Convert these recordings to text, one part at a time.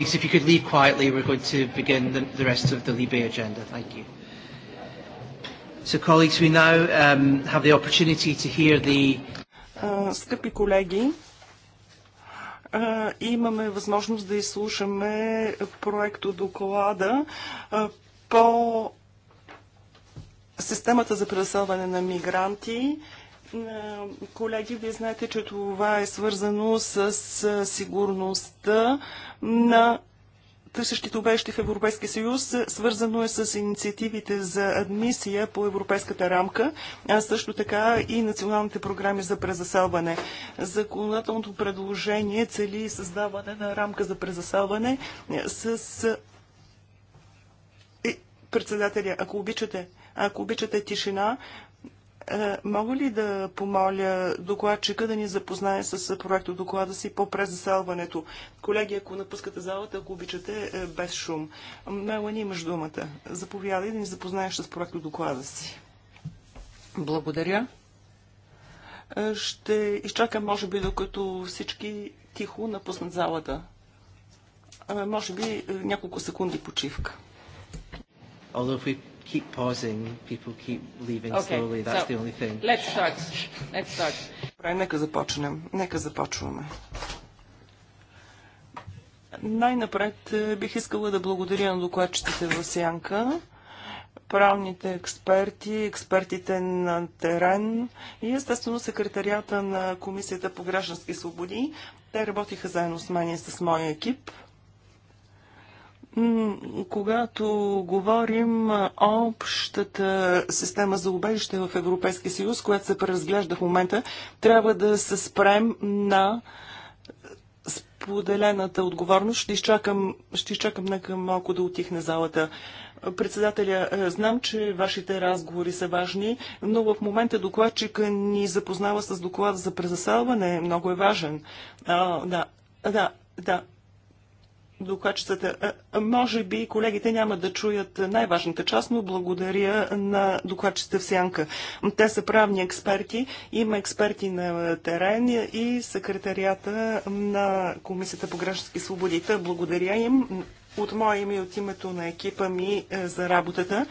If you could leave quietly, we're going to begin the, the rest of the Libe agenda. Thank you. So, colleagues, we now um, have the opportunity to hear the... Uh, скъпи колеги, uh, имаме възможност да изслушаме проекто доклада uh, по системата за преселване на мигранти, Колеги, вие знаете, че това е свързано с сигурността на търсещите обещи в Европейския съюз. Свързано е с инициативите за адмисия по европейската рамка, а също така и националните програми за презаселване. Законодателното предложение цели създаване на рамка за презаселване с е, председателя, ако обичате, ако обичате тишина, е, мога ли да помоля докладчика да ни запознае с е, проекта доклада си по презаселването? Колеги, ако напускате залата, ако обичате, е, без шум. Мелани, имаш думата. Заповядай да ни запознаеш с проекта доклада си. Благодаря. Ще изчакам, може би, докато всички тихо напуснат залата. Може би няколко секунди почивка. Although we keep pausing, people keep leaving okay. slowly, that's so, the only thing. Let's start. Let's start. Добре, нека започнем. Нека започваме. Най-напред е, бих искала да благодаря на докладчиците в Сянка, правните експерти, експертите на терен и естествено секретарията на Комисията по граждански свободи. Те работиха заедно с мен и с моя екип – когато говорим общата система за убежище в Европейския съюз, която се преразглежда в момента, трябва да се спрем на споделената отговорност. Ще изчакам, ще изчакам нека малко да отихне залата. Председателя, е, знам, че вашите разговори са важни, но в момента докладчика ни запознава с доклада за презаселване. Много е важен. А, да, да, да докладчицата. Може би колегите няма да чуят най-важната част, но благодаря на докладчицата в Сянка. Те са правни експерти, има експерти на терен и секретарията на Комисията по граждански свободите. Благодаря им от мое име и от името на екипа ми е, за работата.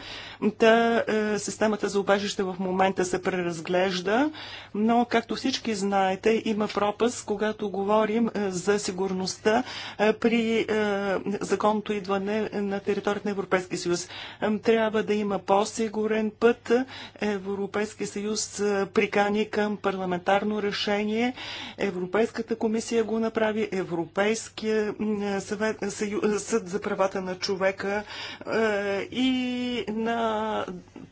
Та е, системата за обежище в момента се преразглежда, но както всички знаете, има пропаст, когато говорим е, за сигурността при законното идване на територията на Европейския съюз. Трябва да има по-сигурен път. Европейския съюз прикани към парламентарно решение. Европейската комисия го направи. Европейския съвет, съюз, съд за за правата на човека е, и на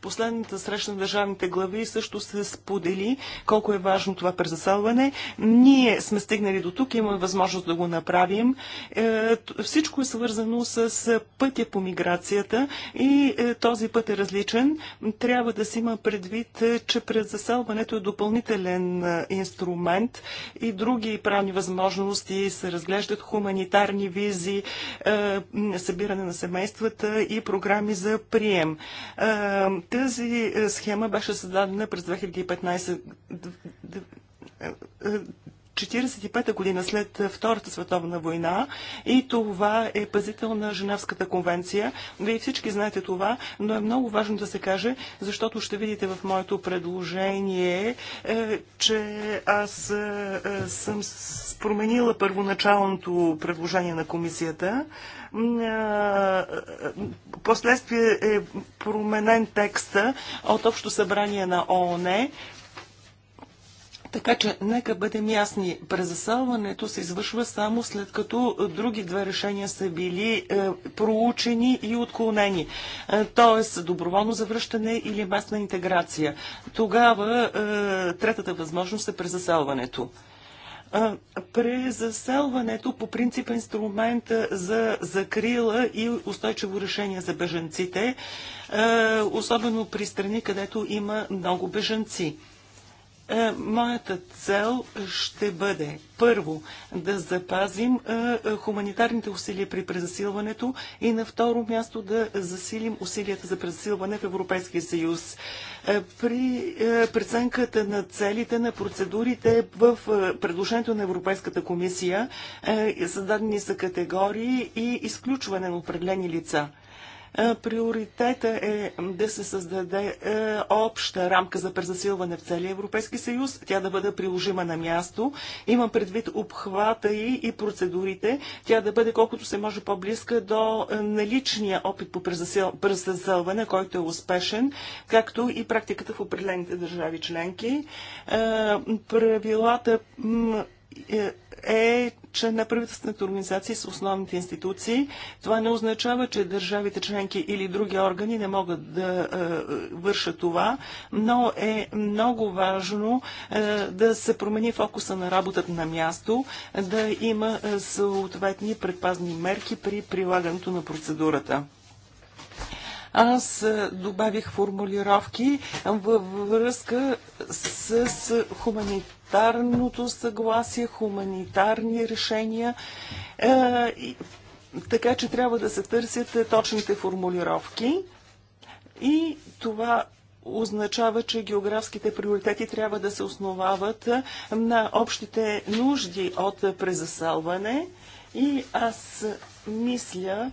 последната среща на държавните глави също се сподели колко е важно това презаселване. Ние сме стигнали до тук, имаме възможност да го направим. Е, всичко е свързано с пътя по миграцията и е, този път е различен. Трябва да си има предвид, е, че презаселването е допълнителен инструмент и други правни възможности се разглеждат хуманитарни визи, събиране на семействата и програми за прием. Тази е, схема беше създадена през 2015 1945 година след Втората световна война и това е пазител на Женевската конвенция. Вие всички знаете това, но е много важно да се каже, защото ще видите в моето предложение, е, че аз е, съм променила първоначалното предложение на комисията. Е, последствие е променен текста от Общо събрание на ООН така че, нека бъдем ясни, презаселването се извършва само след като други две решения са били е, проучени и отклонени. Е, Тоест, доброволно завръщане или местна интеграция. Тогава е, третата възможност е презаселването. Е, презаселването по принцип е инструмент е, за закрила и устойчиво решение за беженците, е, особено при страни, където има много беженци. Е, моята цел ще бъде първо да запазим е, е, хуманитарните усилия при презасилването и на второ място да засилим усилията за презасилване в Европейския съюз. При преценката на целите на процедурите в предложението на Европейската комисия създадени са категории и изключване на определени лица – Приоритета е да се създаде е, обща рамка за презасилване в целия Европейски съюз, тя да бъде приложима на място. Имам предвид обхвата и, и процедурите, тя да бъде колкото се може по-близка до е, наличния опит по презасилване, който е успешен, както и практиката в определените държави членки. Е, правилата е че неправителствените организации са основните институции. Това не означава, че държавите членки или други органи не могат да е, вършат това, но е много важно е, да се промени фокуса на работата на място, да има е, съответни предпазни мерки при прилагането на процедурата аз добавих формулировки във връзка с, хуманитарното съгласие, хуманитарни решения. така че трябва да се търсят точните формулировки и това означава, че географските приоритети трябва да се основават на общите нужди от презаселване. И аз мисля,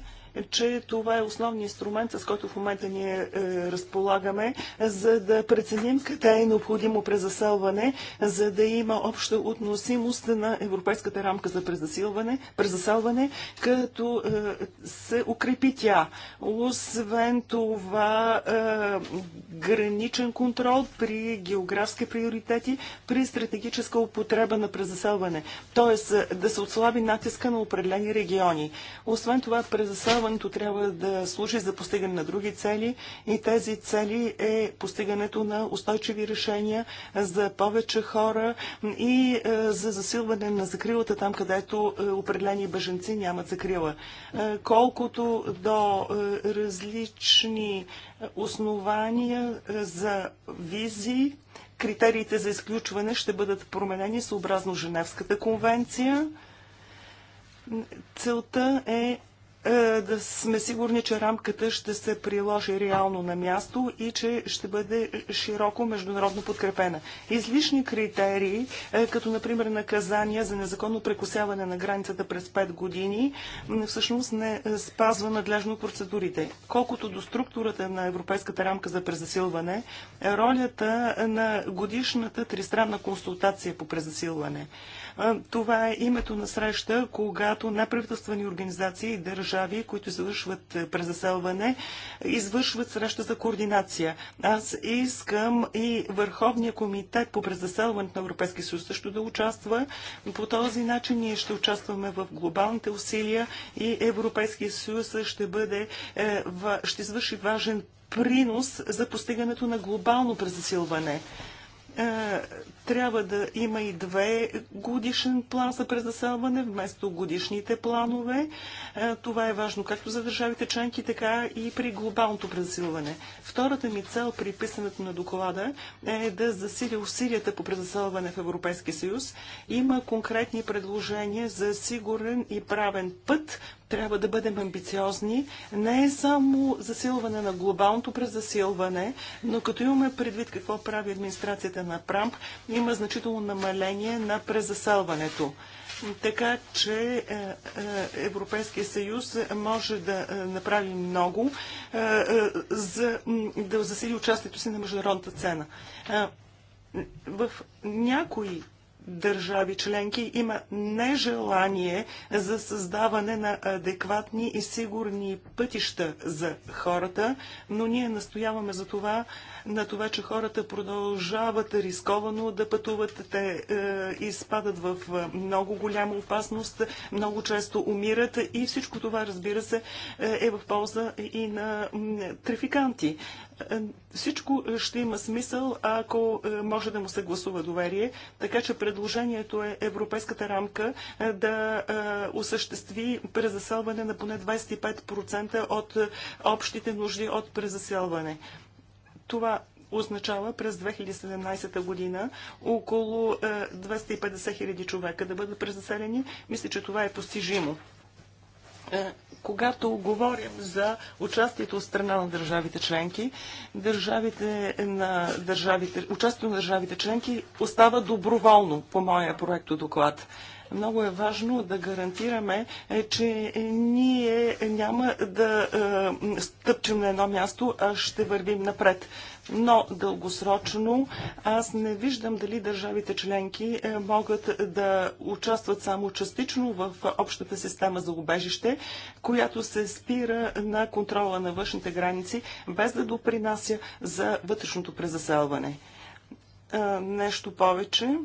че това е основният инструмент, с който в момента ние е, разполагаме, за да преценим къде е необходимо презаселване, за да има обща относимост на европейската рамка за презаселване, презаселване като е, се укрепи тя. Освен това, е, граничен контрол при географски приоритети, при стратегическа употреба на презаселване. т.е. да се отслаби натиска на определени региони. Освен това, презаселване Образованието трябва да служи за постигане на други цели и тези цели е постигането на устойчиви решения за повече хора и е, за засилване на закрилата там, където е, определени бъженци нямат закрила. Е, колкото до различни основания за визи, критериите за изключване ще бъдат променени съобразно Женевската конвенция. Целта е е, да сме сигурни, че рамката ще се приложи реално на място и че ще бъде широко международно подкрепена. Излишни критерии, е, като например наказания за незаконно прекусяване на границата през 5 години, всъщност не е, спазва надлежно процедурите. Колкото до структурата на Европейската рамка за презасилване, ролята на годишната тристранна консултация по презасилване – това е името на среща, когато неправителствени организации и държави, които завършват е, презаселване, извършват среща за координация. Аз искам и Върховния комитет по презаселването на Европейския съюз също да участва. По този начин ние ще участваме в глобалните усилия и Европейския съюз ще бъде, е, ще извърши важен принос за постигането на глобално презасилване. Е, трябва да има и две годишен план за презаселване вместо годишните планове. Е, това е важно както за държавите членки, така и при глобалното презаселване. Втората ми цел при писането на доклада е да засиля усилията по презаселване в Европейския съюз. Има конкретни предложения за сигурен и правен път трябва да бъдем амбициозни не е само засилване на глобалното презасилване, но като имаме предвид какво прави администрацията на Прамп, има значително намаление на презаселването. Така че е, е, Европейския съюз може да е, направи много за да засили участието си на международната цена. В някои държави членки има нежелание за създаване на адекватни и сигурни пътища за хората, но ние настояваме за това на това, че хората продължават рисковано да пътуват. Те е, изпадат в е, много голяма опасност, много често умират и всичко това, разбира се, е, е в полза и на трафиканти. Е, всичко ще има смисъл, ако може да му се гласува доверие, така че предложението е европейската рамка да осъществи презаселване на поне 25% от общите нужди от презаселване. Това означава през 2017 година около 250 е, хиляди човека да бъдат презаселени. Мисля, че това е постижимо. Е, когато говорим за участието от страна на държавите членки, държавите на държавите, участието на държавите членки остава доброволно по моя проекто доклад. Много е важно да гарантираме, е, че ние няма да е, стъпчем на едно място, а ще вървим напред но дългосрочно аз не виждам дали държавите членки е, могат да участват само частично в общата система за убежище, която се спира на контрола на външните граници, без да допринася за вътрешното презаселване. Нещо повече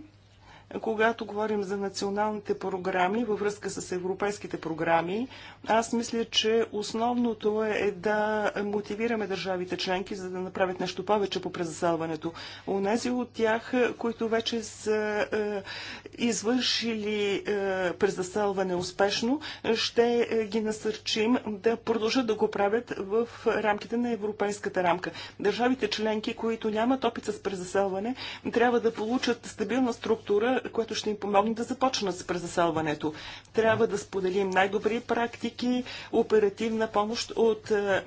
когато говорим за националните програми във връзка с европейските програми, аз мисля, че основното е, е да мотивираме държавите членки, за да направят нещо повече по презаселването. Унези от тях, които вече са е, извършили е, презаселване успешно, ще ги насърчим да продължат да го правят в рамките на европейската рамка. Държавите членки, които нямат опит с презаселване, трябва да получат стабилна структура, което ще им помогне да започнат с презаселването. Трябва да споделим най-добри практики, оперативна помощ от е, е,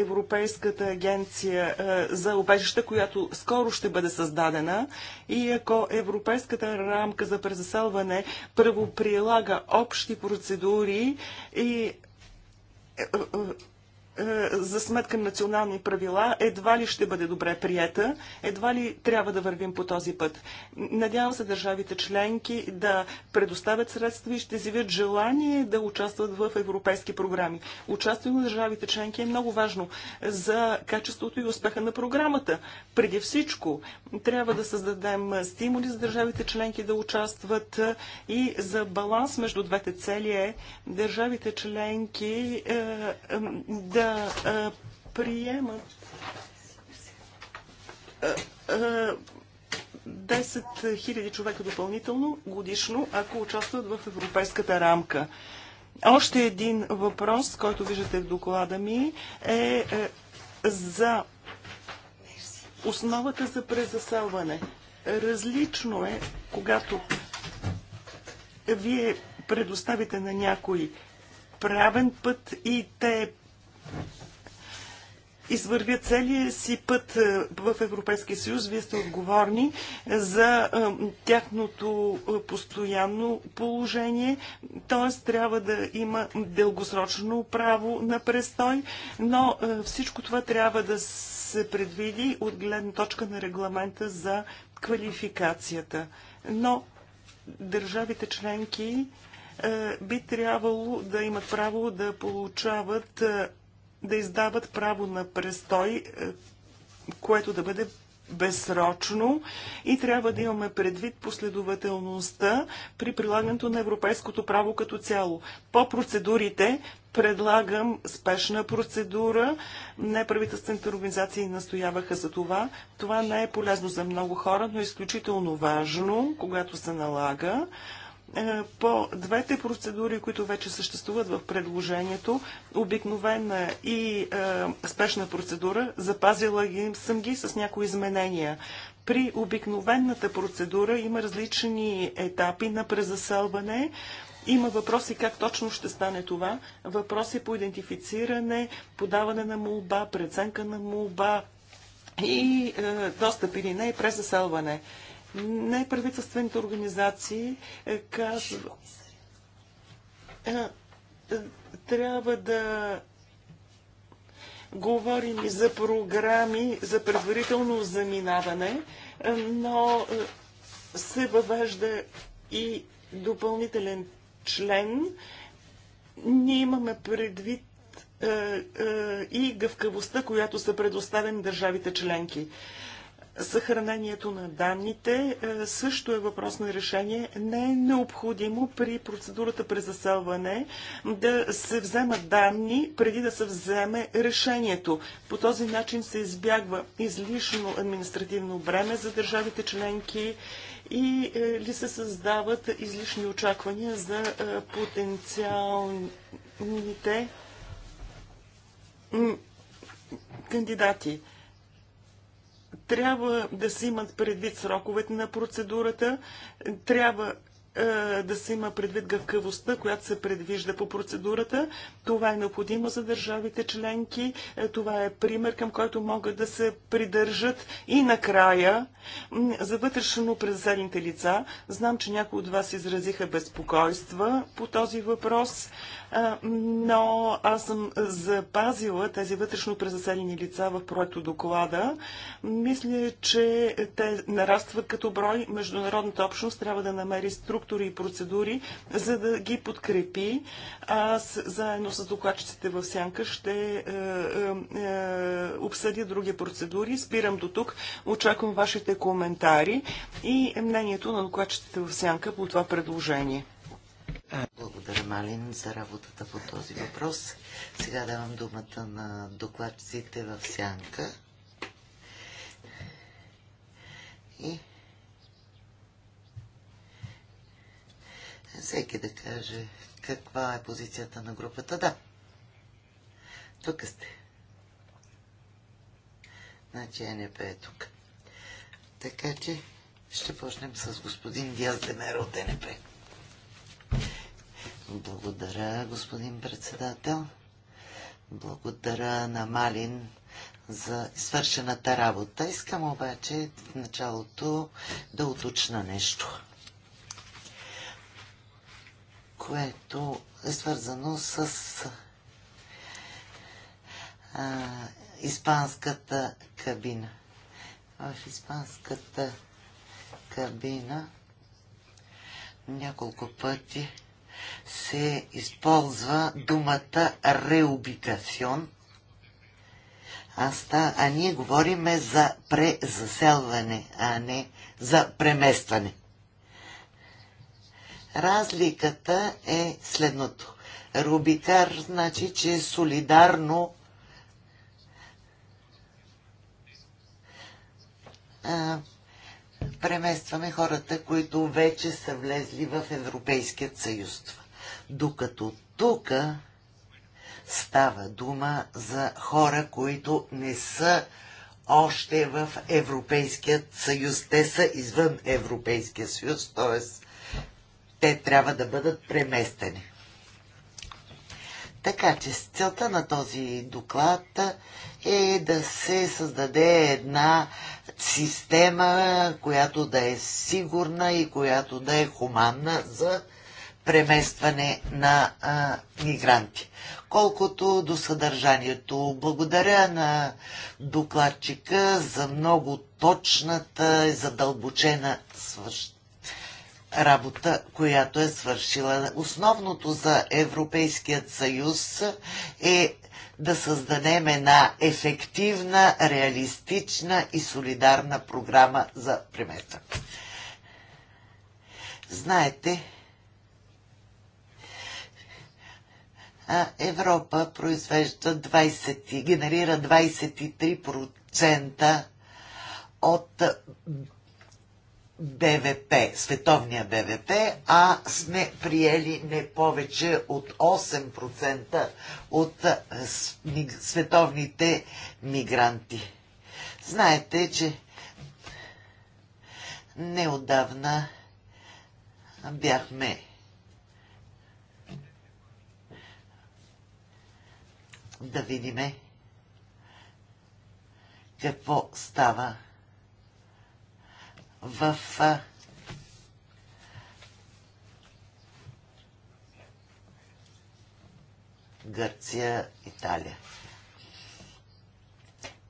Европейската агенция е, за обежища, която скоро ще бъде създадена. И ако Европейската рамка за презаселване първо прилага общи процедури и е, за сметка на национални правила, едва ли ще бъде добре приета, едва ли трябва да вървим по този път. Надявам се държавите членки да предоставят средства и ще изявят желание да участват в европейски програми. Участието на държавите членки е много важно за качеството и успеха на програмата. Преди всичко трябва да създадем стимули за държавите членки да участват и за баланс между двете цели е държавите членки е, е, да да а, приемат а, а, 10 000 човека допълнително годишно, ако участват в европейската рамка. Още един въпрос, който виждате в доклада ми, е, е за основата за презаселване. Различно е, когато вие предоставите на някой правен път и те извървя целия си път е, в Европейския съюз. Вие сте отговорни за е, тяхното е, постоянно положение, т.е. трябва да има дългосрочно право на престой, но всичко това трябва да се предвиди от гледна точка на регламента за квалификацията. Но държавите членки би трябвало да имат право да получават да издават право на престой, е, което да бъде безсрочно и трябва да имаме предвид последователността при прилагането на европейското право като цяло. По процедурите предлагам спешна процедура. Неправителствените организации настояваха за това. Това не е полезно за много хора, но е изключително важно, когато се налага. Е, по двете процедури, които вече съществуват в предложението, обикновена и е, спешна процедура, запазила ги, съм ги с някои изменения. При обикновената процедура има различни етапи на презаселване. Има въпроси как точно ще стане това. Въпроси по идентифициране, подаване на молба, преценка на молба и е, достъп или не и презаселване. Неправителствените организации е, казват, е, е, трябва да говорим и за програми за предварително заминаване, но се въвежда и допълнителен член. Ние имаме предвид и гъвкавостта, която са предоставени държавите членки. Съхранението на данните е, също е въпрос на решение. Не е необходимо при процедурата при заселване да се вземат данни преди да се вземе решението. По този начин се избягва излишно административно бреме за държавите членки и е, ли се създават излишни очаквания за е, потенциалните кандидати. Трябва да се имат предвид сроковете на процедурата, трябва е, да се има предвид гъвкавостта, която се предвижда по процедурата. Това е необходимо за държавите членки. Е, това е пример, към който могат да се придържат. И накрая, за вътрешно презелените лица, знам, че някои от вас изразиха безпокойства по този въпрос, е, но аз съм запазила тези вътрешно презаселени лица в проекто доклада. Мисля, че те нарастват като брой. Международната общност трябва да намери структура структури и процедури, за да ги подкрепи. Аз заедно с докладчиците в Сянка ще е, е, е, обсъдя други процедури. Спирам до тук. Очаквам вашите коментари и мнението на докладчиците в Сянка по това предложение. Благодаря, Малин, за работата по този въпрос. Сега давам думата на докладчиците в Сянка. И всеки да каже каква е позицията на групата. Да. Тук сте. Значи НП е тук. Така че ще почнем с господин Диаз Демер от НП. Благодаря, господин председател. Благодаря на Малин за свършената работа. Искам обаче в началото да уточна нещо което е свързано с а, испанската кабина. В испанската кабина няколко пъти се използва думата реубикацион, а, ста, а ние говориме за презаселване, а не за преместване. Разликата е следното. Рубикар значи, че е солидарно преместваме хората, които вече са влезли в Европейският съюз. Докато тук става дума за хора, които не са още в Европейският съюз. Те са извън Европейския съюз, т.е те трябва да бъдат преместени. Така че целта на този доклад е да се създаде една система, която да е сигурна и която да е хуманна за преместване на а, мигранти. Колкото до съдържанието, благодаря на докладчика за много точната и задълбочена свършена работа, която е свършила. Основното за Европейският съюз е да създадем една ефективна, реалистична и солидарна програма за примета. Знаете, Европа произвежда 20, генерира 23% от БВП, световния БВП, а сме приели не повече от 8% от световните мигранти. Знаете, че неодавна бяхме да видиме какво става в Гърция, Италия.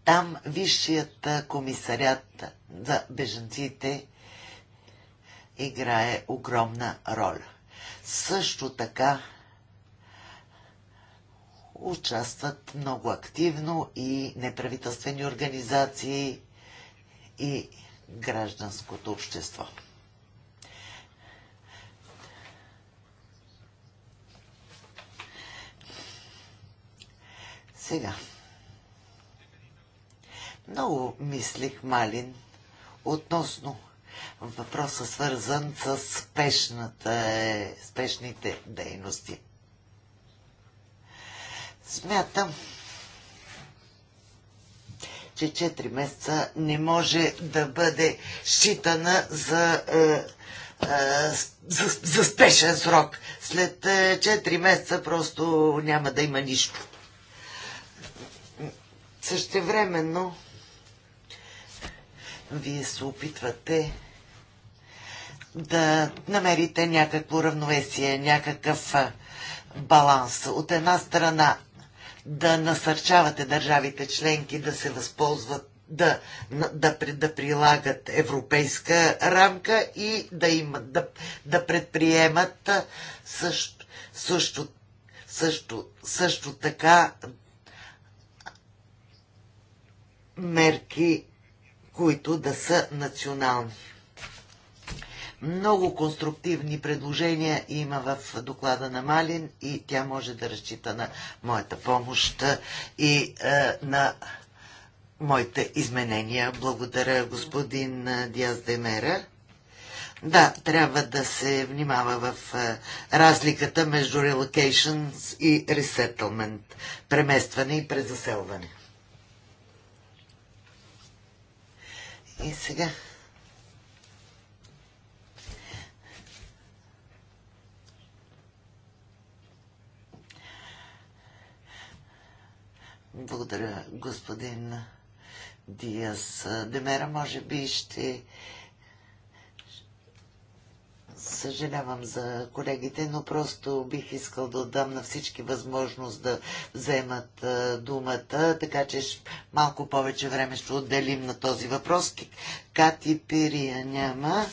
Там Висшият комисарят за бежанците играе огромна роля. Също така участват много активно и неправителствени организации и гражданското общество. Сега. Много мислих, Малин, относно въпроса свързан с спешната, спешните дейности. Смятам, че 4 месеца не може да бъде считана за, е, е, за, за спешен срок. След 4 е, месеца просто няма да има нищо. Същевременно, вие се опитвате да намерите някакво равновесие, някакъв баланс. От една страна да насърчавате държавите членки да се възползват да, да, да прилагат европейска рамка и да, имат, да, да предприемат също, също, също, също така мерки, които да са национални. Много конструктивни предложения има в доклада на Малин и тя може да разчита на моята помощ и е, на моите изменения. Благодаря, господин е, Диаз Демера. Да, трябва да се внимава в е, разликата между relocations и resettlement, преместване и презаселване. И сега Благодаря, господин Диас. Демера, може би ще съжалявам за колегите, но просто бих искал да отдам на всички възможност да вземат думата, така че малко повече време ще отделим на този въпрос. Кати Пирия няма.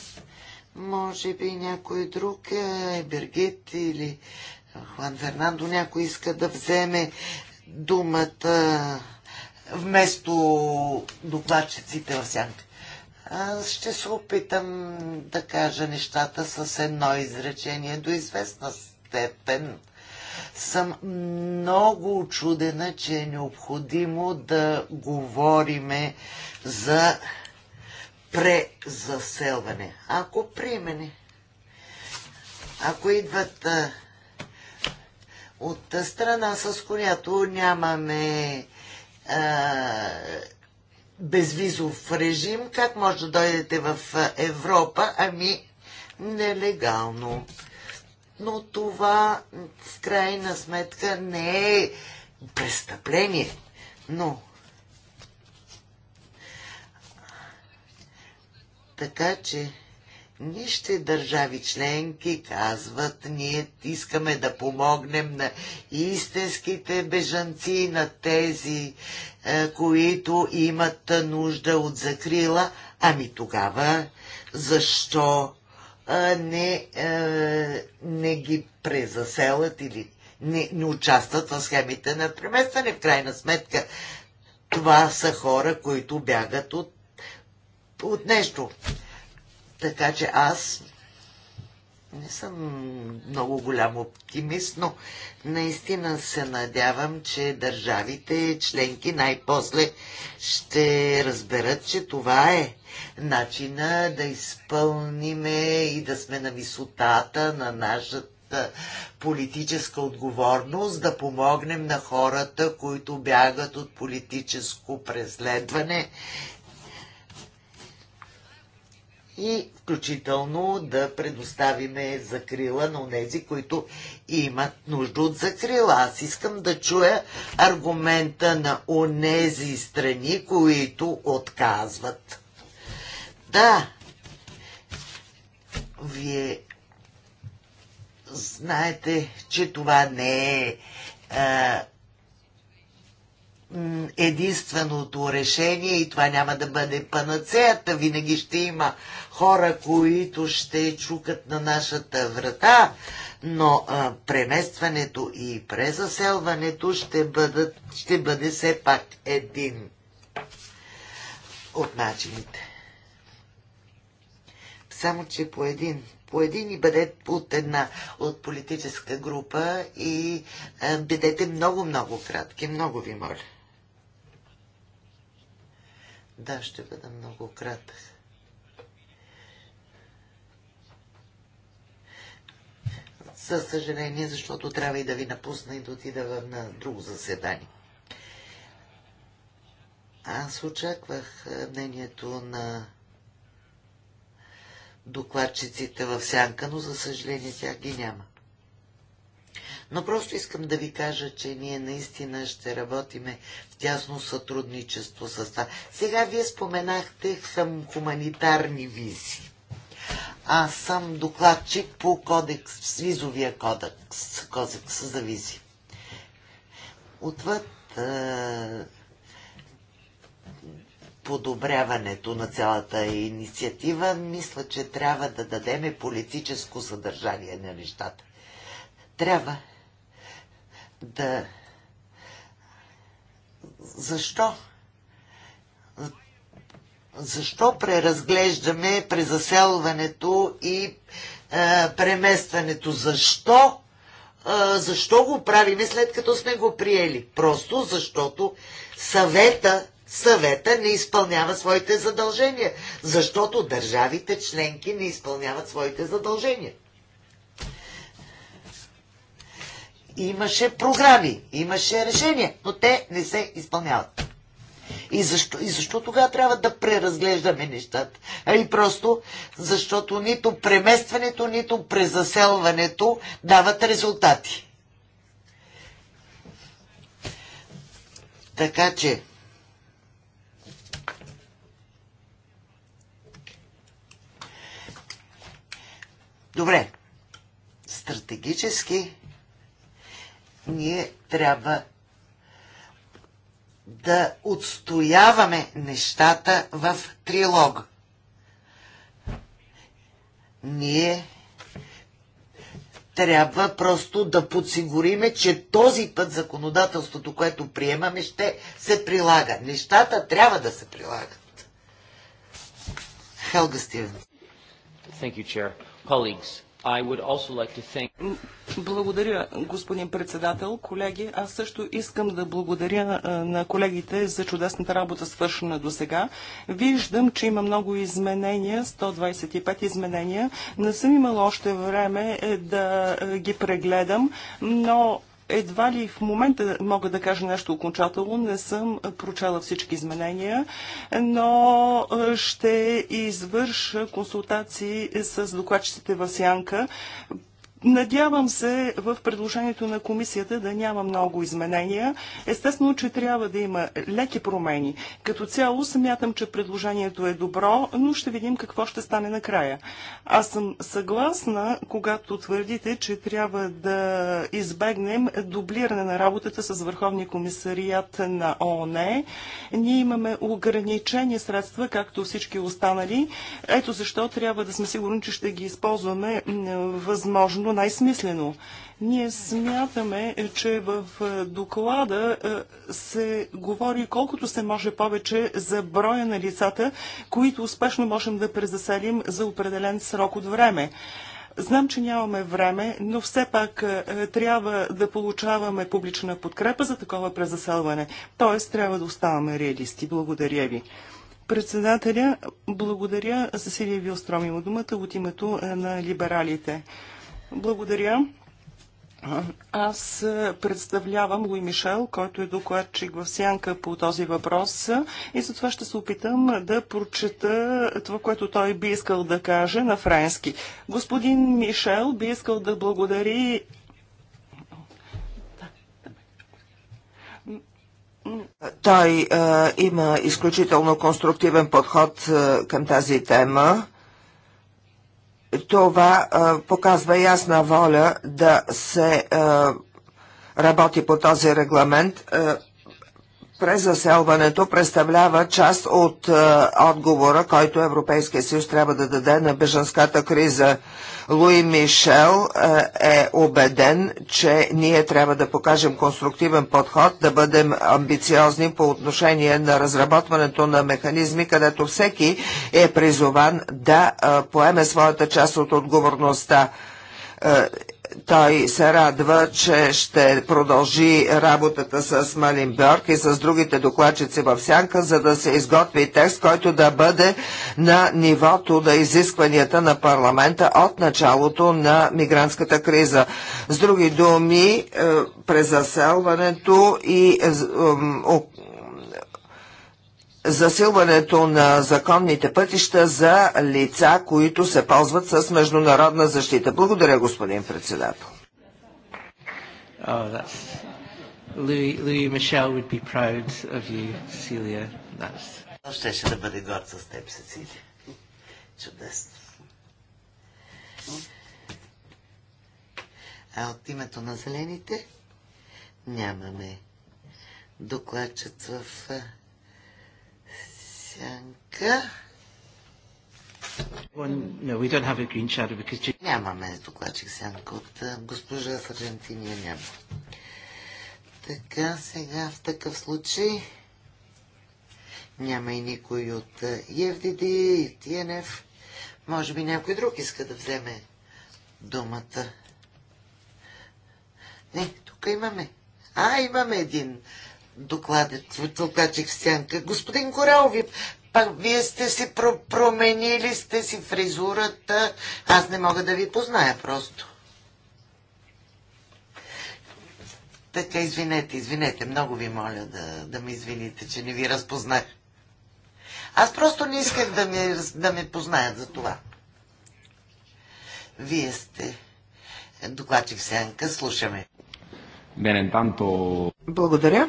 Може би някой друг, е, Бергит или Хуан Фернандо, някой иска да вземе думата вместо докладчиците в сянка. Аз ще се опитам да кажа нещата с едно изречение. До известна степен съм много очудена, че е необходимо да говориме за презаселване. Ако примени, ако идват а, от страна, с която нямаме а, безвизов режим, как може да дойдете в Европа? Ами, нелегално. Но това в крайна сметка не е престъпление. Но така че Нище държави членки казват, ние искаме да помогнем на истинските бежанци, на тези, е, които имат нужда от закрила. Ами тогава защо е, не, е, не ги презаселят или не, не участват в схемите на преместване. В крайна сметка, това са хора, които бягат от, от нещо. Така че аз не съм много голям оптимист, но наистина се надявам, че държавите членки най-после ще разберат, че това е начина да изпълниме и да сме на висотата на нашата политическа отговорност, да помогнем на хората, които бягат от политическо преследване и включително да предоставиме закрила на тези, които имат нужда от закрила. Аз искам да чуя аргумента на онези страни, които отказват. Да, вие знаете, че това не е единственото решение и това няма да бъде панацеята. Винаги ще има хора, които ще чукат на нашата врата, но а, преместването и презаселването ще, бъдат, ще бъде все пак един от начините. Само, че по един по един и бъдете от една от политическа група и а, бъдете много-много кратки. Много ви моля. Да, ще бъда много кратък. Със съжаление, защото трябва и да ви напусна и да отида на друго заседание. Аз очаквах е, мнението на докладчиците в сянка, но за съжаление тя ги няма. Но просто искам да ви кажа, че ние наистина ще работиме в тясно сътрудничество с това. Сега вие споменахте съм хуманитарни визи. Аз съм докладчик по кодекс, визовия кодекс, кодекс за визи. Отвъд е, подобряването на цялата инициатива, мисля, че трябва да дадеме политическо съдържание на нещата. Трябва да... Защо? Защо преразглеждаме презаселването и е, преместването? Защо? Е, защо го правиме след като сме го приели? Просто защото съвета съвета не изпълнява своите задължения, защото държавите членки не изпълняват своите задължения. имаше програми, имаше решения, но те не се изпълняват. И защо, и защо тогава трябва да преразглеждаме нещата? А и просто защото нито преместването, нито презаселването дават резултати. Така че, Добре. Стратегически ние трябва да отстояваме нещата в трилог. Ние трябва просто да подсигуриме, че този път законодателството, което приемаме, ще се прилага. Нещата трябва да се прилагат. Хелга Стивен. Thank you, Chair. Colleagues, благодаря, господин председател. Колеги, аз също искам да благодаря на колегите за чудесната работа, свършена до сега. Виждам, че има много изменения, 125 изменения. Не съм имала още време е, да ги прегледам, но едва ли в момента мога да кажа нещо окончателно, не съм прочела всички изменения, но е, ще извърша консултации с докладчиците в Сянка Надявам се в предложението на комисията да няма много изменения. Естествено, че трябва да има леки промени. Като цяло смятам, че предложението е добро, но ще видим какво ще стане накрая. Аз съм съгласна, когато твърдите, че трябва да избегнем дублиране на работата с Върховния комисарият на ООН. Ние имаме ограничени средства, както всички останали. Ето защо трябва да сме сигурни, че ще ги използваме възможно възможно най-смислено. Ние смятаме, е, че в е, доклада е, се говори колкото се може повече за броя на лицата, които успешно можем да презаселим за определен срок от време. Знам, че нямаме време, но все пак трябва да получаваме публична подкрепа за такова презаселване. Тоест, трябва да оставаме реалисти. Благодаря ви. Председателя, благодаря. Сесилия Вилстром има думата от името на либералите. Благодаря. Аз представлявам Луи Мишел, който е докладчик в сянка по този въпрос и затова ще се опитам да прочета това, което той би искал да каже на френски. Господин Мишел би искал да благодари Той е, има изключително конструктивен подход е, към тази тема това а, показва ясна воля да се а, работи по този регламент. А, Презаселването представлява част от е, отговора, който Европейския съюз трябва да даде на бежанската криза. Луи Мишел е, е убеден, че ние трябва да покажем конструктивен подход, да бъдем амбициозни по отношение на разработването на механизми, където всеки е призован да е, поеме своята част от отговорността е, той се радва, че ще продължи работата с Малин Бьорк и с другите докладчици в сянка, за да се изготви текст, който да бъде на нивото на изискванията на парламента от началото на мигрантската криза. С други думи, е, презаселването и е, засилването на законните пътища за лица, които се ползват с международна защита. Благодаря, господин председател. Луи oh, Мишел, Louis Michel would Щеше да бъде горд с теб, Сецилия. Чудесно. А от името на зелените нямаме докладчет в сянка. No, we don't have a green shadow because... Нямаме докладчик сянка от госпожа Саржентиния няма. Така, сега в такъв случай няма и никой от ЕФДД и ТНФ. Може би някой друг иска да вземе думата. Не, тук имаме. А, имаме един докладът, в в сянка. Господин Корал, пак вие сте си про- променили, сте си фризурата. Аз не мога да ви позная просто. Така, извинете, извинете. Много ви моля да, да ме извините, че не ви разпознах. Аз просто не исках да ме, да ме познаят за това. Вие сте докладчик Сянка. Слушаме. Благодаря.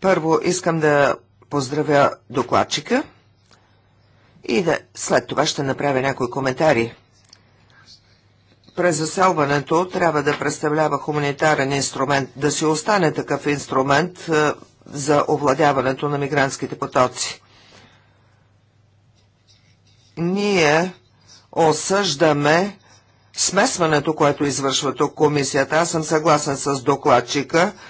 Първо искам да поздравя докладчика и да след това ще направя някои коментари. През заселването трябва да представлява хуманитарен инструмент, да си остане такъв инструмент е, за овладяването на мигрантските потоци. Ние осъждаме смесването, което извършва тук комисията. Аз съм съгласен с докладчика –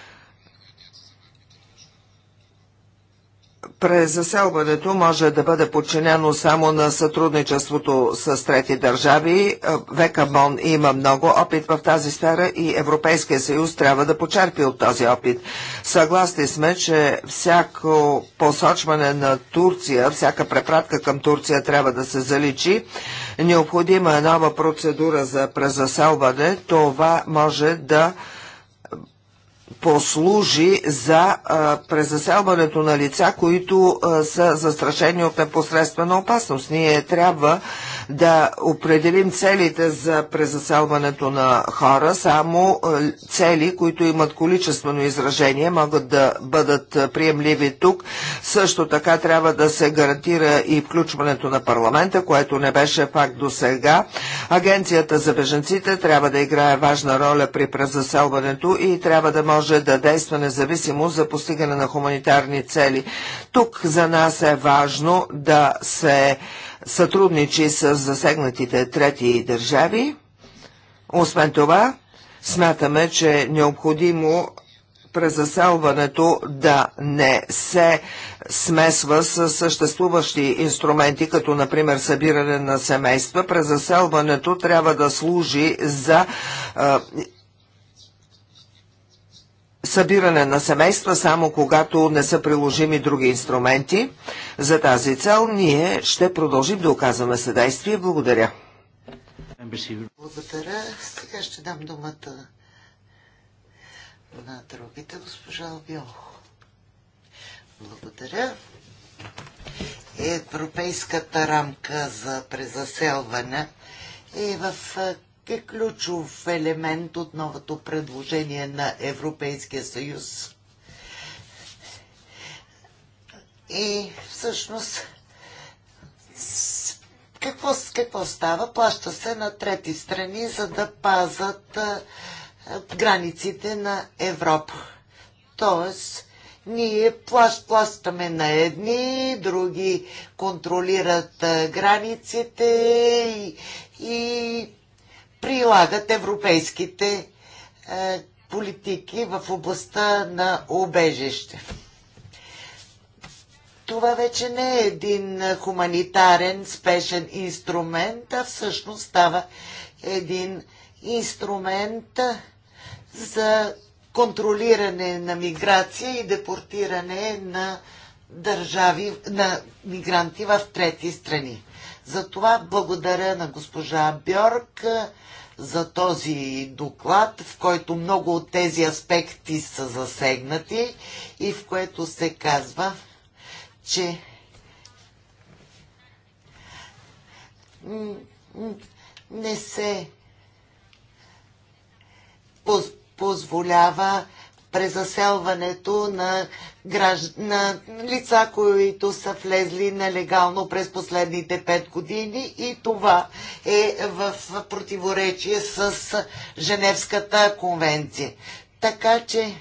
Презаселването може да бъде подчинено само на сътрудничеството с трети държави. Е, Векамон има много опит в тази сфера и Европейския съюз трябва да почерпи от този опит. Съгласни сме, че всяко посочване на Турция, всяка препратка към Турция трябва да се заличи. Необходима е нова процедура за презаселване. Това може да послужи за а, презаселването на лица, които а, са застрашени от непосредствена опасност. Ние трябва да определим целите за презаселването на хора, само цели, които имат количествено изражение, могат да бъдат приемливи тук. Също така трябва да се гарантира и включването на парламента, което не беше факт до сега. Агенцията за беженците трябва да играе важна роля при презаселването и трябва да може може да действа независимо за постигане на хуманитарни цели. Тук за нас е важно да се сътрудничи с засегнатите трети държави. Освен това, смятаме, че е необходимо презаселването да не се смесва с съществуващи инструменти, като например събиране на семейства. Презаселването трябва да служи за събиране на семейства само когато не са приложими други инструменти. За тази цел ние ще продължим да оказваме съдействие. Благодаря. Благодаря. Сега ще дам думата на другите госпожа Обиох. Благодаря. Европейската рамка за презаселване и е в е ключов елемент от новото предложение на Европейския съюз. И всъщност какво, какво става? Плаща се на трети страни, за да пазат границите на Европа. Тоест, ние плащ, плащаме на едни, други контролират границите и, и прилагат европейските е, политики в областта на убежище. Това вече не е един хуманитарен спешен инструмент, а всъщност става един инструмент за контролиране на миграция и депортиране на държави, на мигранти в трети страни. Затова благодаря на госпожа Бьорк за този доклад, в който много от тези аспекти са засегнати и в което се казва, че не се позволява презаселването на, гражд... на лица, които са влезли нелегално през последните 5 години и това е в противоречие с Женевската конвенция. Така че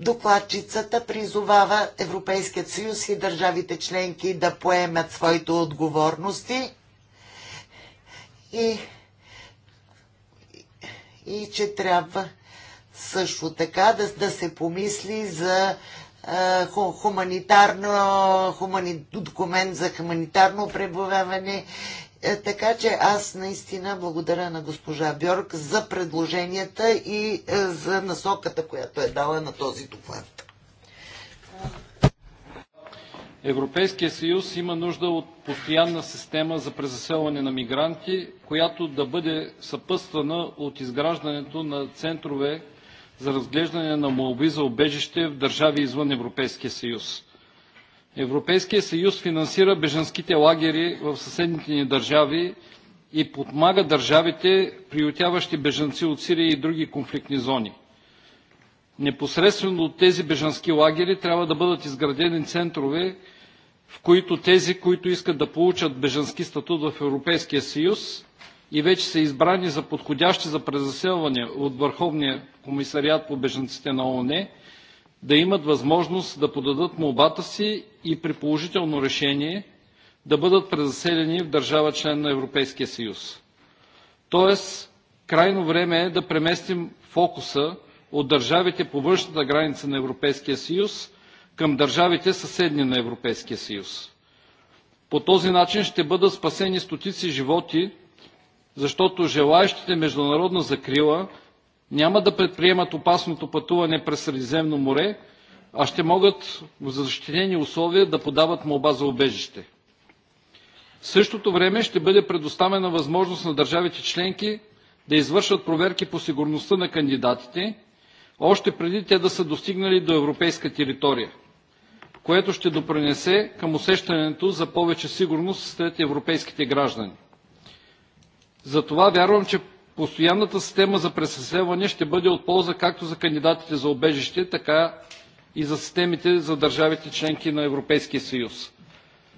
Докладчицата призовава Европейският съюз и държавите членки да поемат своите отговорности и и че трябва също така да, да се помисли за хуманитарно, хумани, документ за хуманитарно пребоваване. Е, така че аз наистина благодаря на госпожа Бьорк за предложенията и е, за насоката, която е дала на този доклад. Европейският съюз има нужда от постоянна система за презаселване на мигранти, която да бъде съпътствана от изграждането на центрове за разглеждане на молби за убежище в държави извън Европейския съюз. Европейският съюз финансира беженските лагери в съседните ни държави и подмага държавите, приютяващи бежанци от Сирия и други конфликтни зони. Непосредствено от тези бежански лагери трябва да бъдат изградени центрове, в които тези, които искат да получат бежански статут в Европейския съюз и вече са избрани за подходящи за презаселване от Върховния комисариат по бежанците на ООН, да имат възможност да подадат молбата си и при положително решение да бъдат презаселени в държава член на Европейския съюз. Тоест, крайно време е да преместим фокуса от държавите по външната граница на Европейския съюз към държавите съседни на Европейския съюз. По този начин ще бъдат спасени стотици животи, защото желаящите международна закрила няма да предприемат опасното пътуване през Средиземно море, а ще могат в защитени условия да подават молба за убежище. В същото време ще бъде предоставена възможност на държавите членки да извършват проверки по сигурността на кандидатите още преди те да са достигнали до европейска територия, което ще допринесе към усещането за повече сигурност сред европейските граждани. Затова вярвам, че постоянната система за преселване ще бъде от полза както за кандидатите за обежище, така и за системите за държавите членки на Европейския съюз.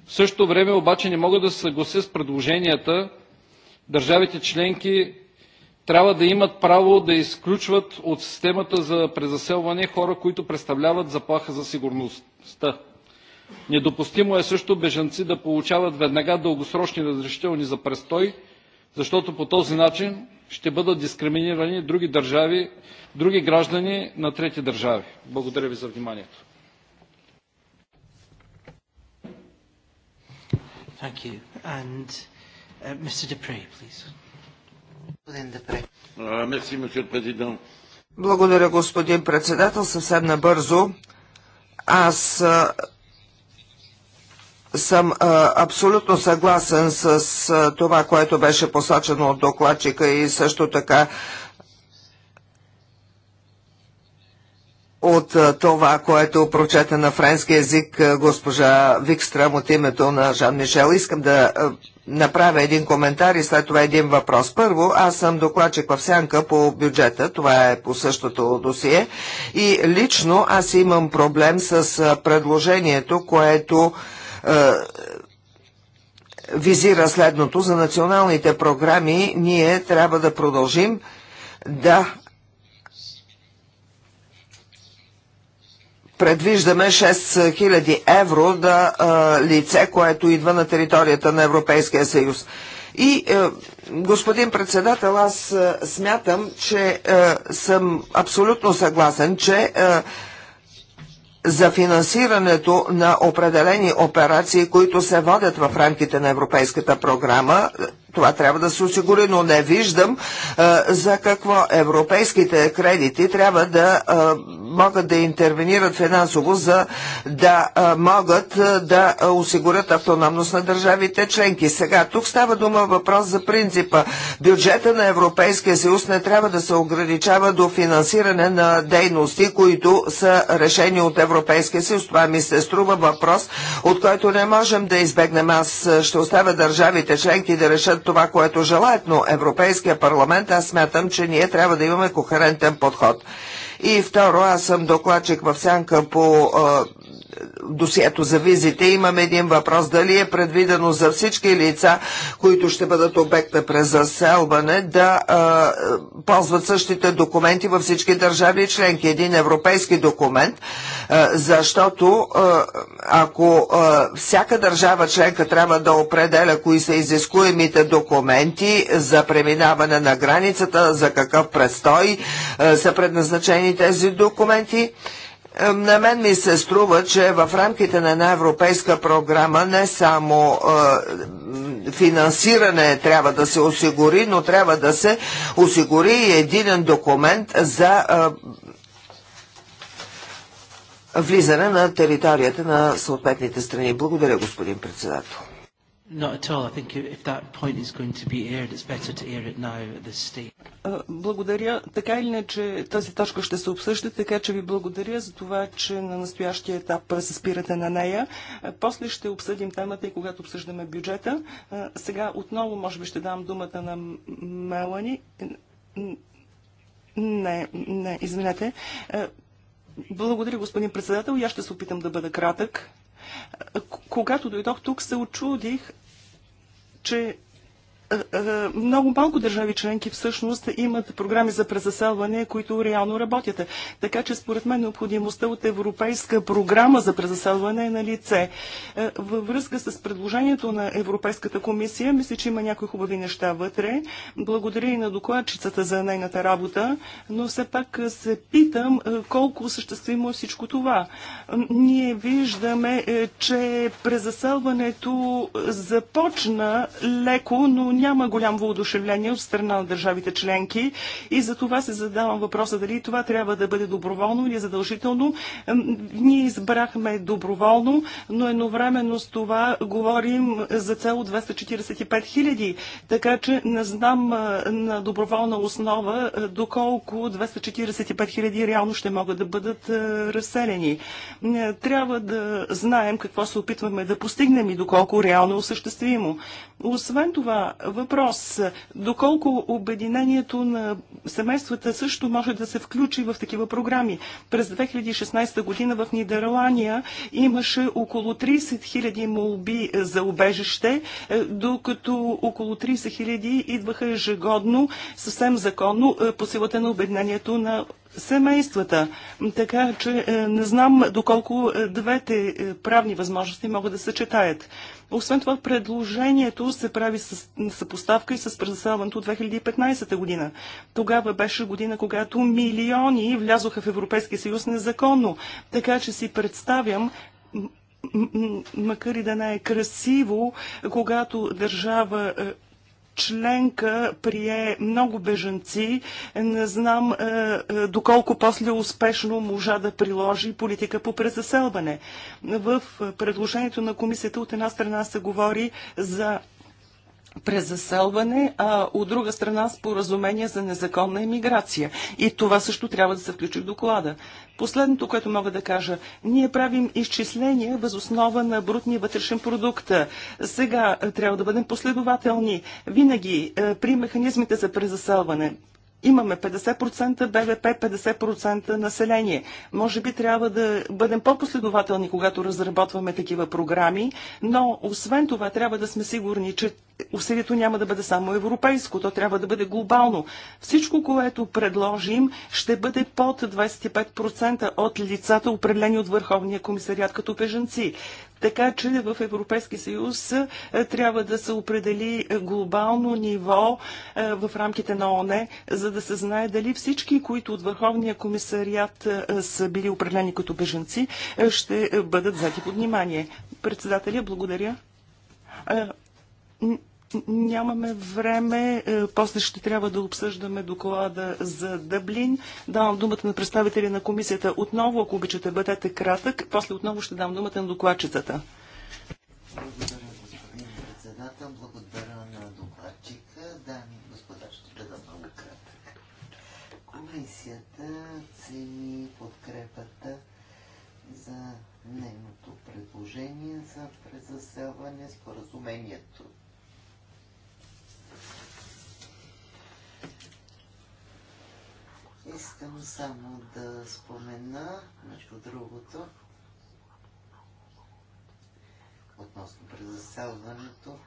В същото време обаче не мога да се съглася с предложенията държавите членки трябва да имат право да изключват от системата за презаселване хора, които представляват заплаха за сигурността. Недопустимо е също бежанци да получават веднага дългосрочни разрешителни за престой, защото по този начин ще бъдат дискриминирани други държави, други граждани на трети държави. Благодаря ви за вниманието. Thank you. And uh, Mr. Dupree, please. Господин Депре. Мерси, президент. Благодаря, господин председател. Съвсем набързо. Аз съм а, абсолютно съгласен с а, това, което беше посочено от докладчика и също така от а, това, което прочете на френски язик госпожа Викстрам от името на Жан Мишел. Искам да направя един коментар и след това един въпрос. Първо, аз съм докладчик в сянка по бюджета, това е по същото досие и лично аз имам проблем с предложението, което е, визира следното. За националните програми ние трябва да продължим да предвиждаме 6000 евро да лице, което идва на територията на Европейския съюз. И, е, господин председател, аз е, смятам, че е, съм абсолютно съгласен, че за финансирането на определени операции, които се водят в рамките на Европейската програма, това трябва да се осигури, но не виждам а, за какво европейските кредити трябва да а, могат да интервенират финансово, за да а, могат а, да осигурят автономност на държавите членки. Сега тук става дума въпрос за принципа. Бюджета на Европейския съюз не трябва да се ограничава до финансиране на дейности, които са решени от Европейския съюз. Това ми се струва въпрос, от който не можем да избегнем. Аз ще оставя държавите членки да решат постигнат това, което желаят, но Европейския парламент аз смятам, че ние трябва да имаме кохерентен подход. И второ, аз съм докладчик в сянка по досието за визите, имам един въпрос. Дали е предвидено за всички лица, които ще бъдат обект на презаселване, да а, ползват същите документи във всички държави членки? Един европейски документ, а, защото а, ако а, всяка държава членка трябва да определя кои са изискуемите документи за преминаване на границата, за какъв престой а, са предназначени тези документи, на мен ми се струва, че в рамките на една европейска програма не само е, финансиране трябва да се осигури, но трябва да се осигури и единен документ за е, влизане на територията на съответните страни. Благодаря, господин председател. Е, благодаря. Така или не, че тази точка ще се обсъжда, така че ви благодаря за това, че на настоящия етап се спирате на нея. Е, после ще обсъдим темата и когато обсъждаме бюджета. Е, сега отново, може би, ще дам думата на Мелани. Не, не, извинете. Благодаря, господин председател. И аз ще се опитам да бъда кратък. Когато дойдох тук, се очудих че много малко държави членки всъщност имат програми за презаселване, които реално работят. Така че според мен необходимостта от европейска програма за презаселване е на лице. Е, във връзка с предложението на Европейската комисия, мисля, че има някои хубави неща вътре. Благодаря и на докладчицата за нейната работа, но все пак се питам е, колко съществимо е всичко това. Е, ние виждаме, че презаселването започна леко, но няма голямо воодушевление от страна на държавите членки и за това се задавам въпроса дали това трябва да бъде доброволно или задължително. Ние избрахме доброволно, но едновременно с това говорим за цел 245 хиляди, така че не знам е, на доброволна основа е, доколко 245 хиляди реално ще могат да бъдат е, разселени. Трябва да знаем какво се опитваме да постигнем и доколко реално е осъществимо. Освен това, Въпрос. Доколко обединението на семействата също може да се включи в такива програми? През 2016 година в Нидерландия имаше около 30 000 молби за убежище, е, докато около 30 000 идваха ежегодно, съвсем законно, е, по силата на обединението на семействата. Така че е, не знам доколко двете правни възможности могат да се четаят. Освен това, предложението се прави с съпоставка и с предоставането от 2015 година. Тогава беше година, когато милиони влязоха в Европейския съюз незаконно. Така че си представям макар и да не е красиво, когато държава е, членка прие много бежанци. Не знам е, е, доколко после успешно можа да приложи политика по презаселване. В предложението на комисията от една страна се говори за презаселване, а от друга страна споразумение за незаконна емиграция. И това също трябва да се включи в доклада. Последното, което мога да кажа, ние правим изчисления възоснова основа на брутния вътрешен продукт. Сега трябва да бъдем последователни. Винаги при механизмите за презаселване, имаме 50% БВП, 50% население. Може би трябва да бъдем по-последователни, когато разработваме такива програми, но освен това трябва да сме сигурни, че усилието няма да бъде само европейско, то трябва да бъде глобално. Всичко, което предложим, ще бъде под 25% от лицата, определени от Върховния комисариат като беженци. Така че в Европейски съюз е, трябва да се определи глобално ниво е, в рамките на ОНЕ, за да се знае дали всички, които от Върховния комисариат е, са били определени като беженци, ще бъдат взети под внимание. Председателя, благодаря. Нямаме време. Е, после ще трябва да обсъждаме доклада за Дъблин. Давам думата на представители на комисията отново, ако обичате, бъдете кратък. После отново ще дам думата на докладчицата. Благодаря, господин председател. Благодаря на докладчика. Дами и господа, ще бъда много кратък. Комисията цени подкрепата за нейното предложение за презаселване, споразумението Искам само да спомена, между другото, относно презаселването,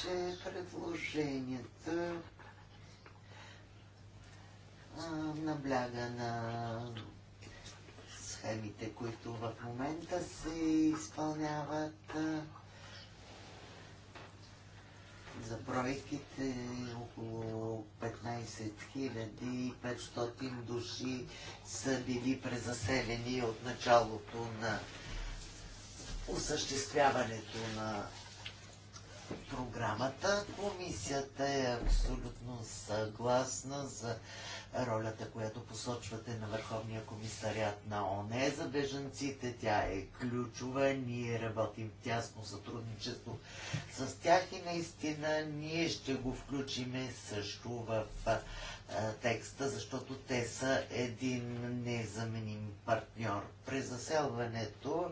че предложенията набляга на схемите, които в момента се изпълняват. А, за бройките около 15 500 души са били презаселени от началото на осъществяването на програмата. Комисията е абсолютно съгласна за ролята, която посочвате на Върховния комисарят на ОНЕ за бежанците. Тя е ключова. Ние работим в тясно сътрудничество с тях и наистина ние ще го включиме също в а, текста, защото те са един незаменим партньор. През заселването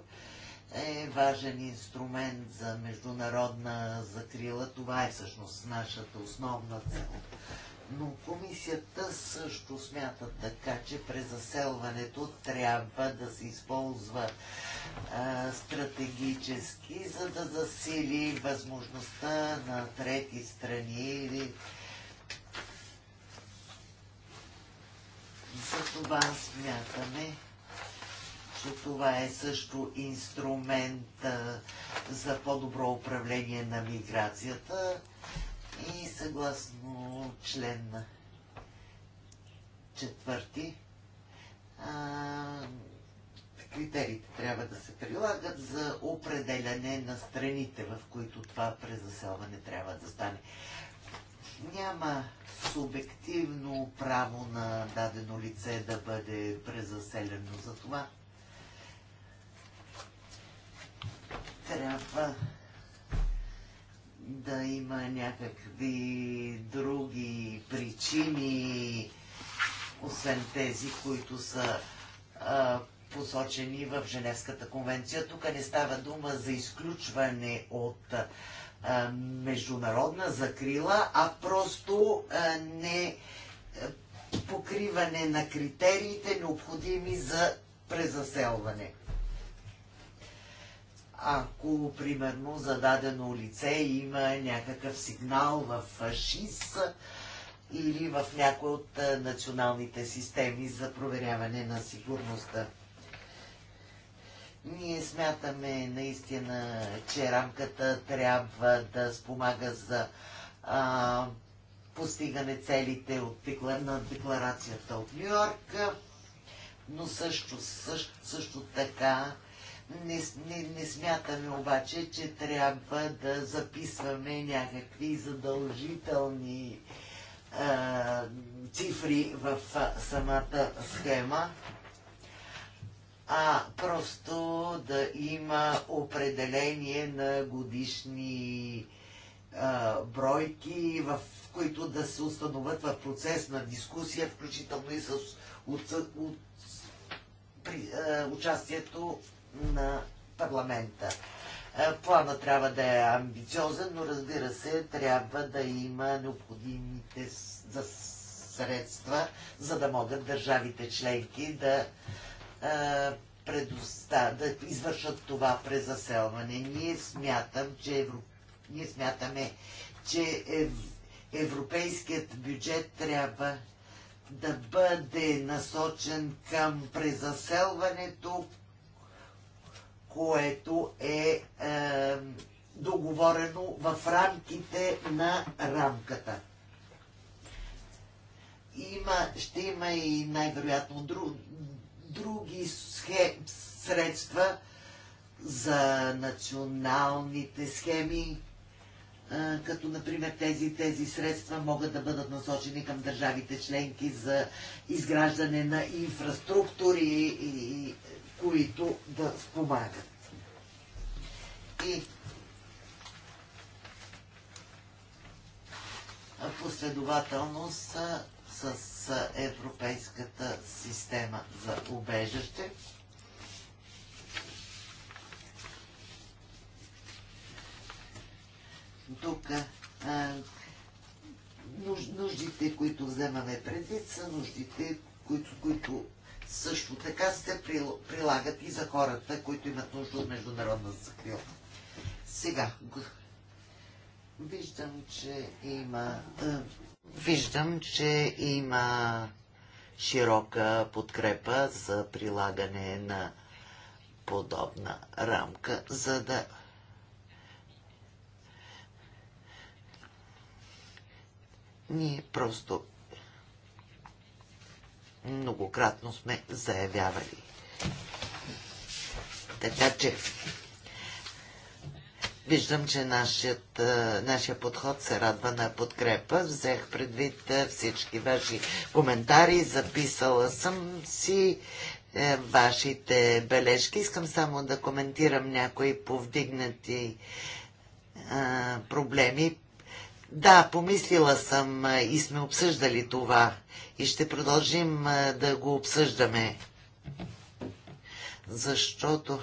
е важен инструмент за международна закрила. Това е всъщност нашата основна цел но комисията също смята така, че през заселването трябва да се използва а, стратегически, за да засили възможността на трети страни или за това смятаме, че това е също инструмент а, за по-добро управление на миграцията и съгласно член четвърти критериите трябва да се прилагат за определяне на страните, в които това презаселване трябва да стане. Няма субективно право на дадено лице да бъде презаселено. за това. трябва да има някакви други причини, освен тези, които са а, посочени в Женевската конвенция. Тук не става дума за изключване от а, международна закрила, а просто а, не покриване на критериите, необходими за презаселване ако, примерно, за дадено лице има някакъв сигнал в ШИС или в някои от националните системи за проверяване на сигурността. Ние смятаме наистина, че рамката трябва да спомага за а, постигане целите от на декларацията от Нью-Йорк, но също, също, също така не, не, не смятаме обаче, че трябва да записваме някакви задължителни а, цифри в а, самата схема, а просто да има определение на годишни а, бройки, в които да се установят в процес на дискусия, включително и с от, от, при, а, участието на парламента. Е, Плана трябва да е амбициозен, но разбира се, трябва да има необходимите средства, за да могат държавите членки да е, да извършат това презаселване. Ние, смятам, че Евро... Ние смятаме, че ев... европейският бюджет трябва да бъде насочен към презаселването което е, е договорено в рамките на рамката. Има, ще има и най-вероятно друг, други схем, средства за националните схеми, е, като например тези, тези средства могат да бъдат насочени към държавите членки за изграждане на инфраструктури и, и които да спомагат. И последователност с Европейската система за убежище. Тук нуждите, които вземаме предвид, са нуждите, които, които също така се прилагат и за хората, които имат нужда от международна закрила. Сега, виждам, че има, е, виждам, че има широка подкрепа за прилагане на подобна рамка, за да ние просто многократно сме заявявали. Така че виждам, че нашият, нашия подход се радва на подкрепа. Взех предвид всички ваши коментари, записала съм си е, вашите бележки. Искам само да коментирам някои повдигнати проблеми. Да, помислила съм и сме обсъждали това и ще продължим да го обсъждаме. Защото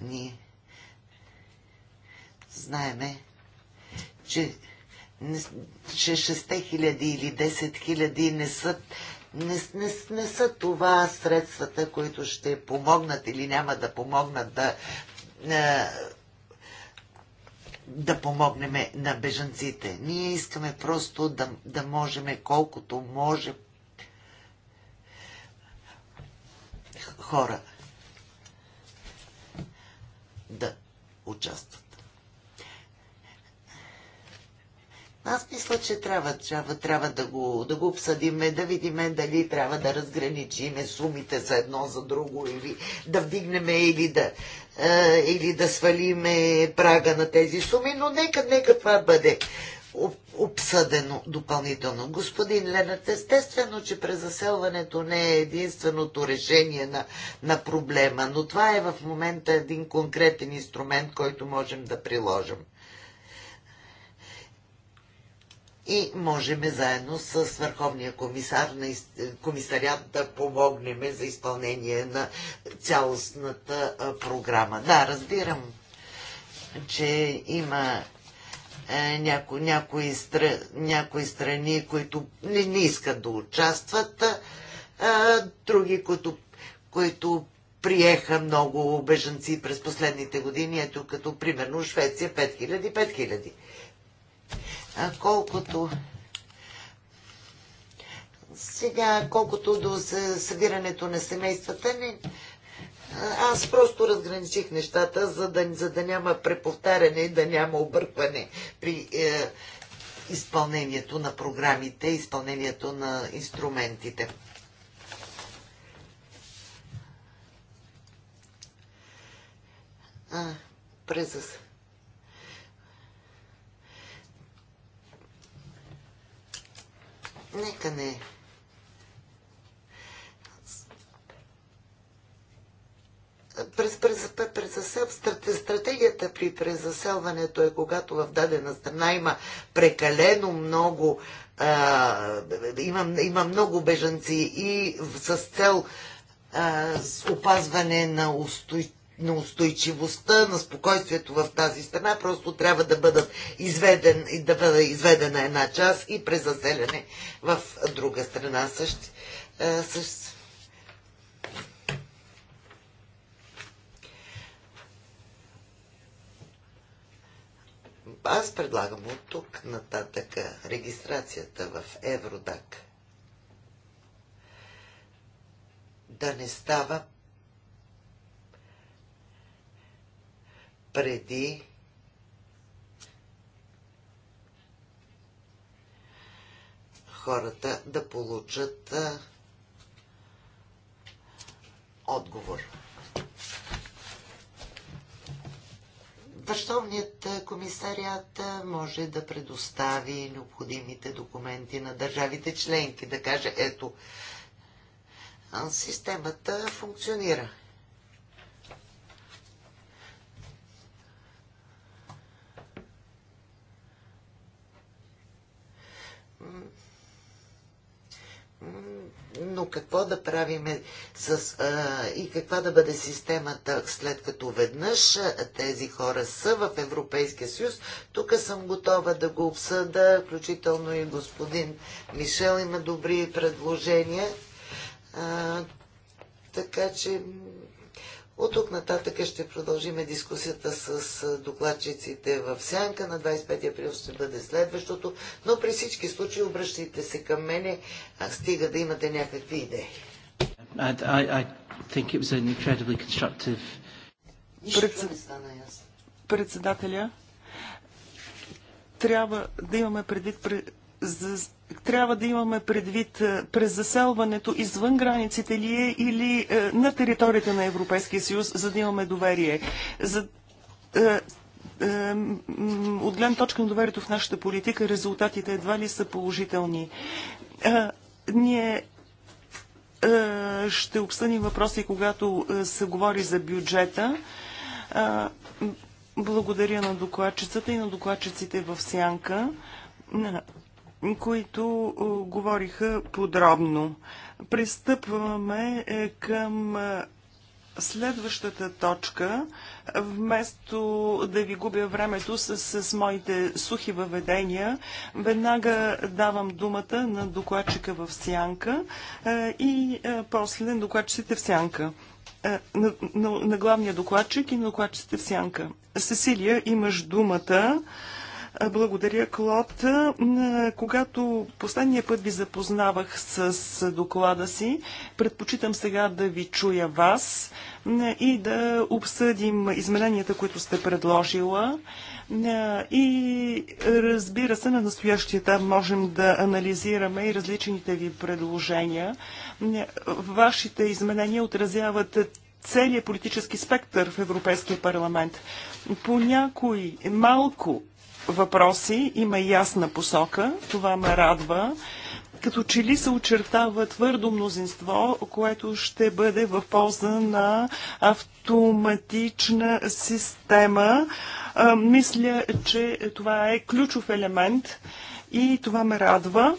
ние знаеме, че, че хиляди или 10 хиляди не са, не, не, не са това средствата, които ще помогнат или няма да помогнат да да помогнем на бежанците. Ние искаме просто да, да можем колкото може хора да участват. Аз мисля, че трябва, трябва, трябва да, го, да го обсъдиме, да видиме дали трябва да разграничиме сумите за едно за друго или да вдигнеме или да, или да свалиме прага на тези суми, но нека, нека това бъде обсъдено допълнително. Господин Ленът, естествено, че презаселването не е единственото решение на, на проблема, но това е в момента един конкретен инструмент, който можем да приложим и можем заедно с Върховния комисар на комисарят да помогнем за изпълнение на цялостната програма. Да, разбирам, че има е, няко, някои, стра, някои страни, които не, не искат да участват, а други, които, които приеха много бежанци през последните години, ето като примерно Швеция 5000-5000. Колкото сега, колкото до събирането на семействата, ни, аз просто разграничих нещата, за да, за да няма преповтаряне и да няма объркване при е, изпълнението на програмите, изпълнението на инструментите. А, презъс. Нека не. През, през, през, през, стратегията при презаселването е когато в дадена страна има прекалено много а, има, има много бежанци и с цел а, опазване на устойчивост на устойчивостта, на спокойствието в тази страна, просто трябва да бъдат изведен, да бъде изведена една част и презаселяне в друга страна. Също, аз предлагам от тук нататък регистрацията в Евродак да не става преди хората да получат отговор. Върховният комисариат може да предостави необходимите документи на държавите членки, да каже, ето, системата функционира. но какво да правим с, а, и каква да бъде системата, след като веднъж тези хора са в Европейския съюз. Тук съм готова да го обсъда, включително и господин Мишел има добри предложения. А, така че от тук нататък ще продължим дискусията с докладчиците в Сянка. На 25 април ще бъде следващото, но при всички случаи обръщайте се към мене, а стига да имате някакви идеи. I, I, constructive... Председателя, трябва да имаме предвид за трябва да имаме предвид е, през заселването извън границите ли е или е, на територията на Европейския съюз, за да имаме доверие. За, е, от гледна точка на доверието в нашата политика, резултатите едва ли са положителни. Ние ще обсъдим въпроси, когато се говори за бюджета. Благодаря на докладчицата и на докладчиците в Сянка които е, говориха подробно. Пристъпваме е, към е, следващата точка, вместо да ви губя времето с, с моите сухи въведения, веднага давам думата на докладчика в сянка и после на докладчиците в сянка. на, на, на главния докладчик и на докладчиците в сянка. Сесилия, имаш думата. Благодаря, Клод. Когато последния път ви запознавах с доклада си, предпочитам сега да ви чуя вас и да обсъдим измененията, които сте предложила. И разбира се, на настоящия етап можем да анализираме и различните ви предложения. Вашите изменения отразяват целият политически спектър в Европейския парламент. По някои малко въпроси, има ясна посока, това ме радва. Като че ли се очертава твърдо мнозинство, което ще бъде в полза на автоматична система. А, мисля, че това е ключов елемент и това ме радва.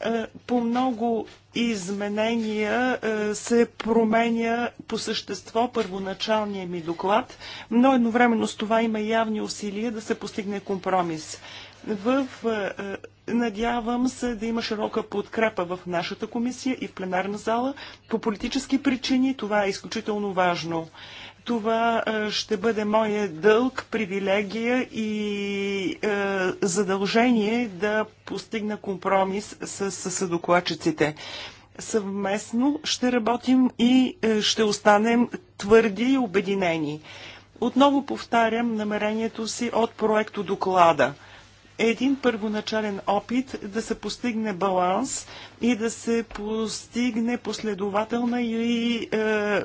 А, по много изменения е, се променя по същество първоначалния ми доклад, но едновременно с това има явни усилия да се постигне компромис. В, е, е, надявам се да има широка подкрепа в нашата комисия и в пленарна зала. По политически причини това е изключително важно. Това е, ще бъде моя дълг, привилегия и е, задължение да постигна компромис с, съдокладчиците. Съвместно ще работим и е, ще останем твърди и обединени. Отново повтарям намерението си от проекто доклада – е един първоначален опит да се постигне баланс и да се постигне последователна и е,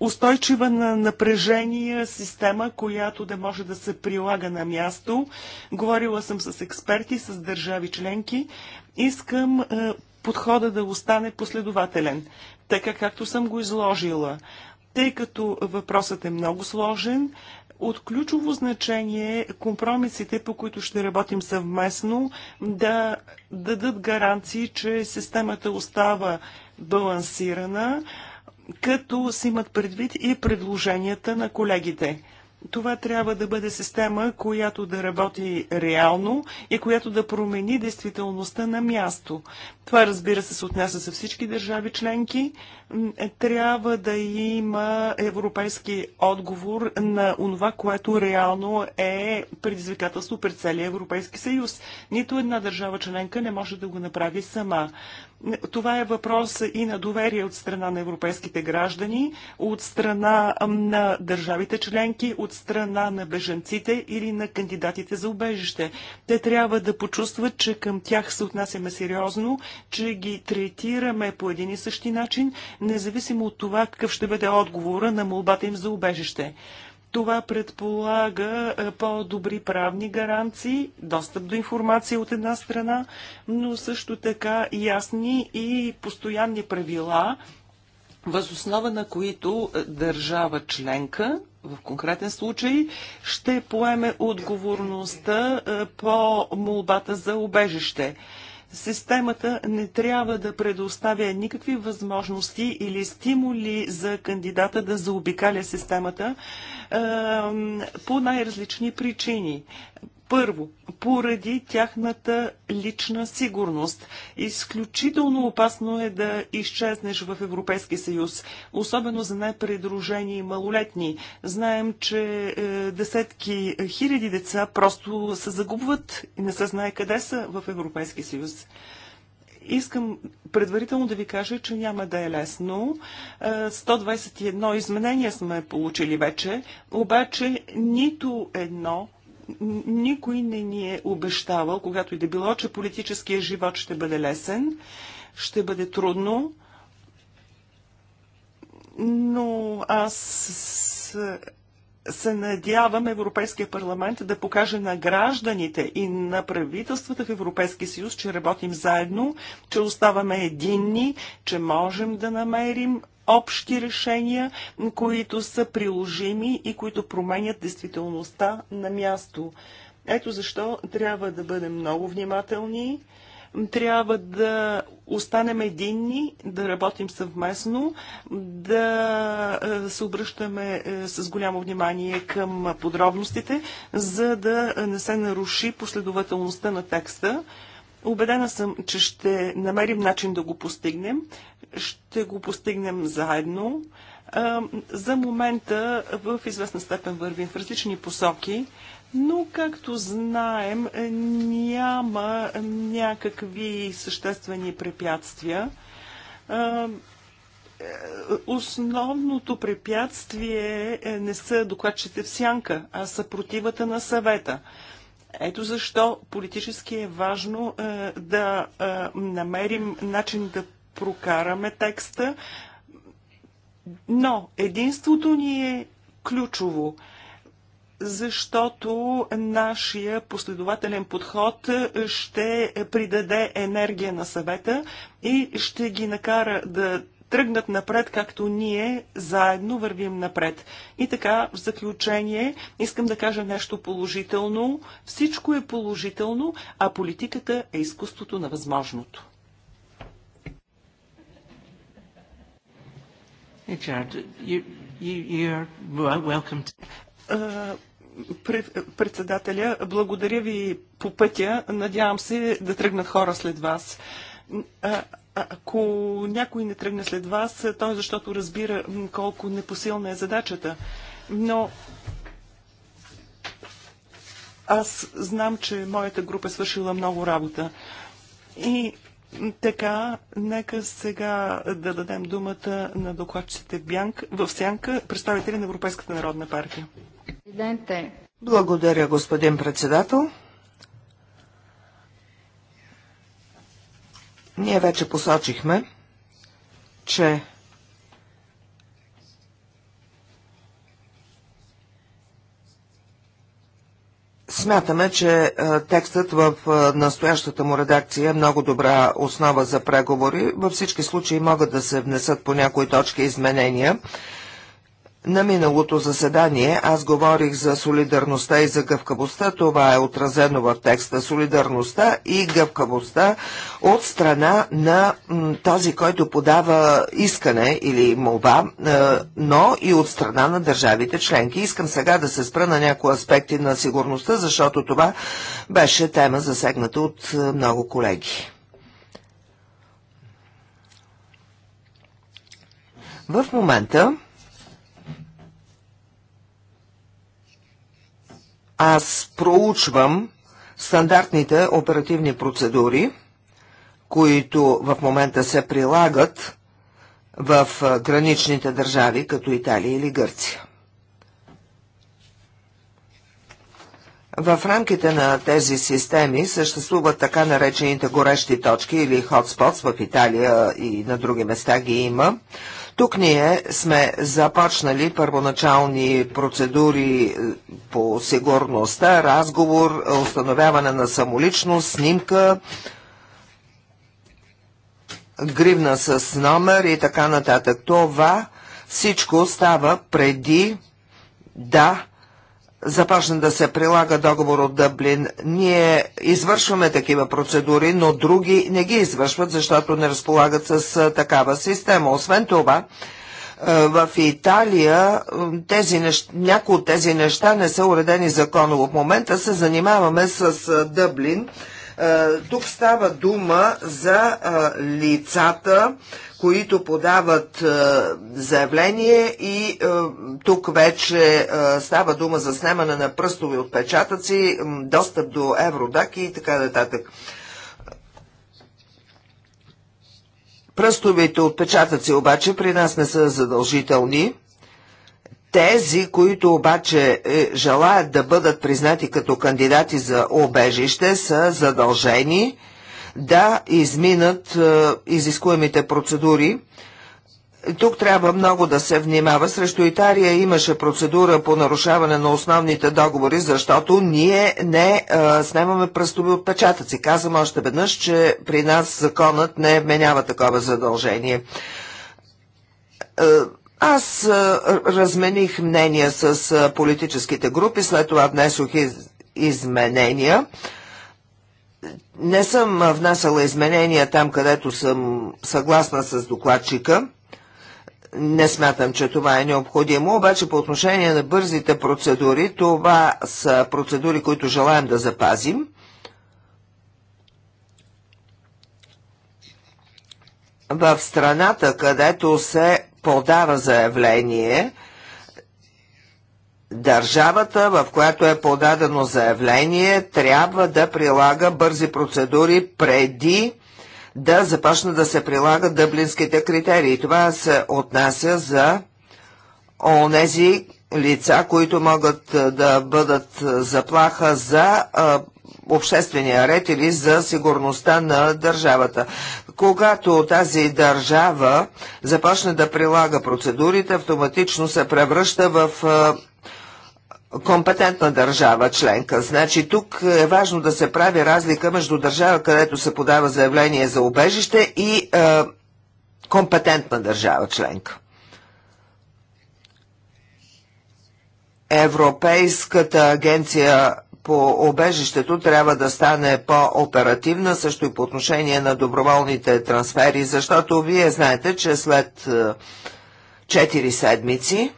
устойчива на напрежение система, която да може да се прилага на място. Говорила съм с експерти, с държави членки. Искам е, подхода да остане последователен, така както съм го изложила. Тъй като въпросът е много сложен, от ключово значение е компромисите, по които ще работим съвместно, да дадат гаранции, че системата остава балансирана, като си имат предвид и предложенията на колегите това трябва да бъде система, която да работи реално и която да промени действителността на място. Това, разбира се, се отнася за всички държави членки. Трябва да има европейски отговор на онова, което реално е предизвикателство пред целия Европейски съюз. Нито една държава членка не може да го направи сама. Това е въпрос и на доверие от страна на европейските граждани, от страна на държавите членки, от страна на беженците или на кандидатите за убежище. Те трябва да почувстват, че към тях се отнасяме сериозно, че ги третираме по един и същи начин, независимо от това какъв ще бъде отговора на молбата им за убежище. Това предполага е, по-добри правни гаранции, достъп до информация от една страна, но също така ясни и постоянни правила, възоснова на които е, държава членка, в конкретен случай, ще поеме отговорността е, по молбата за обежище. Системата не трябва да предоставя никакви възможности или стимули за кандидата да заобикаля системата по най-различни причини. Първо, поради тяхната лична сигурност. Изключително опасно е да изчезнеш в Европейския съюз, особено за най и малолетни. Знаем, че е, десетки хиляди деца просто се загубват и не се знае къде са в Европейския съюз. Искам предварително да ви кажа, че няма да е лесно. 121 е, изменения сме получили вече, обаче нито едно никой не ни е обещавал, когато и да било, че политическия живот ще бъде лесен, ще бъде трудно, но аз се надявам Европейския парламент да покаже на гражданите и на правителствата в Европейския съюз, че работим заедно, че оставаме единни, че можем да намерим общи решения, които са приложими и които променят действителността на място. Ето защо трябва да бъдем много внимателни. Трябва да останем единни, да работим съвместно, да е, се обръщаме е, с голямо внимание към подробностите, за да не се наруши последователността на текста. Обедена съм, че ще намерим начин да го постигнем. Ще го постигнем заедно. Е, за момента в известна степен вървим в различни посоки но както знаем няма някакви съществени препятствия. Основното препятствие е, не са докладчите в сянка, а съпротивата на съвета. Ето защо политически е важно да намерим начин да прокараме текста, но единството ни е ключово защото нашия последователен подход ще придаде енергия на съвета и ще ги накара да тръгнат напред, както ние заедно вървим напред. И така, в заключение, искам да кажа нещо положително. Всичко е положително, а политиката е изкуството на възможното. Richard, you, you, are welcome to... Е, председателя. Благодаря ви по пътя. Надявам се да тръгнат хора след вас. А, ако някой не тръгне след вас, той защото разбира колко непосилна е задачата. Но аз знам, че моята група е свършила много работа. И така, нека сега да дадем думата на докладчите Бянк, в Сянка, представители на Европейската народна партия. Благодаря, господин председател. Ние вече посочихме, че Смятаме, че е, текстът в е, настоящата му редакция е много добра основа за преговори. Във всички случаи могат да се внесат по някои точки изменения. На миналото заседание аз говорих за солидарността и за гъвкавостта. Това е отразено в текста солидарността и гъвкавостта от страна на този, който подава искане или молба, е, но и от страна на държавите членки. Искам сега да се спра на някои аспекти на сигурността, защото това беше тема засегната от е, много колеги. В момента Аз проучвам стандартните оперативни процедури, които в момента се прилагат в граничните държави, като Италия или Гърция. В рамките на тези системи съществуват така наречените горещи точки или хотспотс в Италия и на други места ги има. Тук ние сме започнали първоначални процедури е, по сигурността, разговор, установяване на самоличност, снимка, гривна с номер и така нататък. Това всичко става преди да започна да се прилага договор от Дъблин. Ние извършваме такива процедури, но други не ги извършват, защото не разполагат с такава система. Освен това, в Италия тези неща, някои от тези неща не са уредени законово. В момента се занимаваме с Дъблин е, тук става дума за е, лицата, които подават е, заявление и тук вече става дума за снемане на пръстови отпечатъци, достъп до Евродак и така нататък. Пръстовите отпечатъци обаче при нас не са задължителни. Тези, които обаче е, желаят да бъдат признати като кандидати за обежище, са задължени да изминат е, изискуемите процедури. Тук трябва много да се внимава. Срещу Италия имаше процедура по нарушаване на основните договори, защото ние не а, е, снимаме пръстови отпечатъци. Казвам още веднъж, че при нас законът не вменява такова задължение. Аз размених мнения с политическите групи, след това внесох из, изменения. Не съм внасяла изменения там, където съм съгласна с докладчика. Не смятам, че това е необходимо, обаче по отношение на бързите процедури, това са процедури, които желаем да запазим. В страната, където се подава заявление, Държавата, в която е подадено заявление, трябва да прилага бързи процедури преди да започна да се прилагат дъблинските критерии. Това се отнася за онези лица, които могат да бъдат заплаха за обществения ред или за сигурността на държавата. Когато тази държава започне да прилага процедурите, автоматично се превръща в компетентна държава членка. Значи тук е важно да се прави разлика между държава, където се подава заявление за убежище и е, компетентна държава членка. Европейската агенция по обежището трябва да стане по-оперативна, също и по отношение на доброволните трансфери, защото вие знаете, че след 4 е, седмици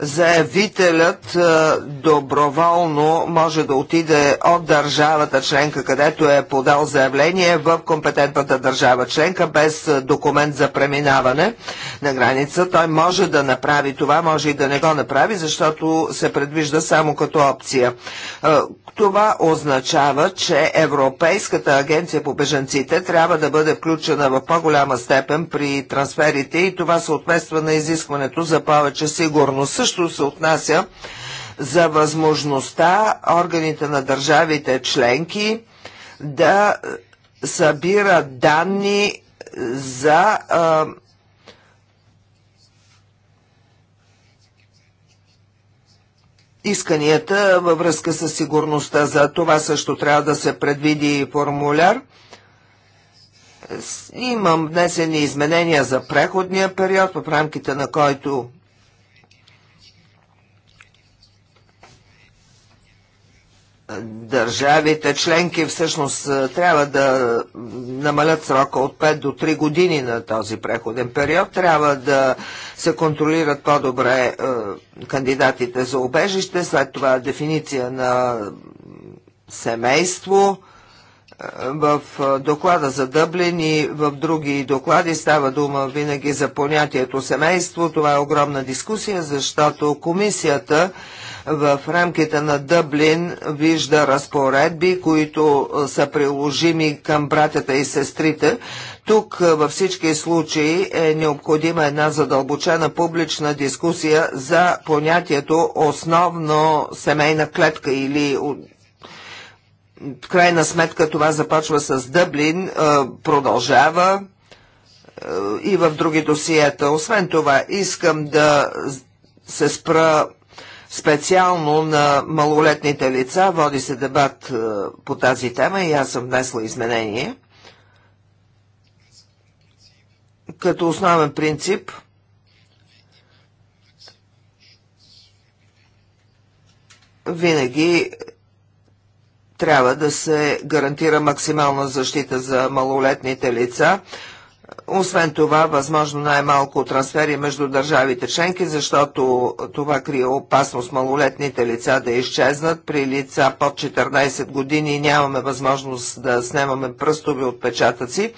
заявителят е, доброволно може да отиде от държавата членка, където е подал заявление в компетентната държава членка без е, документ за преминаване на граница. Той може да направи това, може и да не го направи, защото се предвижда само като опция. Е, това означава, че Европейската агенция по беженците трябва да бъде включена в по-голяма степен при трансферите и това съответства на изискването за повече сигурност също се отнася за възможността органите на държавите членки да е, събират данни за е, исканията във връзка с сигурността. За това също трябва да се предвиди и формуляр. Имам внесени изменения за преходния период, в рамките на който държавите членки всъщност е, трябва да намалят срока от 5 до 3 години на този преходен период. Трябва да се контролират по-добре е, кандидатите за обежище. след това дефиниция на семейство. Е, в доклада за Дъблин и в други доклади става дума винаги за понятието семейство. Това е огромна дискусия, защото комисията в рамките на Дъблин вижда разпоредби, които са приложими към братята и сестрите. Тук във всички случаи е необходима една задълбочена публична дискусия за понятието основно семейна клетка или в крайна сметка това започва с Дъблин, продължава и в други досиета. Освен това, искам да се спра специално на малолетните лица. Води се дебат е, по тази тема и аз съм внесла изменение. Като основен принцип винаги трябва да се гарантира максимална защита за малолетните лица. Освен това, възможно най-малко трансфери между държавите членки, защото това крие опасност малолетните лица да изчезнат. При лица под 14 години нямаме възможност да снемаме пръстови отпечатъци.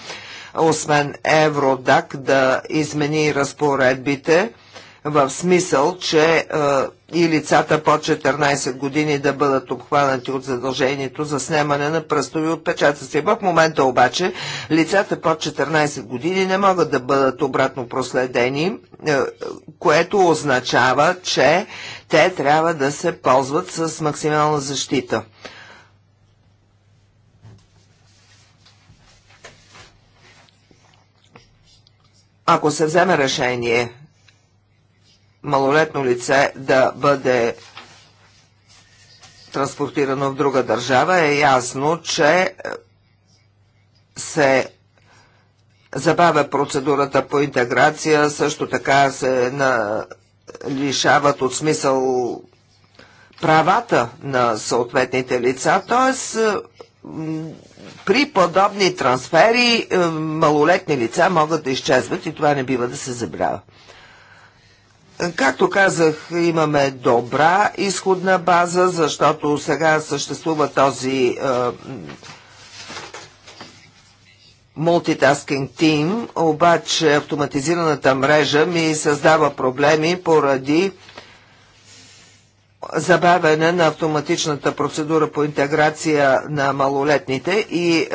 Освен Евродак да измени разпоредбите – в смисъл, че и лицата под 14 години да бъдат обхванати от задължението за снимане на пръстови отпечатъци. В момента обаче лицата под 14 години не могат да бъдат обратно проследени, което означава, че те трябва да се ползват с максимална защита. Ако се вземе решение малолетно лице да бъде транспортирано в друга държава, е ясно, че е, се забавя процедурата по интеграция, също така се на... лишават от смисъл правата на съответните лица, т.е. при подобни трансфери е, малолетни лица могат да изчезват и това не бива да се забравя. Както казах, имаме добра изходна база, защото сега съществува този мултитаскинг тим, обаче автоматизираната мрежа ми създава проблеми поради забавяне на автоматичната процедура по интеграция на малолетните и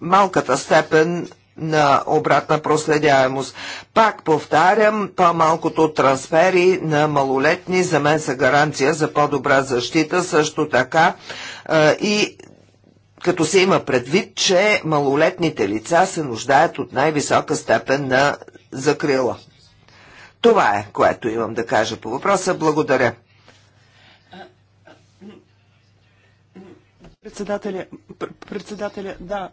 малката степен на обратна проследяемост. Пак повтарям, по-малкото трансфери на малолетни за мен са гаранция за по-добра защита, също така и като се има предвид, че малолетните лица се нуждаят от най-висока степен на закрила. Това е, което имам да кажа по въпроса. Благодаря. Председателя, председателя, да,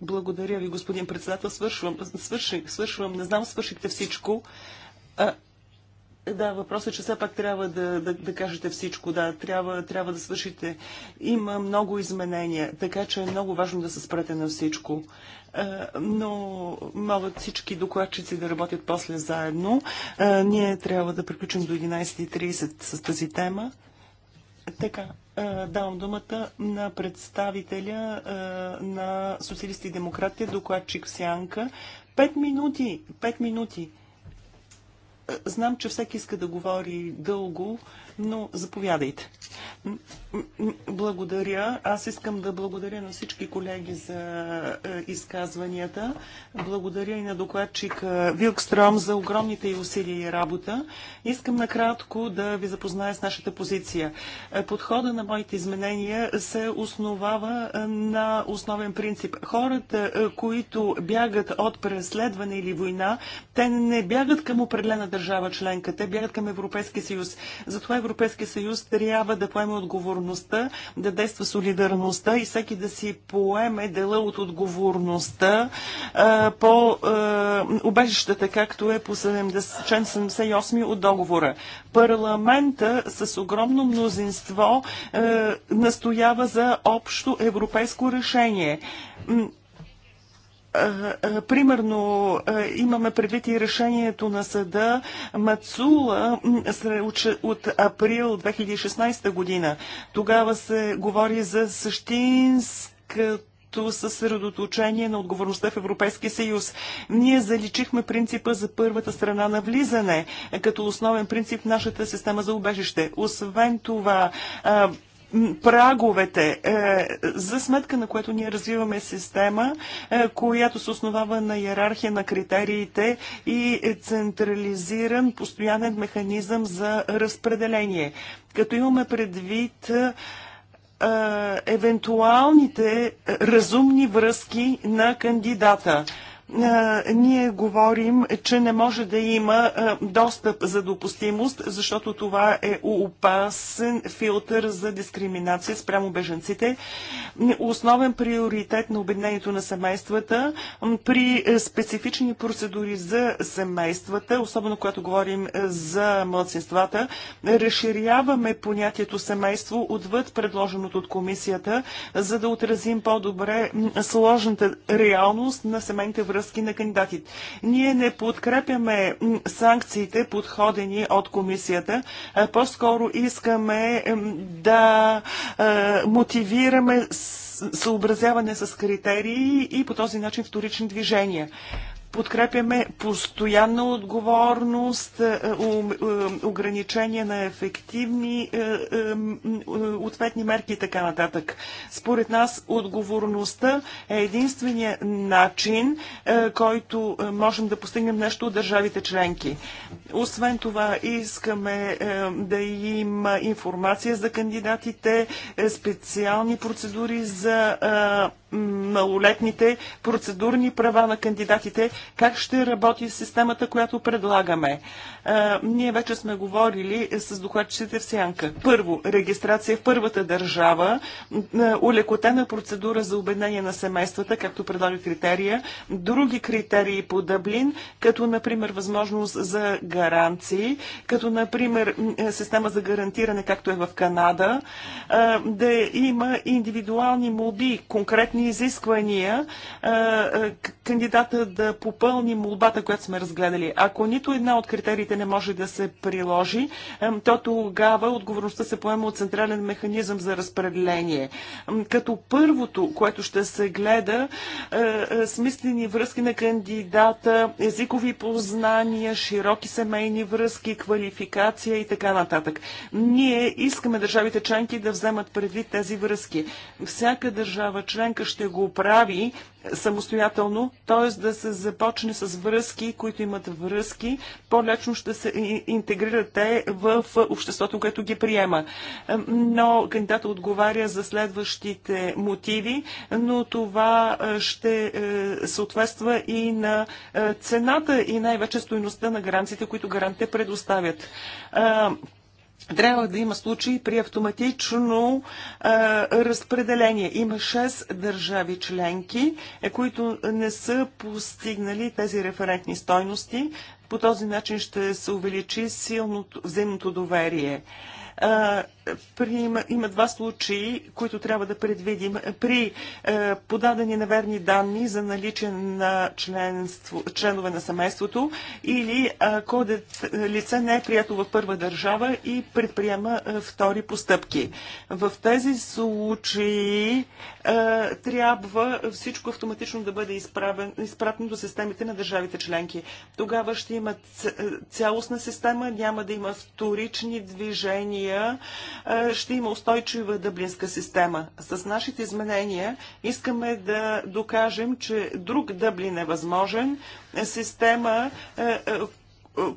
благодаря ви, господин председател. Свършвам, свърших, свършвам. Не знам, свършихте всичко. А, да, въпросът е, че все пак трябва да, да, да кажете всичко. Да, трябва, трябва да свършите. Има много изменения, така че е много важно да се спрете на всичко. Но могат всички докладчици да работят после заедно. Ние трябва да приключим до 11.30 с тази тема. Така. Е, давам думата на представителя е, на социалисти и демократия, докладчик Сянка. Пет минути, пет минути. Е, знам, че всеки иска да говори дълго, но заповядайте. Благодаря. Аз искам да благодаря на всички колеги за е, изказванията. Благодаря и на докладчик Вилкстром за огромните и усилия и работа. Искам накратко да ви запозная с нашата позиция. Е, подхода на моите изменения се основава е, на основен принцип. Хората, които бягат от преследване или война, те не бягат към определена държава членка, те бягат към Европейския съюз. Затова Европейския съюз трябва да поеме отговорността, да действа солидарността и всеки да си поеме дела от отговорността а, по а, убежищата, както е по 70, член 78 от договора. Парламента с огромно мнозинство а, настоява за общо европейско решение. Примерно имаме предвид и решението на съда Мацула от април 2016 година. Тогава се говори за същинската като съсредоточение на отговорността в Европейския съюз. Ние заличихме принципа за първата страна на влизане, като основен принцип в нашата система за убежище. Освен това, праговете, е, за сметка на което ние развиваме система, е, която се основава на иерархия на критериите и е централизиран постоянен механизъм за разпределение. Като имаме предвид е, евентуалните разумни връзки на кандидата ние говорим, че не може да има достъп за допустимост, защото това е опасен филтър за дискриминация спрямо беженците. Основен приоритет на обеднението на семействата при е, специфични процедури за семействата, особено когато говорим е, за младсинствата, разширяваме понятието семейство отвъд предложеното от комисията, за да отразим по-добре сложната реалност на семейните връзки връзки на кандидатите. Ние не подкрепяме санкциите, подходени от комисията. По-скоро искаме да мотивираме съобразяване с критерии и по този начин вторични движения подкрепяме постоянна отговорност, е, е, е, ограничение на ефективни ответни мерки и така нататък. Според нас отговорността е единствения начин, който можем да постигнем нещо от държавите членки. Освен това, искаме да има информация за кандидатите, специални процедури за малолетните, процедурни права на кандидатите, как ще работи системата, която предлагаме? Ние вече сме говорили с докладчиците в Сянка. Първо, регистрация в първата държава, улекотена процедура за обеднение на семействата, както предлага критерия, други критерии по Дъблин, като например възможност за гаранции, като например система за гарантиране, както е в Канада, да има индивидуални моби, конкретни изисквания, кандидата да попълни молбата, която сме разгледали. Ако нито една от критериите не може да се приложи, то тогава отговорността се поема от централен механизъм за разпределение. Като първото, което ще се гледа, е, е, смислени връзки на кандидата, езикови познания, широки семейни връзки, квалификация и така нататък. Ние искаме държавите членки да вземат предвид тези връзки. Всяка държава членка ще го прави самостоятелно, т.е. да се започне с връзки, които имат връзки, по лечно ще се интегрират те в обществото, което ги приема. Но кандидата отговаря за следващите мотиви, но това е, ще е, съответства и на е, цената и най-вече стоеността на гаранциите, които гарантите предоставят трябва да има случаи при автоматично а, разпределение. Има 6 държави членки, е, които не са постигнали тези референтни стойности. По този начин ще се увеличи силното взаимното доверие. А, при, има, има два случаи, които трябва да предвидим. При е, подадени неверни данни за наличие на членство, членове на семейството или ако е, лице не е прието в първа държава и предприема е, втори постъпки. В тези случаи е, трябва всичко автоматично да бъде изпратено до системите на държавите членки. Тогава ще има цялостна система, няма да има вторични движения е, ще има устойчива дъблинска система. С нашите изменения искаме да докажем, че друг дъблин е възможен, система, е, е,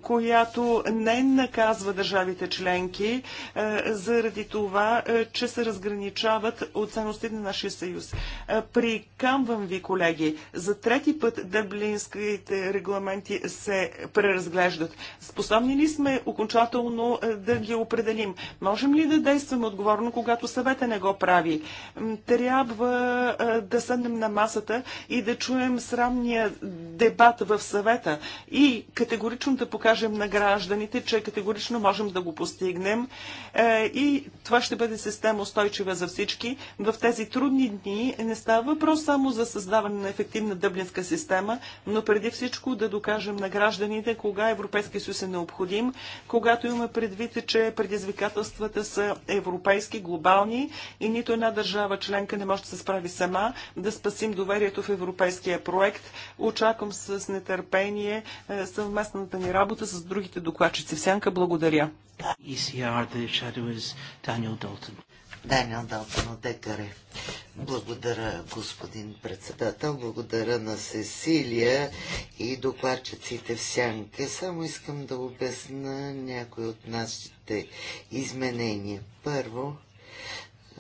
която не наказва държавите членки е, заради това, е, че се разграничават от ценности на нашия съюз. Е, прикамвам ви, колеги, за трети път дъблинските регламенти се преразглеждат. Способни ли сме окончателно да ги определим? Можем ли да действаме отговорно, когато съвета не го прави? Трябва да съднем на масата и да чуем срамния дебат в съвета и категоричната покажем на гражданите, че категорично можем да го постигнем е, и това ще бъде система устойчива за всички. В тези трудни дни не става въпрос само за създаване на ефективна дъблинска система, но преди всичко да докажем на гражданите кога Европейския съюз е необходим, когато имаме предвид, че предизвикателствата са европейски, глобални и нито една държава членка не може да се справи сама да спасим доверието в европейския проект. Очаквам с нетърпение е, съвместната ни работа с другите докладчици. В сянка благодаря. Даниел e Далтон от Декаре. Благодаря, господин председател. Благодаря на Сесилия и докладчиците в Сянка. Само искам да обясна някои от нашите изменения. Първо,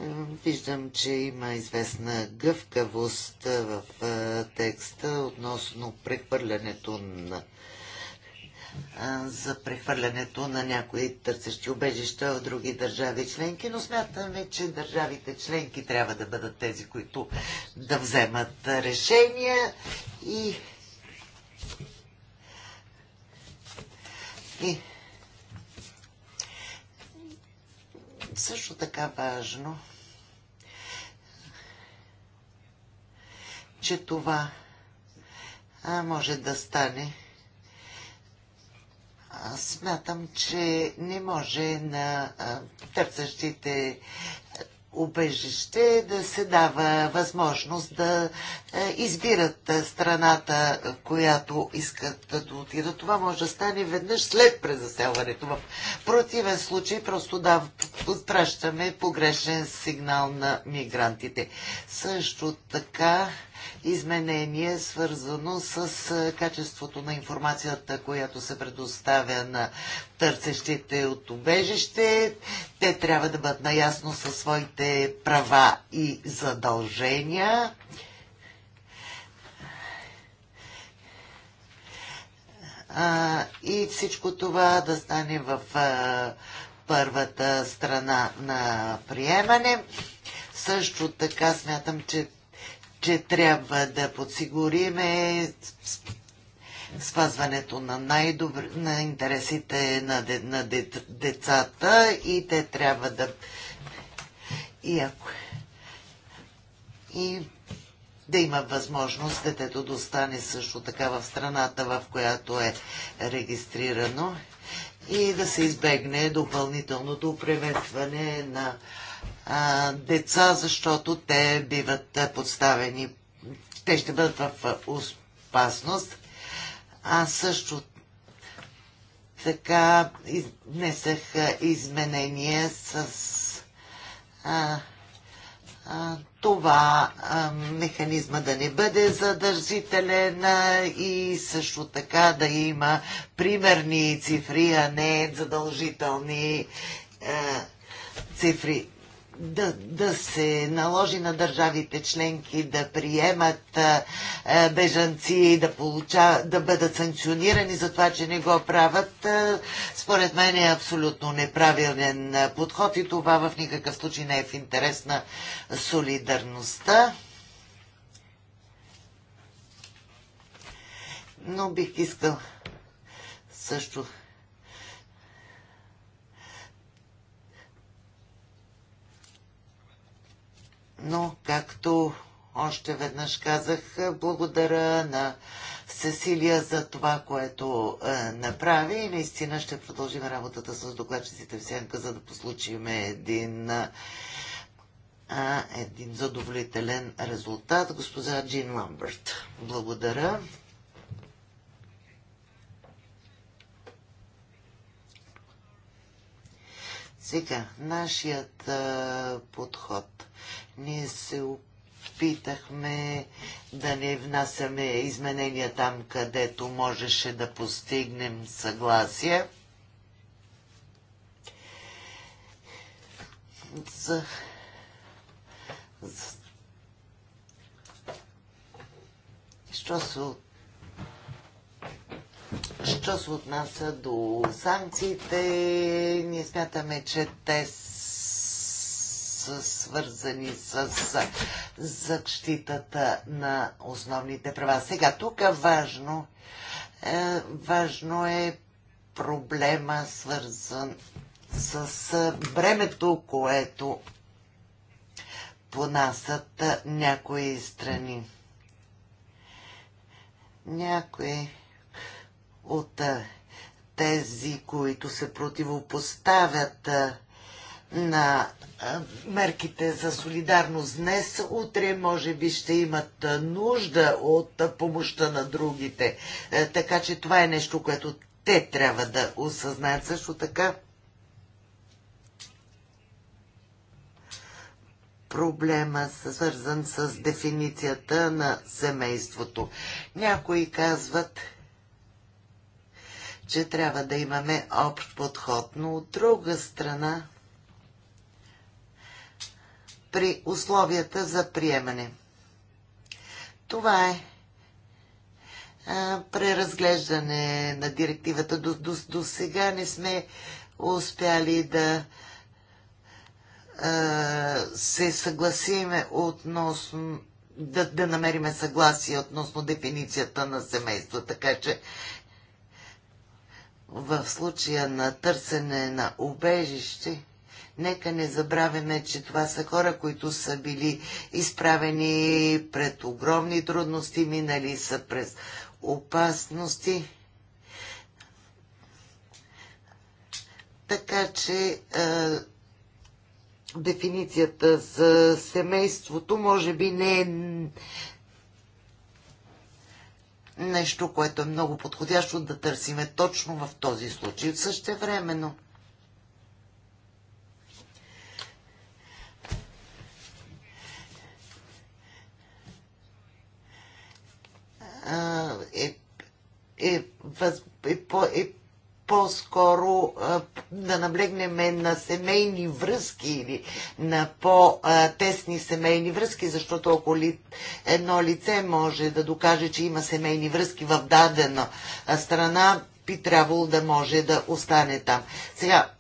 е, Виждам, че има известна гъвкавост в е, текста относно прехвърлянето на за прехвърлянето на някои търсещи убежища в други държави членки, но смятаме, че държавите членки трябва да бъдат тези, които да вземат решения и и също така важно, че това а, може да стане аз смятам, че не може на търсещите убежище да се дава възможност да е, избират е, страната, която искат да отидат. Това може да стане веднъж след презаселването. В противен случай просто да отпращаме погрешен сигнал на мигрантите. Също така изменение, свързано с качеството на информацията, която се предоставя на търсещите от убежище. Те трябва да бъдат наясно със своите права и задължения. А, и всичко това да стане в а, първата страна на приемане. Също така смятам, че че трябва да подсигуриме спазването на най-добри, на интересите на, де, на де, децата и те трябва да и ако и да има възможност детето да остане също така в страната, в която е регистрирано и да се избегне допълнителното преместване на деца, защото те биват подставени. Те ще бъдат в опасност. А също така изнесах изменения с а, а, това а, механизма да не бъде задържителен и също така да има примерни цифри, а не задължителни а, цифри да, да се наложи на държавите членки да приемат а, бежанци и да, получа, да бъдат санкционирани за това, че не го правят, а, според мен е абсолютно неправилен подход и това в никакъв случай не е в интерес на солидарността. Но бих искал също Но, както още веднъж казах, благодаря на Сесилия за това, което е, направи и наистина ще продължим работата с докладчиците в сянка, за да послучим един, е, а, един задоволителен резултат. Госпожа Джин Ламбърт. Благодаря. Сега, нашият а, подход. Ние се опитахме да не внасяме изменения там, където можеше да постигнем съгласие. За, за... Що се от Що се отнася до санкциите, ние смятаме, че те са свързани с защитата на основните права. Сега тук важно, е, важно е проблема свързан с бремето, което понасят някои страни. Някои от тези, които се противопоставят на мерките за солидарност днес, утре може би ще имат нужда от помощта на другите. Е, така че това е нещо, което те трябва да осъзнаят също така. проблема, свързан с дефиницията на семейството. Някои казват, че трябва да имаме общ подход, но от друга страна при условията за приемане. Това е преразглеждане на директивата. До, до, до сега не сме успяли да се съгласиме относно да, да намериме съгласие относно дефиницията на семейство. Така че в случая на търсене на убежище, нека не забравяме, че това са хора, които са били изправени пред огромни трудности, минали са през опасности. Така че е, дефиницията за семейството може би не е нещо, което е много подходящо да търсиме точно в този случай. Същевременно е, е, е, е, е, е по-скоро да наблегнем на семейни връзки или на по-тесни семейни връзки, защото ако ли, едно лице може да докаже, че има семейни връзки в дадена страна, би трябвало да може да остане там. Сега,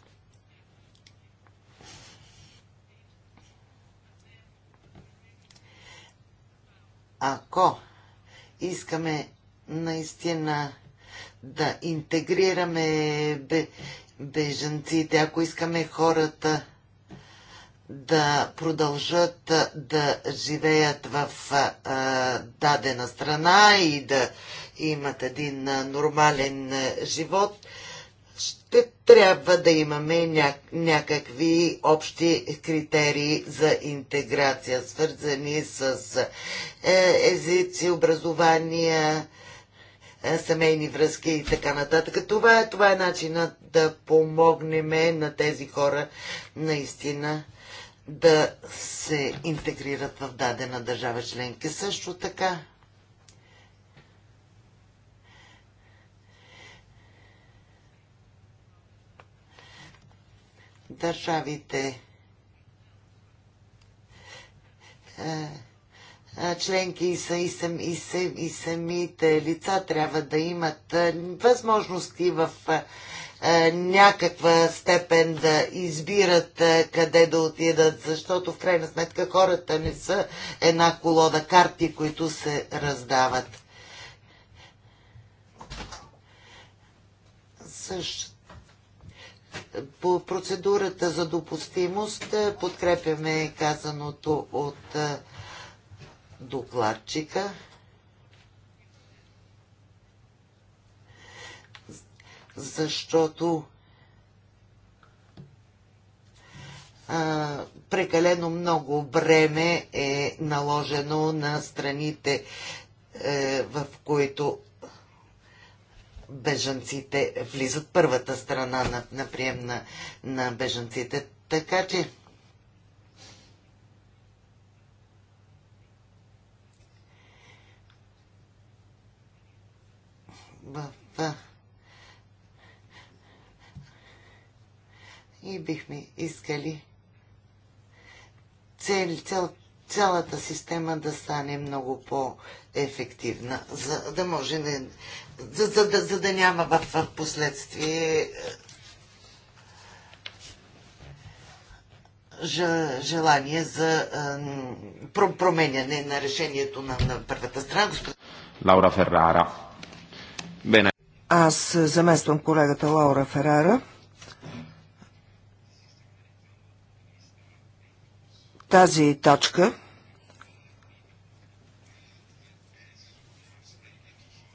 ако искаме наистина да интегрираме беженците, ако искаме хората да продължат да живеят в а, дадена страна и да имат един нормален живот, ще трябва да имаме някакви общи критерии за интеграция, свързани с е, езици, образования, е, семейни връзки и така нататък. Това е, това е начина да помогнем на тези хора наистина да се интегрират в дадена държава членки. Също така държавите е, членки и, са, и, сам, и, сам, и самите лица трябва да имат възможности в някаква степен да избират къде да отидат, защото в крайна сметка хората не са една колода карти, които се раздават. Също по процедурата за допустимост подкрепяме казаното от докладчика. Защото а, прекалено много бреме е наложено на страните, е, в които бежанците влизат първата страна на, на прием на бежанците. Така че средства. И бихме искали цел, цел, цялата система да стане много по-ефективна, за да може не, за, за, за, за да няма в, в последствие желание за а, променяне на решението на, на първата страна. Господ... Лаура Феррара. Бене. Аз замествам колегата Лаура Ферара. Тази точка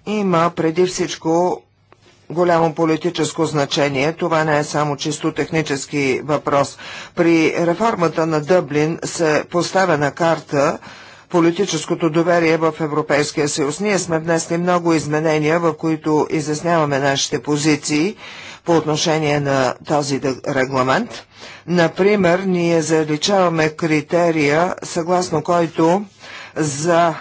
има преди всичко голямо политическо значение. Това не е само чисто технически въпрос. При реформата на Дъблин се поставя на карта политическото доверие в Европейския съюз. Ние сме внесли много изменения, в които изясняваме нашите позиции по отношение на този регламент. Например, ние заличаваме критерия, съгласно който за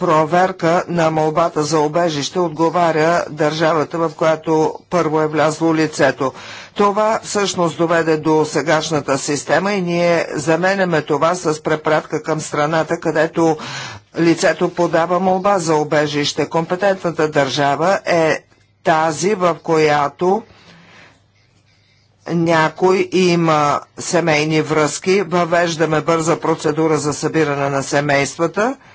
проверка на молбата за обежище отговаря държавата, в която първо е влязло лицето. Това всъщност доведе до сегашната система и ние заменяме това с препратка към страната, където лицето подава молба за обежище. Компетентната държава е тази, в която някой има семейни връзки, въвеждаме бърза процедура за събиране на семействата –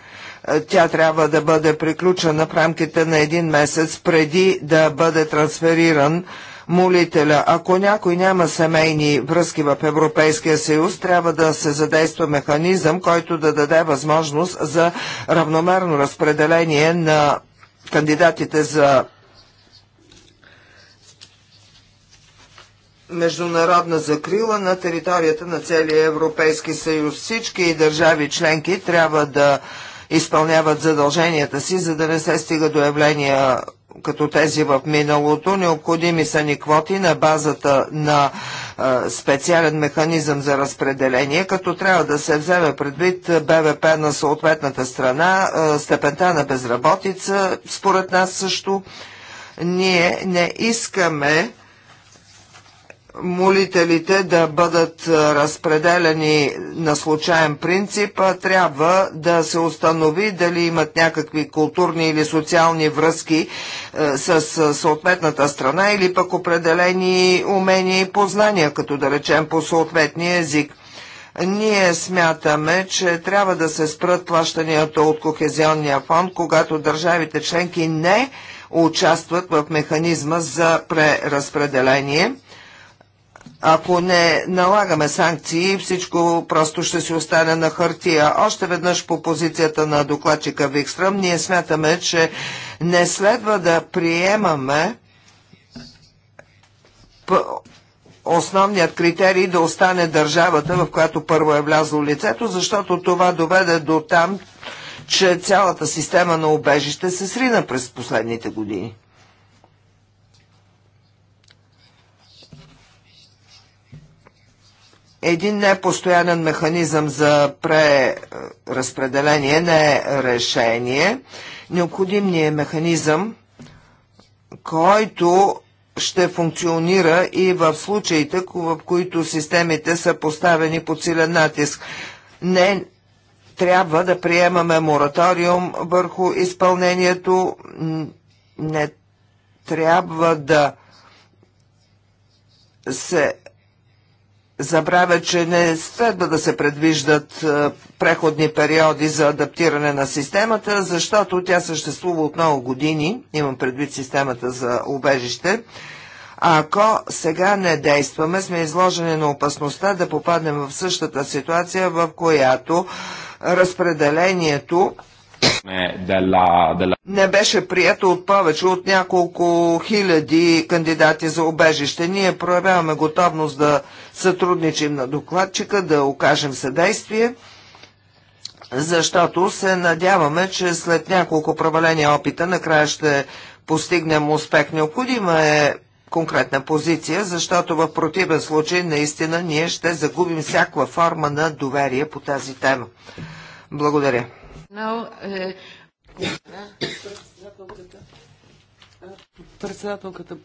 тя трябва да бъде приключена в рамките на един месец преди да бъде трансфериран молителя. Ако някой няма семейни връзки в Европейския съюз, трябва да се задейства механизъм, който да даде възможност за равномерно разпределение на кандидатите за международна закрила на територията на целия Европейски съюз. Всички държави членки трябва да изпълняват задълженията си, за да не се стига до явления като тези в миналото. Необходими са ни квоти на базата на специален механизъм за разпределение, като трябва да се вземе предвид БВП на съответната страна, степента на безработица, според нас също. Ние не искаме молителите да бъдат разпределени на случайен принцип, трябва да се установи дали имат някакви културни или социални връзки с съответната страна или пък определени умения и познания, като да речем по съответния език. Ние смятаме, че трябва да се спрат плащанията от Кохезионния фонд, когато държавите членки не участват в механизма за преразпределение ако не налагаме санкции, всичко просто ще си остане на хартия. Още веднъж по позицията на докладчика Викстръм, ние смятаме, че не следва да приемаме основният критерий да остане държавата, в която първо е влязло лицето, защото това доведе до там, че цялата система на убежище се срина през последните години. един непостоянен механизъм за преразпределение не е решение. Необходим ни е механизъм, който ще функционира и в случаите, в които системите са поставени под силен натиск. Не трябва да приемаме мораториум върху изпълнението, не трябва да се забравя, че не следва да се предвиждат е, преходни периоди за адаптиране на системата, защото тя съществува от много години, имам предвид системата за убежище. А ако сега не действаме, сме изложени на опасността да попаднем в същата ситуация, в която разпределението не беше прието от повече от няколко хиляди кандидати за обежище. Ние проявяваме готовност да сътрудничим на докладчика, да окажем съдействие защото се надяваме, че след няколко проваления опита накрая ще постигнем успех. Необходима е конкретна позиция, защото в противен случай наистина ние ще загубим всякаква форма на доверие по тази тема. Благодаря. Now, е, Председателката.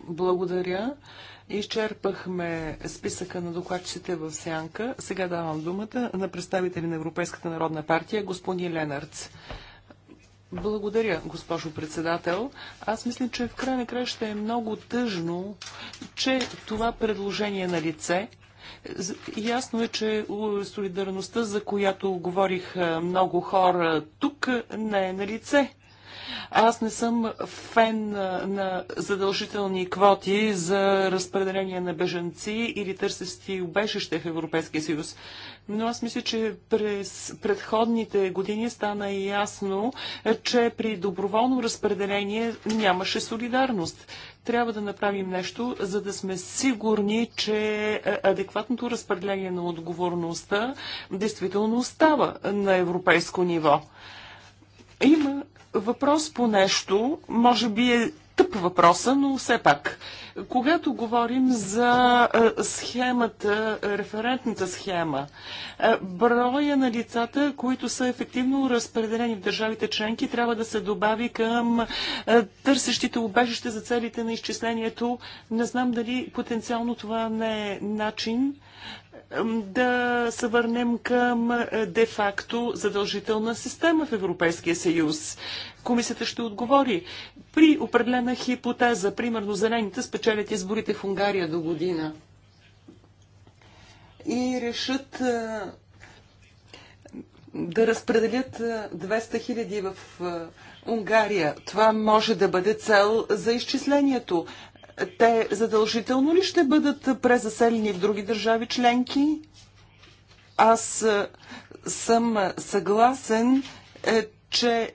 благодаря. Изчерпахме списъка на докладчите в Сянка. Сега давам думата на представители на Европейската народна партия, господин Ленарц. Благодаря, госпожо председател. Аз мисля, че в край на края ще е много тъжно, че това предложение е на лице, Ясно е, че солидарността, за която говорих е, много хора тук, не е на лице. Аз не съм фен на задължителни квоти за разпределение на бежанци или търсещи убежище в Европейския съюз. Но аз мисля, че през предходните години стана ясно, че при доброволно разпределение нямаше солидарност трябва да направим нещо, за да сме сигурни, че адекватното разпределение на отговорността действително става на европейско ниво. Има въпрос по нещо, може би е тъп въпроса, но все пак. Когато говорим за е, схемата, е, референтната схема, е, броя на лицата, които са ефективно разпределени в държавите членки, трябва да се добави към търсещите убежище за целите на изчислението. Не знам дали потенциално това не е начин да се върнем към е, де-факто задължителна система в Европейския съюз. Комисията ще отговори. При определена хипотеза, примерно зелените спечелят изборите в Унгария до година и решат е, да разпределят 200 е, хиляди в Унгария. Това може да бъде цел за изчислението. Те задължително ли ще бъдат презаселени в други държави членки? Аз е, съм съгласен, е, че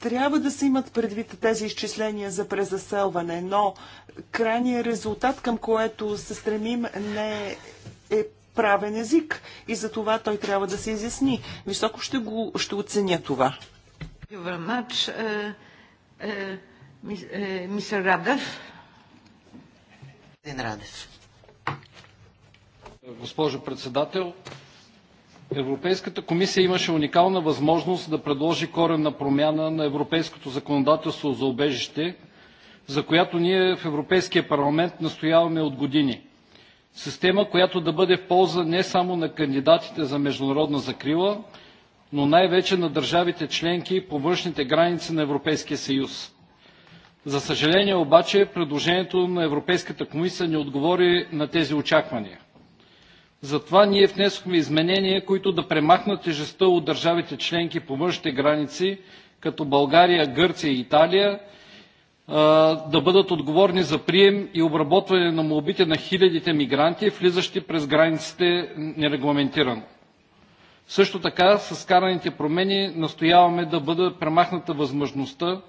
трябва да се имат предвид тези изчисления за презаселване, но крайният резултат, към което се стремим, не е правен език и за това той трябва да се изясни. Високо ще, го, ще оценя това. Е, мисър Радев. Господин Радев. Госпожо председател, Европейската комисия имаше уникална възможност да предложи коренна промяна на европейското законодателство за убежище, за която ние в Европейския парламент настояваме от години. Система, която да бъде в полза не само на кандидатите за международна закрила, но най-вече на държавите членки по външните граници на Европейския съюз. За съжаление обаче предложението на Европейската комисия не отговори на тези очаквания. Затова ние внесохме изменения, които да премахнат тежестта от държавите членки по външните граници, като България, Гърция и Италия, да бъдат отговорни за прием и обработване на молбите на хилядите мигранти, влизащи през границите нерегламентирано. Също така с караните промени настояваме да бъде премахната възможността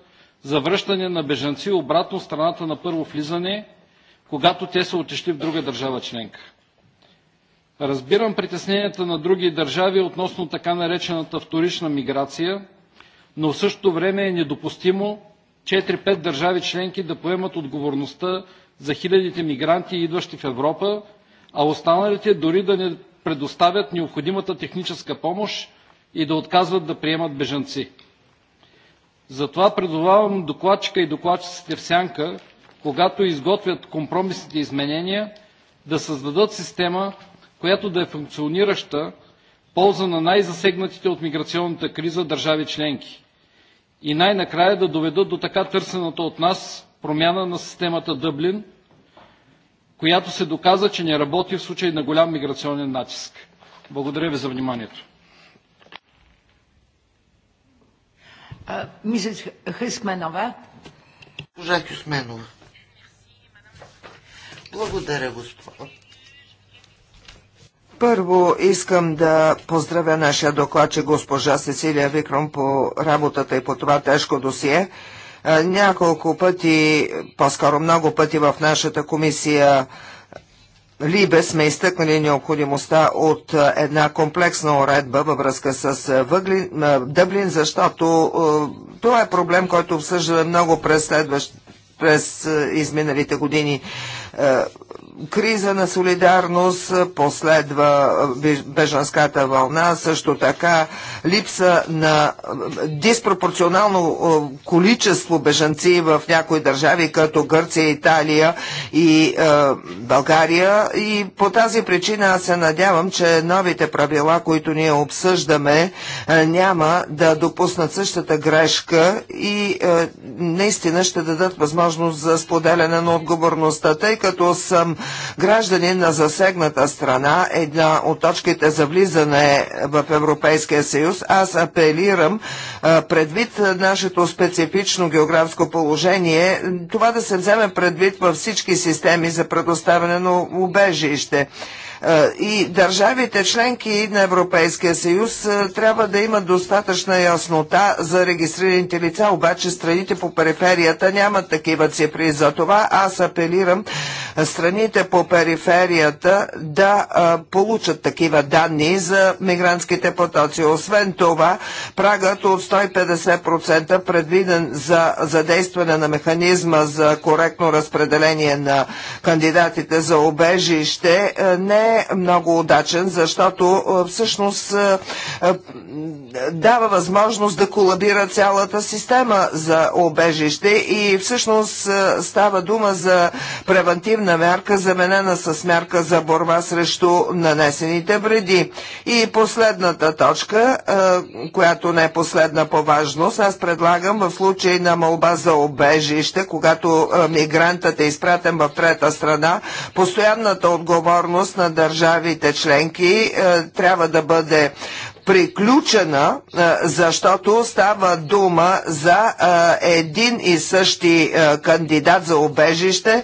за връщане на бежанци обратно в страната на първо влизане, когато те са отишли в друга държава членка. Разбирам притесненията на други държави относно така наречената вторична миграция, но в същото време е недопустимо 4-5 държави членки да поемат отговорността за хилядите мигранти, идващи в Европа, а останалите дори да не предоставят необходимата техническа помощ и да отказват да приемат бежанци. Затова призовавам докладчика и докладчиците в сянка, когато изготвят компромисните изменения, да създадат система, която да е функционираща в полза на най-засегнатите от миграционната криза държави членки и най-накрая да доведат до така търсената от нас промяна на системата Дъблин, която се доказа, че не работи в случай на голям миграционен натиск. Благодаря ви за вниманието. Хъсменова. Госпожа Хюсменова. Благодаря, господа. Първо искам да поздравя нашия докладче госпожа Сесилия Викром по работата и по това тежко досие. Няколко пъти, по-скоро много пъти в нашата комисия Либе сме изтъкнали необходимостта от една комплексна уредба във връзка с въгли, Дъблин, защото това е проблем, който обсъжда много през, следващ, през изминалите години криза на солидарност, последва бежанската вълна, също така липса на диспропорционално количество бежанци в някои държави, като Гърция, Италия и е, България. И по тази причина аз се надявам, че новите правила, които ние обсъждаме, няма да допуснат същата грешка и е, наистина ще дадат възможност за споделяне на отговорността, тъй като съм граждани на засегната страна, една от точките за влизане в Европейския съюз, аз апелирам предвид нашето специфично географско положение, това да се вземе предвид във всички системи за предоставяне на убежище. Е, и държавите членки на Европейския съюз е, трябва да имат достатъчна яснота за регистрираните лица, обаче страните по периферията нямат такива цифри. За това аз апелирам е, страните по периферията да получат такива данни за мигрантските потоци. Освен това, прагът от 150% предвиден за задействане на механизма за коректно разпределение на кандидатите за обежище не е е много удачен, защото всъщност дава възможност да колабира цялата система за обежище и всъщност става дума за превентивна мярка, заменена с мярка за борба срещу нанесените вреди. И последната точка, която не е последна по важност, аз предлагам в случай на молба за обежище, когато мигрантът е изпратен в трета страна, постоянната отговорност на държавите членки е, трябва да бъде приключена, е, защото става дума за е, един и същи кандидат за обежище,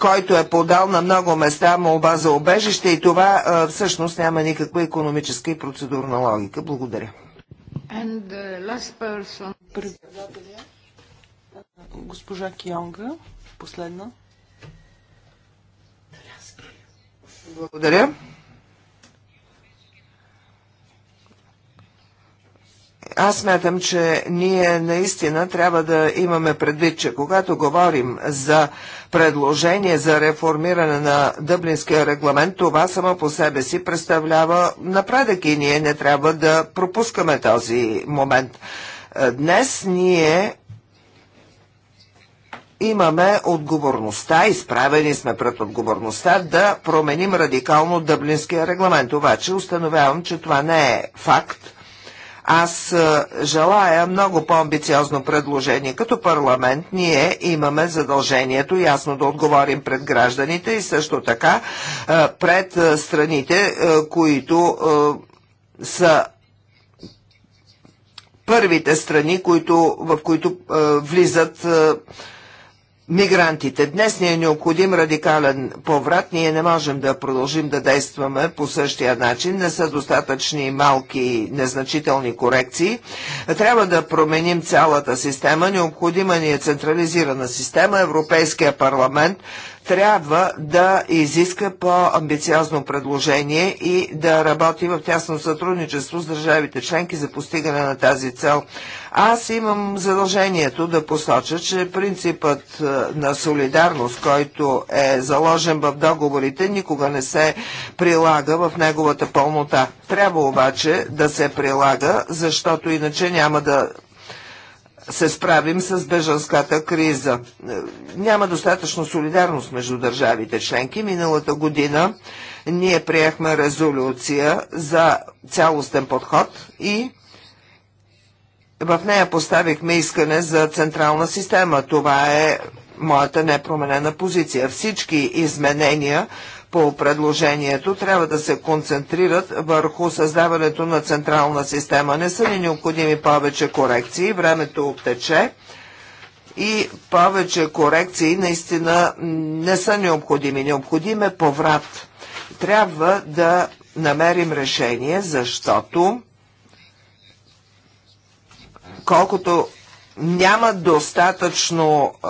който е подал на много места молба за обежище и това всъщност няма никаква економическа и процедурна логика. Благодаря. And uh, person... Госпожа Кионга, последна. Благодаря. Аз смятам, че ние наистина трябва да имаме предвид, че когато говорим за предложение за реформиране на Дъблинския регламент, това само по себе си представлява напредък и ние не трябва да пропускаме този момент. Днес ние имаме отговорността, изправени сме пред отговорността да променим радикално дъблинския регламент. Обаче установявам, че това не е факт. Аз е, желая много по-амбициозно предложение. Като парламент ние имаме задължението ясно да отговорим пред гражданите и също така е, пред е, страните, които са първите страни, които, в които влизат мигрантите. Днес ни е необходим радикален поврат. Ние не можем да продължим да действаме по същия начин. Не са достатъчни малки, незначителни корекции. Трябва да променим цялата система. Необходима ни е централизирана система. Европейския парламент трябва да изиска по-амбициозно предложение и да работи в тясно сътрудничество с държавите членки за постигане на тази цел. Аз имам задължението да посоча, че принципът е, на солидарност, който е заложен в договорите, никога не се прилага в неговата пълнота. Трябва обаче да се прилага, защото иначе няма да се справим с бежанската криза. Няма достатъчно солидарност между държавите членки. Миналата година ние приехме резолюция за цялостен подход и в нея поставихме искане за централна система. Това е моята непроменена позиция. Всички изменения по предложението трябва да се концентрират върху създаването на централна система. Не са ни необходими повече корекции, времето обтече и повече корекции наистина не са необходими. Необходим е поврат. Трябва да намерим решение, защото колкото няма достатъчно е,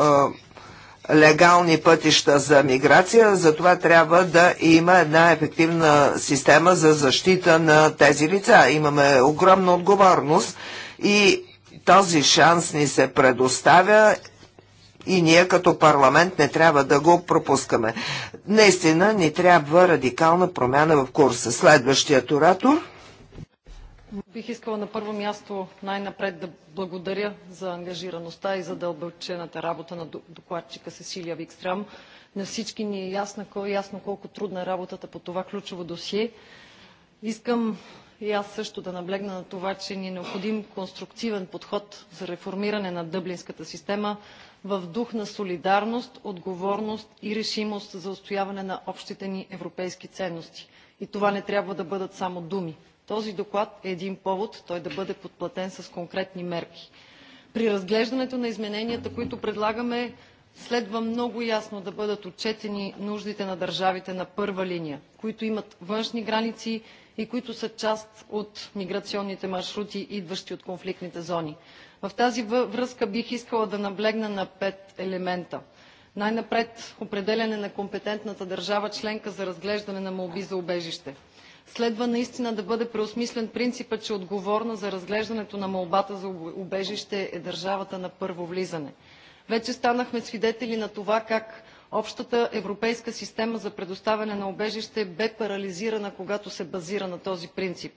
легални пътища за миграция, затова трябва да има една ефективна система за защита на тези лица. Имаме огромна отговорност и този шанс ни се предоставя и ние като парламент не трябва да го пропускаме. Наистина ни трябва радикална промяна в курса. Следващият оратор. Бих искала на първо място най-напред да благодаря за ангажираността и за дълбочената работа на докладчика Сесилия Викстрам. На всички ни е ясно колко трудна е работата по това ключово досие. Искам и аз също да наблегна на това, че ни е необходим конструктивен подход за реформиране на дъблинската система в дух на солидарност, отговорност и решимост за устояване на общите ни европейски ценности. И това не трябва да бъдат само думи. Този доклад е един повод той да бъде подплатен с конкретни мерки. При разглеждането на измененията, които предлагаме, следва много ясно да бъдат отчетени нуждите на държавите на първа линия, които имат външни граници и които са част от миграционните маршрути, идващи от конфликтните зони. В тази връзка бих искала да наблегна на пет елемента. Най-напред определяне на компетентната държава членка за разглеждане на молби за убежище – следва наистина да бъде преосмислен принципът, че отговорна за разглеждането на молбата за убежище е държавата на първо влизане. Вече станахме свидетели на това как общата европейска система за предоставяне на убежище бе парализирана, когато се базира на този принцип.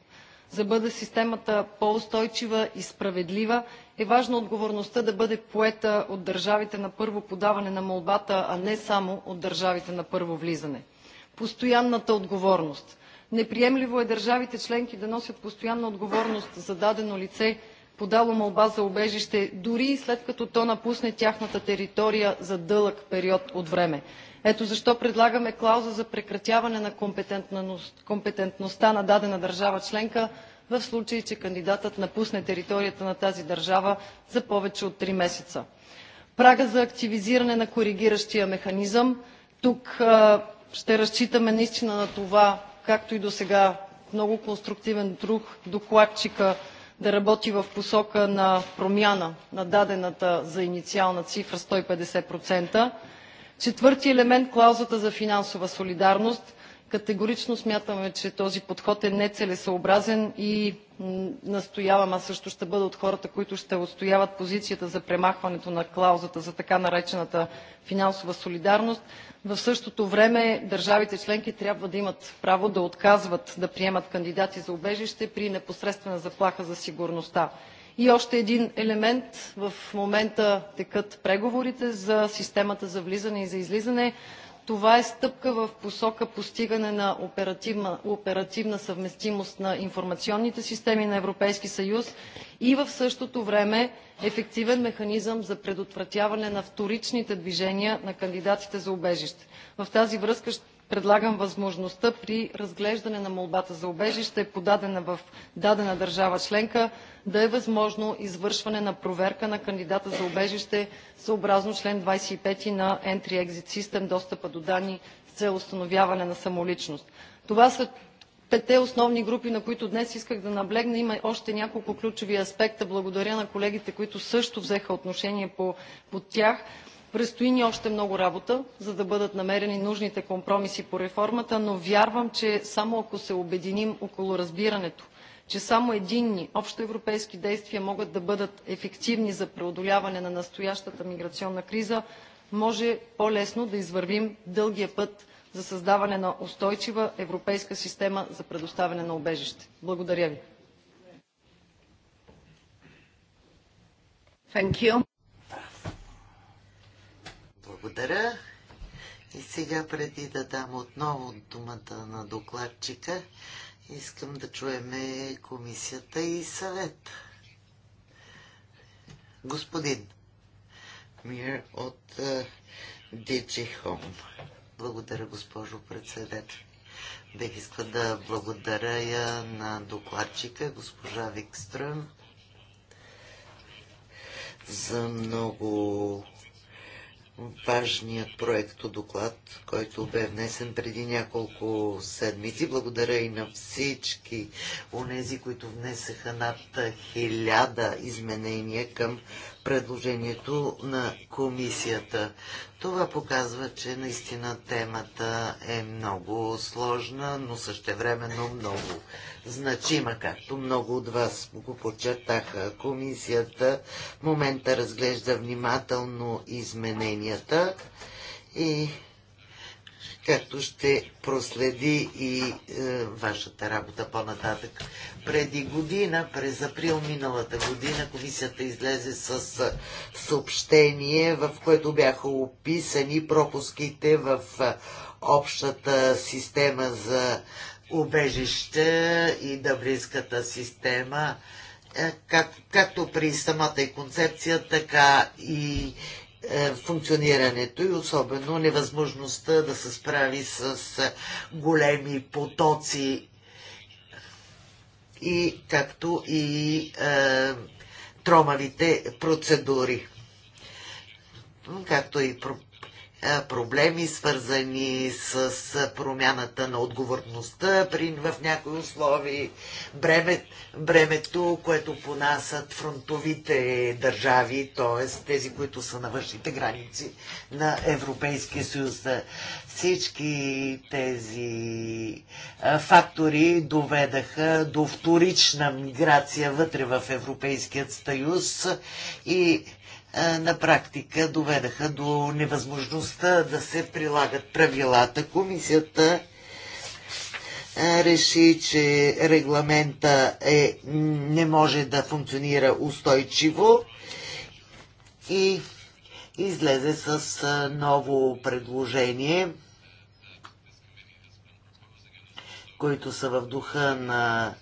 За да бъде системата по-устойчива и справедлива, е важно отговорността да бъде поета от държавите на първо подаване на молбата, а не само от държавите на първо влизане. Постоянната отговорност. Неприемливо е държавите членки да носят постоянна отговорност за дадено лице, подало молба за убежище, дори и след като то напусне тяхната територия за дълъг период от време. Ето защо предлагаме клауза за прекратяване на компетентността на дадена държава членка в случай, че кандидатът напусне територията на тази държава за повече от 3 месеца. Прага за активизиране на коригиращия механизъм. Тук ще разчитаме наистина на това както и досега в много конструктивен друг, докладчика да работи в посока на промяна на дадената за инициална цифра 150%. Четвърти елемент – клаузата за финансова солидарност. Категорично смятаме, че този подход е нецелесообразен и настоявам, аз също ще бъда от хората, които ще отстояват позицията за премахването на клаузата за така наречената финансова солидарност. В същото време държавите членки трябва да имат право да отказват да приемат кандидати за убежище при непосредствена заплаха за сигурността. И още един елемент. В момента текат преговорите за системата за влизане и за излизане. Това е стъпка в посока постигане на оперативна, оперативна съвместимост на информационните системи на Европейския съюз и в същото време ефективен механизъм за предотвратяване на вторичните движения на кандидатите за убежище. В тази връзка предлагам възможността при разглеждане на молбата за убежище, подадена в дадена държава членка, да е възможно извършване на проверка на кандидата за убежище съобразно член 25 на Entry-Exit System, достъпа до данни с цел установяване на самоличност. Това са пете основни групи, на които днес исках да наблегна. Има още няколко ключови аспекта. Благодаря на колегите, които също взеха отношение по, по тях. Предстои ни още много работа, за да бъдат намерени нужните компромиси по реформата, но вярвам, че само ако се обединим около разбирането, че само единни общоевропейски действия могат да бъдат ефективни за преодоляване на настоящата миграционна криза, може по-лесно да извървим дългия път за създаване на устойчива европейска система за предоставяне на убежище. Благодаря ви. Благодаря. И сега, преди да дам отново думата на докладчика, искам да чуеме комисията и съвет. Господин Мир от е, Диджи Хом. Благодаря, госпожо председател. Бих искал да благодаря я на докладчика, госпожа Викстрън, за много важният проект доклад, който бе внесен преди няколко седмици. Благодаря и на всички онези, които внесаха над хиляда изменения към предложението на комисията. Това показва, че наистина темата е много сложна, но същевременно много значима, както много от вас го подчертаха. Комисията в момента разглежда внимателно измененията и както ще проследи и е, вашата работа по-нататък. Преди година, през април миналата година, комисията излезе с е, съобщение, в което бяха описани пропуските в е, общата система за убежище и дъблинската система, е, как, както при самата и концепция, така и е, функционирането и особено невъзможността да се справи с е, големи потоци и както и е, тромавите процедури, както и проблеми, свързани с промяната на отговорността при, в някои условия, бреме, бремето, което понасят фронтовите държави, т.е. тези, които са на външните граници на Европейския съюз. Всички тези фактори доведаха до вторична миграция вътре в Европейският съюз и на практика доведаха до невъзможността да се прилагат правилата. Комисията реши, че регламента е, не може да функционира устойчиво и излезе с ново предложение, които са в духа на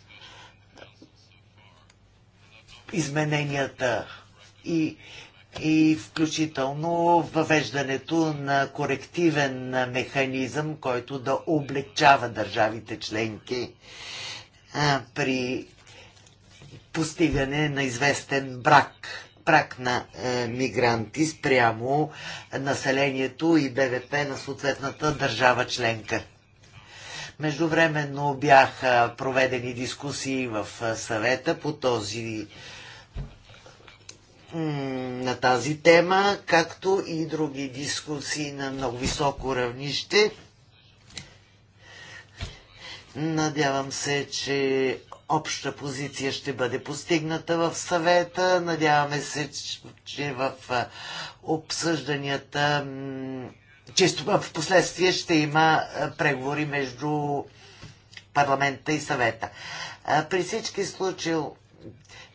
измененията и и включително въвеждането на корективен механизъм, който да облегчава държавите членки а, при постигане на известен брак, брак на е, мигранти спрямо населението и БВП на съответната държава членка. Междувременно бяха проведени дискусии в е, съвета по този на тази тема, както и други дискусии на много високо равнище. Надявам се, че обща позиция ще бъде постигната в съвета. Надяваме се, че в обсъжданията, че в последствие ще има преговори между парламента и съвета. При всички случаи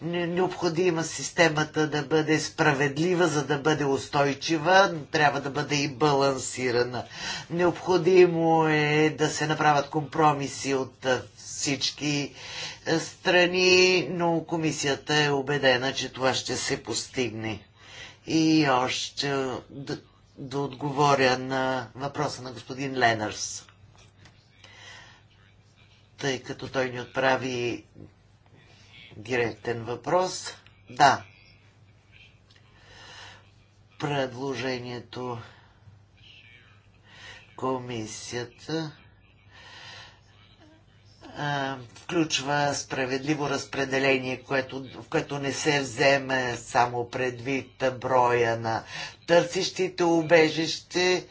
необходима системата да бъде справедлива, за да бъде устойчива, но трябва да бъде и балансирана. Необходимо е да се направят компромиси от всички страни, но комисията е убедена, че това ще се постигне. И още да, да отговоря на въпроса на господин Ленърс тъй като той ни отправи директен въпрос. Да. Предложението комисията включва справедливо разпределение, което, в което не се вземе само предвид броя на търсещите убежище,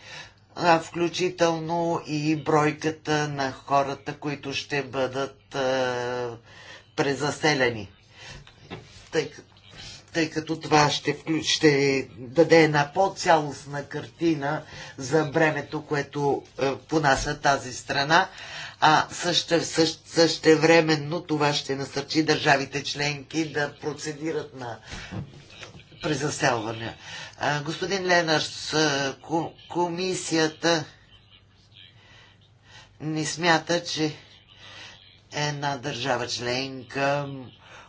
а включително и бройката на хората, които ще бъдат а, презаселени. Тъй, тъй като това ще, ще даде една по-цялостна картина за бремето, което е, понася тази страна, а също, също, същевременно това ще насърчи държавите членки да процедират на презаселване. А, господин Ленарс, комисията не смята, че една държава членка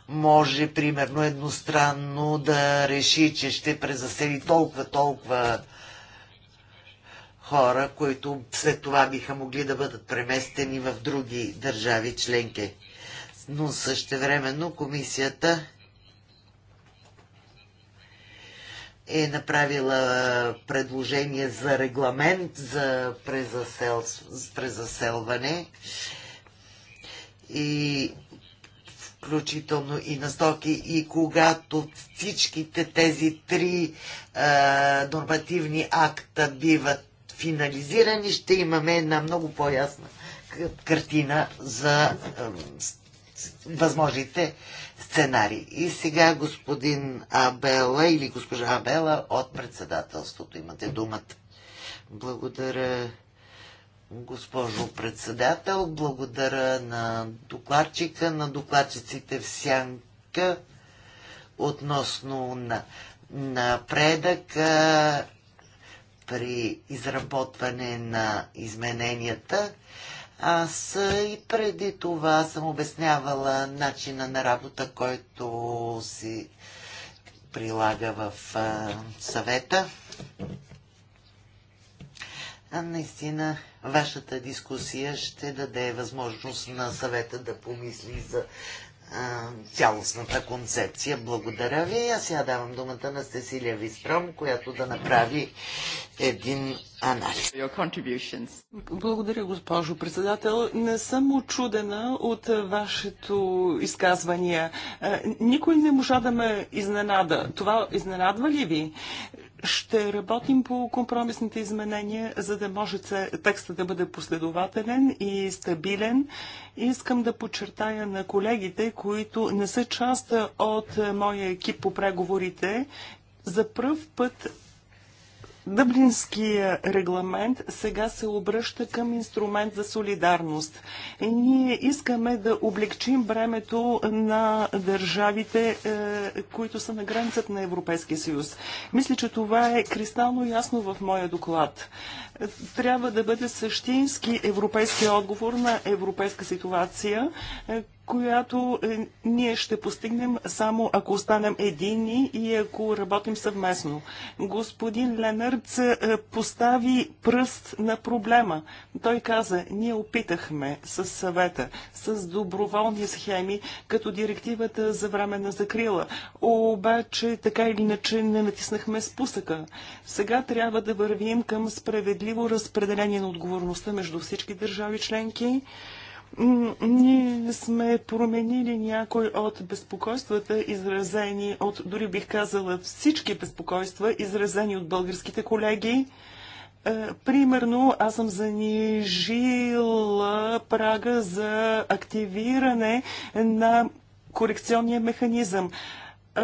може, примерно, едностранно да реши, че ще презасели толкова-толкова хора, които след това биха могли да бъдат преместени в други държави членки. Но също времено комисията е направила предложение за регламент за презасел... презаселване и включително и на стоки. И когато всичките тези три е, нормативни акта биват финализирани, ще имаме една много по-ясна картина за е, възможните сценари. И сега господин Абела или госпожа Абела от председателството имате думата. Благодаря, госпожо председател. Благодаря на докладчика, на докладчиците в Сянка относно на напредъка при изработване на измененията. Аз и преди това съм обяснявала начина на работа, който си прилага в съвета. А наистина вашата дискусия ще даде възможност на съвета да помисли за а, цялостната концепция. Благодаря ви. А сега давам думата на Сесилия Вистром, която да направи един анализ. Благодаря, госпожо председател. Не съм очудена от вашето изказвания. Е, никой не можа да ме изненада. Това изненадва ли ви? Ще работим по компромисните изменения, за да може текста да бъде последователен и стабилен. Искам да подчертая на колегите, които не са част от моя екип по преговорите, за пръв път Дъблинския регламент сега се обръща към инструмент за солидарност. Ние искаме да облегчим бремето на държавите, е, които са на границата на Европейския съюз. Мисля, че това е кристално ясно в моя доклад трябва да бъде същински европейски отговор на европейска ситуация, е, която е, ние ще постигнем само ако останем едини и ако работим съвместно. Господин Ленърц е, постави пръст на проблема. Той каза, ние опитахме с съвета, с доброволни схеми, като директивата за време на закрила. Обаче така или иначе не натиснахме спусъка. Сега трябва да вървим към справедливост справедливо разпределение на отговорността между всички държави членки. Ние сме променили някой от безпокойствата, изразени от, дори бих казала, всички безпокойства, изразени от българските колеги. Е, примерно, аз съм занижила прага за активиране на корекционния механизъм е,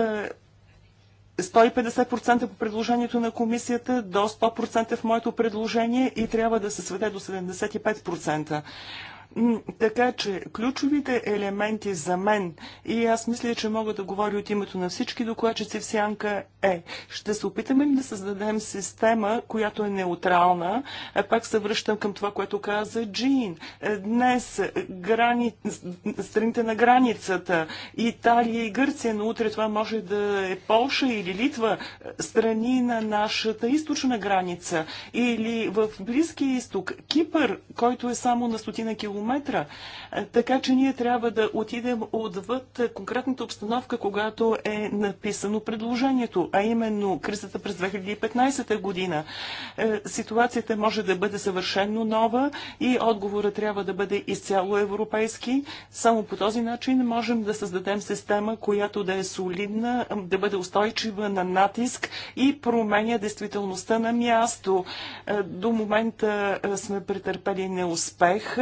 150% по предложението на комисията, до 100% в моето предложение и трябва да се сведе до 75%. Така че ключовите елементи за мен и аз мисля, че мога да говоря от името на всички докладчици в Сянка е, ще се опитаме ли да създадем система, която е неутрална. Пак се връщам към това, което каза Джин. Е, днес е, грани... страните на границата Италия и Гърция, но утре това може да е Полша или Литва, е, страни на нашата източна граница или в Близкия изток Кипър, който е само на стотина километра километра. Е, така че ние трябва да отидем отвъд конкретната обстановка, когато е написано предложението, а именно кризата през 2015 година. Е, ситуацията може да бъде съвършенно нова и отговорът трябва да бъде изцяло европейски. Само по този начин можем да създадем система, която да е солидна, да бъде устойчива на натиск и променя действителността на място. Е, до момента сме претърпели неуспех.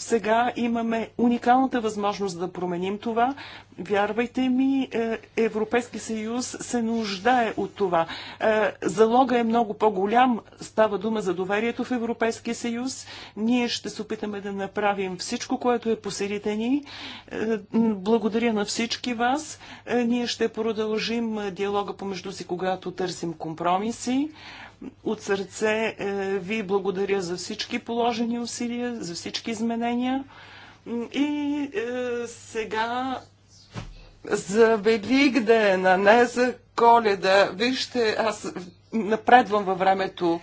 Сега имаме уникалната възможност да променим това. Вярвайте ми, е, Европейски съюз се нуждае от това. Е, залога е много по-голям. Става дума за доверието в Европейския съюз. Ние ще се опитаме да направим всичко, което е по силите ни. Е, благодаря на всички вас. Ние ще продължим диалога помежду си, когато търсим компромиси. От сърце е, ви благодаря за всички положени усилия, за всички изменения. И е, сега за Велик ден, а не за Коледа. Вижте, аз напредвам във времето.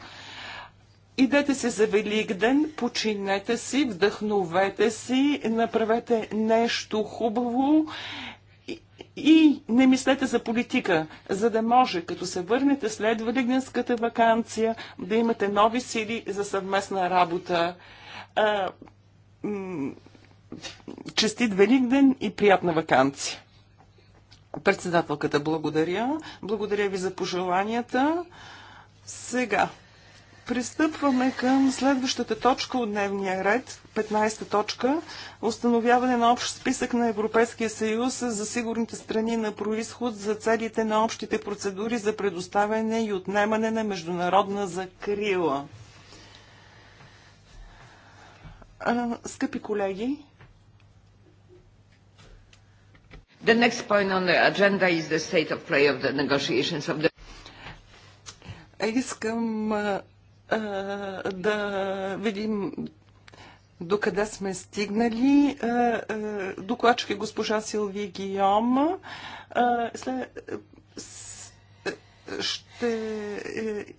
Идете си за Велик ден, починете си, вдъхновете си, направете нещо хубаво и не мислете за политика, за да може, като се върнете след Валигненската вакансия, да имате нови сили за съвместна работа. Честит Великден и приятна вакансия! Председателката, благодаря. Благодаря ви за пожеланията. Сега Пристъпваме към следващата точка от дневния ред, 15-та точка, установяване на общ списък на Европейския съюз за сигурните страни на происход за целите на общите процедури за предоставяне и отнемане на международна закрила. Скъпи колеги, The next point on the agenda is the state of play of the negotiations of the Искам да видим докъде сме стигнали. Докладчик е госпожа Силви Гийом. След... Ще е,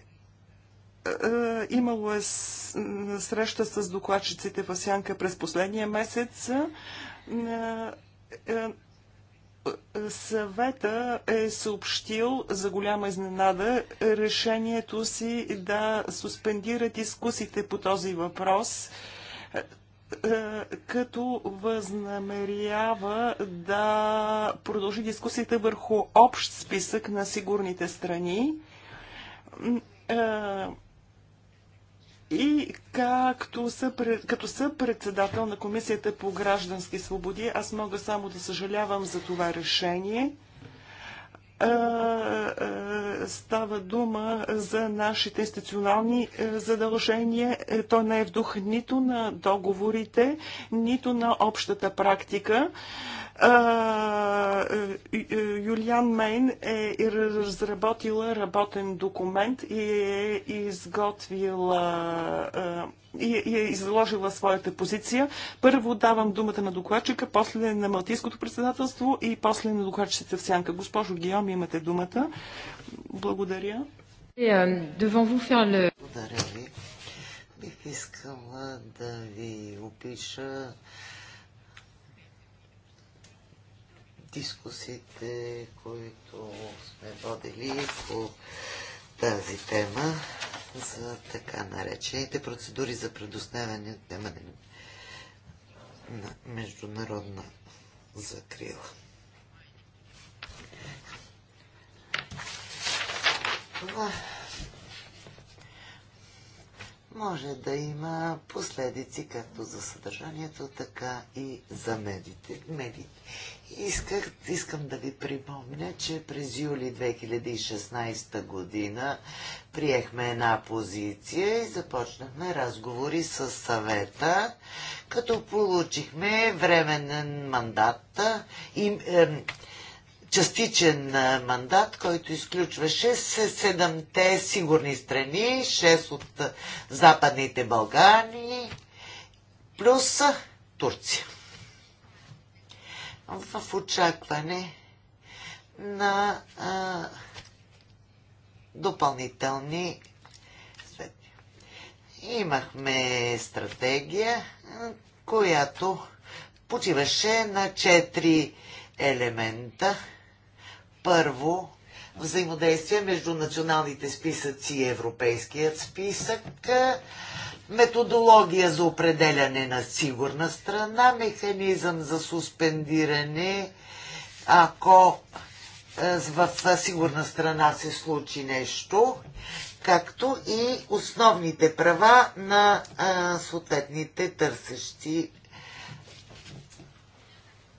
имало е среща с докладчиците в Сянка през последния месец съвета е съобщил за голяма изненада решението си да суспендира дискусите по този въпрос, е, като възнамерява да продължи дискусията върху общ списък на сигурните страни е, и както съ, като съпредседател на Комисията по граждански свободи, аз мога само да съжалявам за това решение. Става дума за нашите институционални е, задължения. Е, то не е в дух нито на договорите, нито на общата практика. Юлиан Мейн е разработила работен документ и е изготвила и е изложила своята позиция. Първо давам думата на докладчика, после на Малтийското председателство и после на докладчиците в сянка. Госпожо Гиом, имате думата. Благодаря. Е, Благодаря ви. Бих искала да ви опиша Дискусите, които сме водили по тази тема за така наречените процедури за предоставяне на международна закрила. Това може да има последици както за съдържанието, така и за медиите. медиите. Исках, искам да ви припомня, че през юли 2016 година приехме една позиция и започнахме разговори с съвета, като получихме временен мандат и е, частичен мандат, който изключваше седемте сигурни страни, 6 от е, Западните Балкани, плюс Турция в очакване на а, допълнителни следния. Имахме стратегия, която почиваше на четири елемента. Първо, взаимодействие между националните списъци и европейският списък, е, методология за определяне на сигурна страна, механизъм за суспендиране, ако е, в сигурна страна се случи нещо, както и основните права на е, съответните търсещи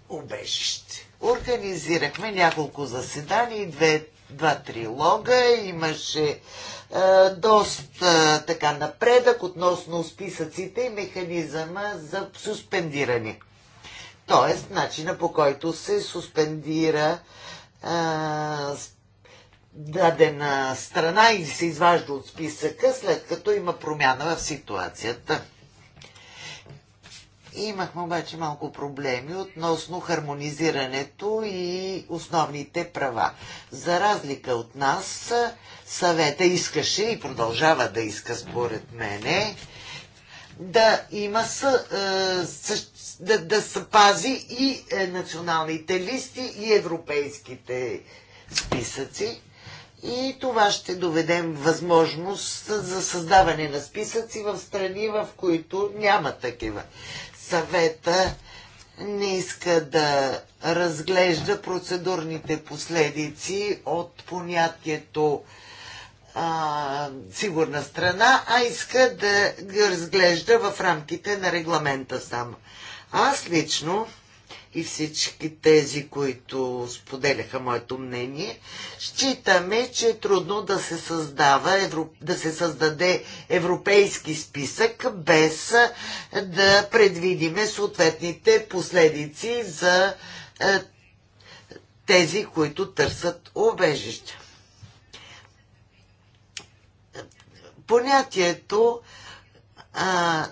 убежище. Организирахме няколко заседания и две два трилога, имаше е, доста е, така напредък относно списъците и механизъма за суспендиране. Тоест, начина по който се суспендира е, дадена страна и се изважда от списъка, след като има промяна в ситуацията. Имахме обаче малко проблеми относно хармонизирането и основните права. За разлика от нас, съвета искаше и продължава да иска, според мене, да има е, да, да, се пази и е, националните листи и европейските списъци. И това ще доведем възможност за създаване на списъци в страни, в които няма такива съвета не иска да разглежда процедурните последици от понятието а, сигурна страна, а иска да ги разглежда в рамките на регламента сам. Аз лично и всички тези, които споделяха моето мнение, считаме, че е трудно да се, създава, да се създаде европейски списък без да предвидиме съответните последици за тези, които търсят обежище. Понятието а,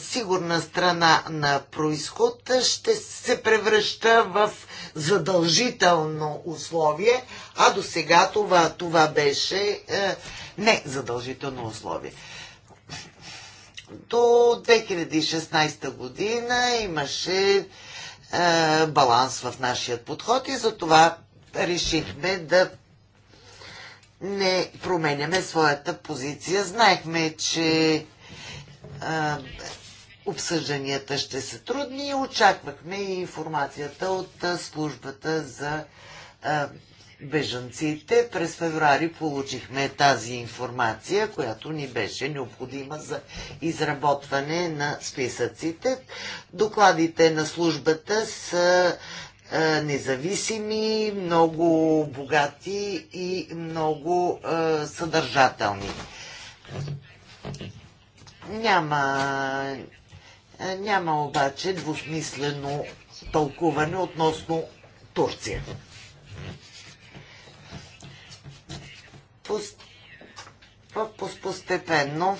сигурна страна на происход ще се превръща в задължително условие, а до сега това, това беше е, не задължително условие. До 2016 година имаше е, баланс в нашия подход и затова решихме да не променяме своята позиция. Знаехме, че а, обсъжданията ще са трудни. Очаквахме и информацията от а, службата за а, бежанците. През феврари получихме тази информация, която ни беше необходима за изработване на списъците. Докладите на службата са независими, много богати и много е, съдържателни. Няма, е, няма обаче двусмислено тълкуване относно Турция. Постепенно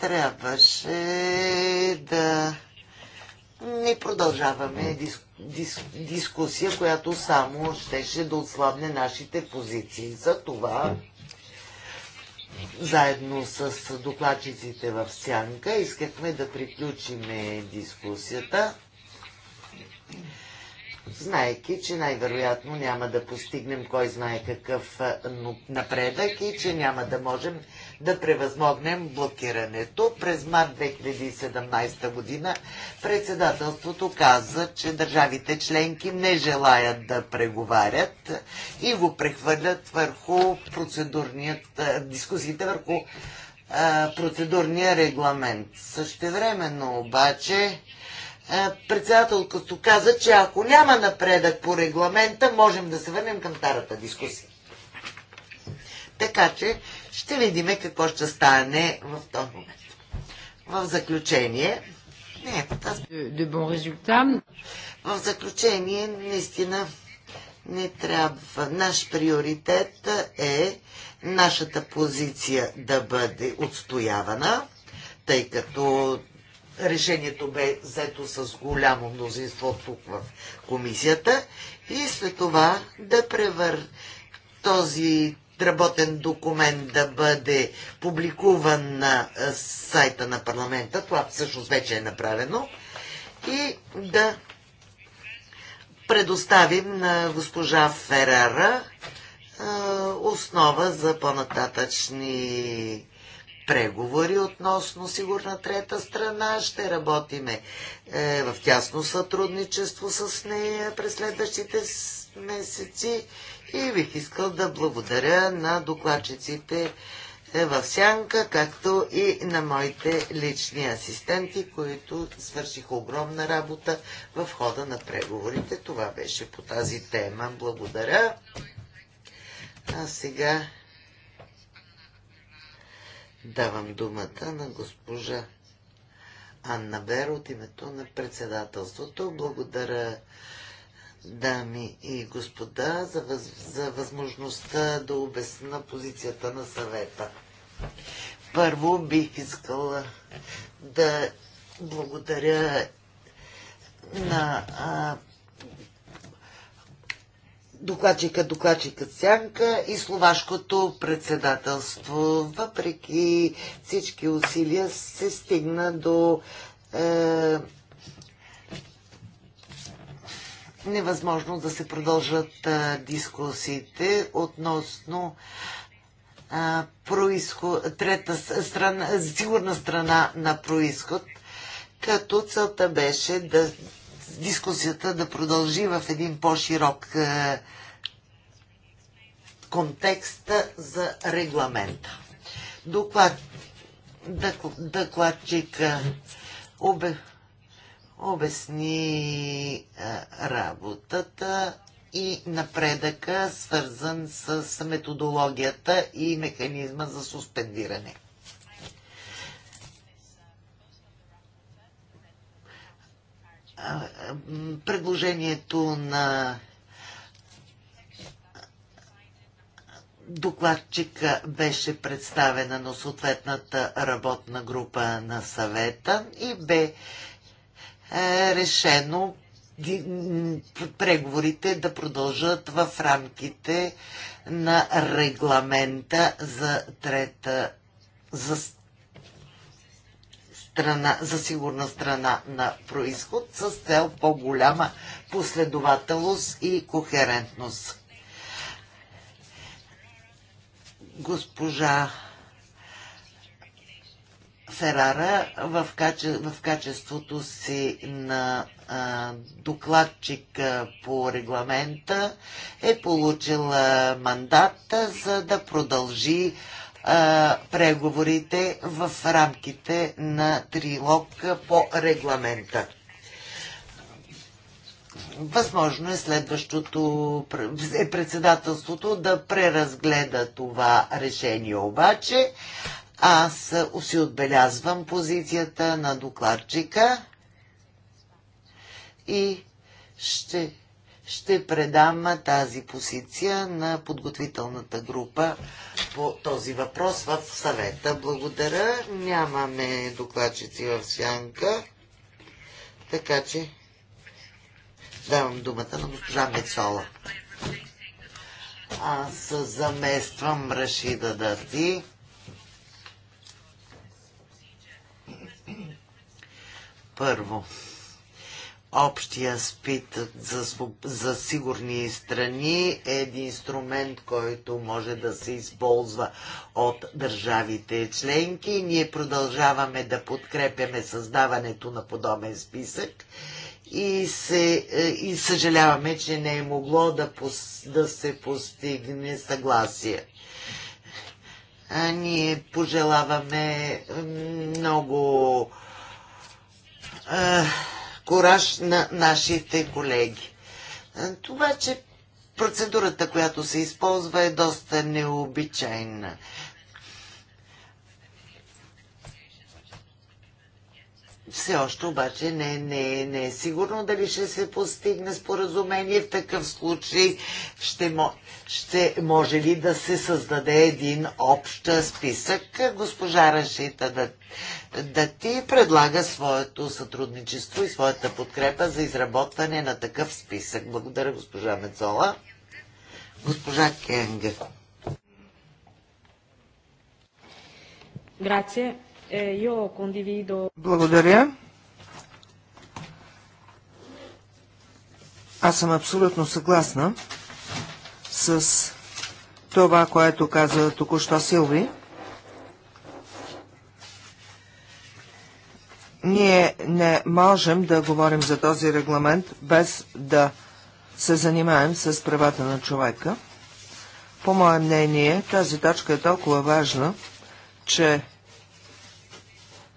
трябваше да не продължаваме дис, дис, дискусия, която само щеше да отслабне нашите позиции. За това заедно с докладчиците в Сянка. Искахме да приключиме дискусията, знаеки, че най-вероятно няма да постигнем кой знае какъв напредък и че няма да можем да превъзмогнем блокирането. През март 2017 година председателството каза, че държавите членки не желаят да преговарят и го прехвърлят върху процедурният, дискусиите върху процедурния регламент. Същевременно обаче председателството каза, че ако няма напредък по регламента, можем да се върнем към старата дискусия. Така че ще видиме какво ще стане в този момент. В заключение, не, е, аз... В заключение, наистина, не трябва. Наш приоритет е нашата позиция да бъде отстоявана, тъй като решението бе взето с голямо мнозинство тук в комисията и след това да превър този работен документ да бъде публикуван на е, сайта на парламента. Това всъщност вече е направено. И да предоставим на госпожа Ферара е, основа за по-нататъчни преговори относно сигурна трета страна. Ще работиме е, в тясно сътрудничество с нея през следващите месеци и бих искал да благодаря на докладчиците е, в сянка, както и на моите лични асистенти, които свършиха огромна работа в хода на преговорите. Това беше по тази тема. Благодаря. А сега давам думата на госпожа Анна Бер от името на председателството. Благодаря дами и господа, за, въз, за възможността да обясна позицията на съвета. Първо бих искала да благодаря на а, докладчика, докладчика Сянка и словашкото председателство. Въпреки всички усилия се стигна до е, невъзможно да се продължат а, дискусиите относно а, происход, трета страна, сигурна страна на происход, като целта беше да дискусията да продължи в един по-широк контекст за регламента. Доклад, дък, докладчик обе, обясни е, работата и напредъка, свързан с методологията и механизма за суспендиране. Предложението на докладчика беше представена на съответната работна група на съвета и бе е решено преговорите да продължат в рамките на регламента за трета за страна, за сигурна страна на происход с цел по-голяма последователност и кохерентност. Госпожа Ферара в, каче, в качеството си на а, докладчик по регламента е получила мандат за да продължи а, преговорите в рамките на трилог по регламента. Възможно е следващото е председателството да преразгледа това решение обаче, аз си отбелязвам позицията на докладчика и ще, ще предам тази позиция на подготвителната група по този въпрос в съвета. Благодаря. Нямаме докладчици в сянка, така че давам думата на госпожа Мецола. Аз замествам Рашида Дати. Първо, общия спит за, за сигурни страни е един инструмент, който може да се използва от държавите членки. Ние продължаваме да подкрепяме създаването на подобен списък и, се, е, и съжаляваме, че не е могло да, пос, да се постигне съгласие. А ние пожелаваме много кораж на нашите колеги. Това, че процедурата, която се използва, е доста необичайна. Все още обаче не, не, не е сигурно дали ще се постигне споразумение. В такъв случай ще, може ще може ли да се създаде един общ списък. Госпожа Рашита да, да ти предлага своето сътрудничество и своята подкрепа за изработване на такъв списък. Благодаря, госпожа Мецола. Госпожа Кенга. Е, Благодаря. Аз съм абсолютно съгласна с това, което каза току-що Силви. Ние не можем да говорим за този регламент без да се занимаем с правата на човека. По мое мнение, тази точка е толкова важна, че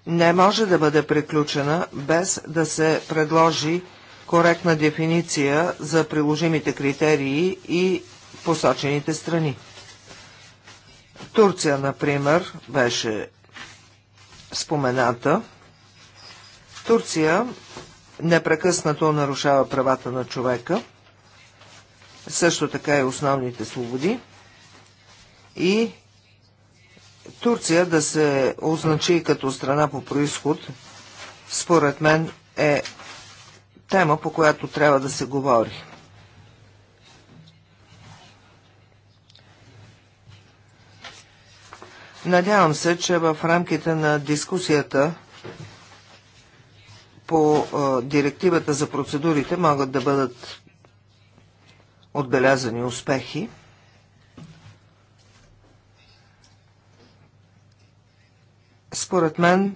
не може да бъде приключена без да се предложи коректна дефиниция за приложимите критерии и посочените страни. Турция, например, беше спомената. Турция непрекъснато нарушава правата на човека, също така и основните свободи и Турция да се означи като страна по происход, според мен е тема, по която трябва да се говори. Надявам се, че в рамките на дискусията по директивата за процедурите могат да бъдат отбелязани успехи. Според мен,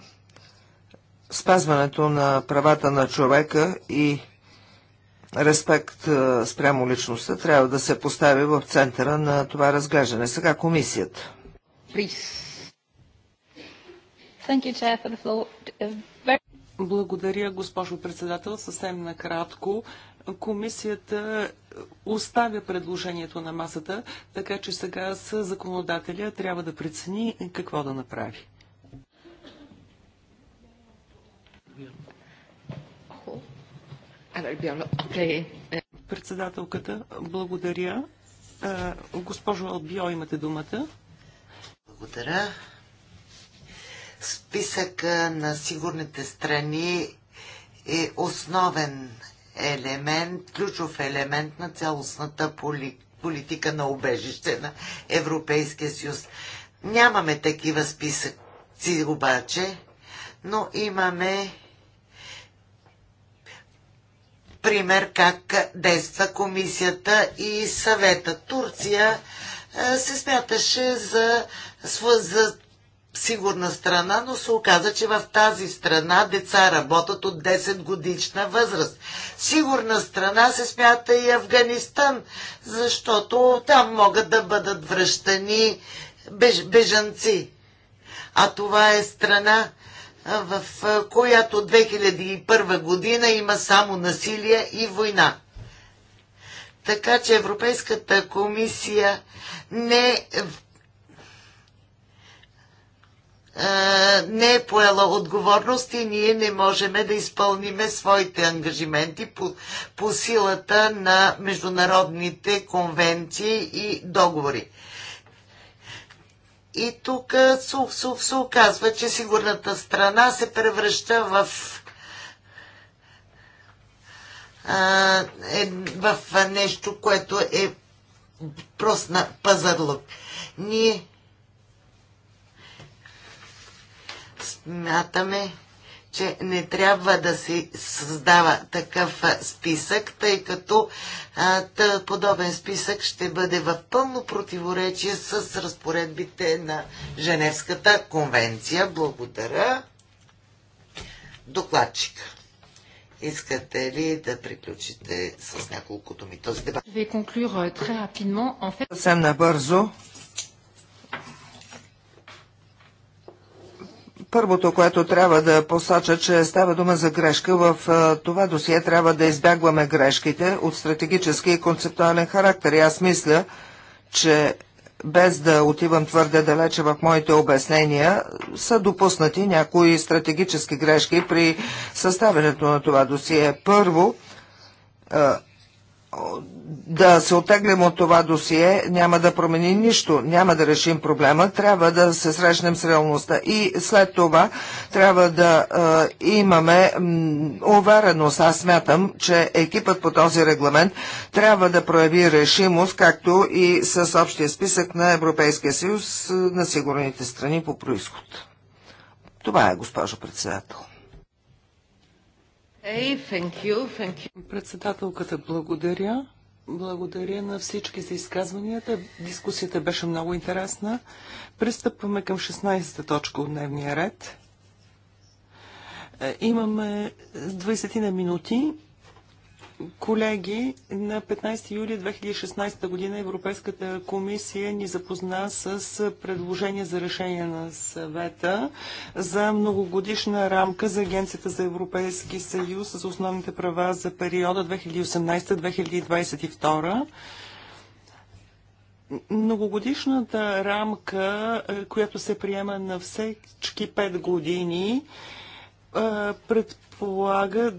спазването на правата на човека и респект спрямо личността трябва да се постави в центъра на това разглеждане. Сега комисията. Uh, благодаря, госпожо председател. Съвсем накратко. Комисията оставя предложението на масата, така че сега с законодателя трябва да прецени какво да направи. Председателката, благодаря. Госпожо Албио, имате думата. Благодаря. Списъка на сигурните страни е основен елемент, ключов елемент на цялостната политика на убежище на Европейския съюз. Нямаме такива списъци обаче, но имаме пример как действа комисията и съвета. Турция е, се смяташе за, за сигурна страна, но се оказа, че в тази страна деца работят от 10 годишна възраст. Сигурна страна се смята и Афганистан, защото там могат да бъдат връщани беж, бежанци. А това е страна, е, в е, която 2001 година има само насилие и война така че Европейската комисия не не е поела отговорност и ние не можем да изпълниме своите ангажименти по, по силата на международните конвенции и договори. И тук се оказва, че сигурната страна се превръща в е в нещо, което е просто на пазарлък. Ние смятаме, че не трябва да се създава такъв списък, тъй като а, тъ, подобен списък ще бъде в пълно противоречие с разпоредбите на Женевската конвенция. Благодаря. Докладчика. Искате ли да приключите с няколко думи този дебат? Euh, Съвсем набързо. Първото, което трябва да посоча, че става дума за грешка, в това досие трябва да избягваме грешките от стратегически и концептуален характер. И аз мисля, че без да отивам твърде далече в моите обяснения, са допуснати някои стратегически грешки при съставянето на това досие. Първо, да се отеглим от това досие няма да промени нищо, няма да решим проблема, трябва да се срещнем с реалността и след това трябва да е, имаме увереност. Аз смятам, че екипът по този регламент трябва да прояви решимост, както и с общия списък на Европейския съюз на сигурните страни по происход. Това е, госпожо председател. Hey, thank you, thank you. Председателката благодаря. Благодаря на всички за изказванията. Дискусията беше много интересна. Пристъпваме към 16-та точка от дневния ред. Е, имаме 20 на минути Колеги, на 15 юли 2016 година Европейската комисия ни запозна с предложение за решение на съвета за многогодишна рамка за Агенцията за Европейски съюз с основните права за периода 2018-2022. Многогодишната рамка, е, която се приема на всички 5 години, предполага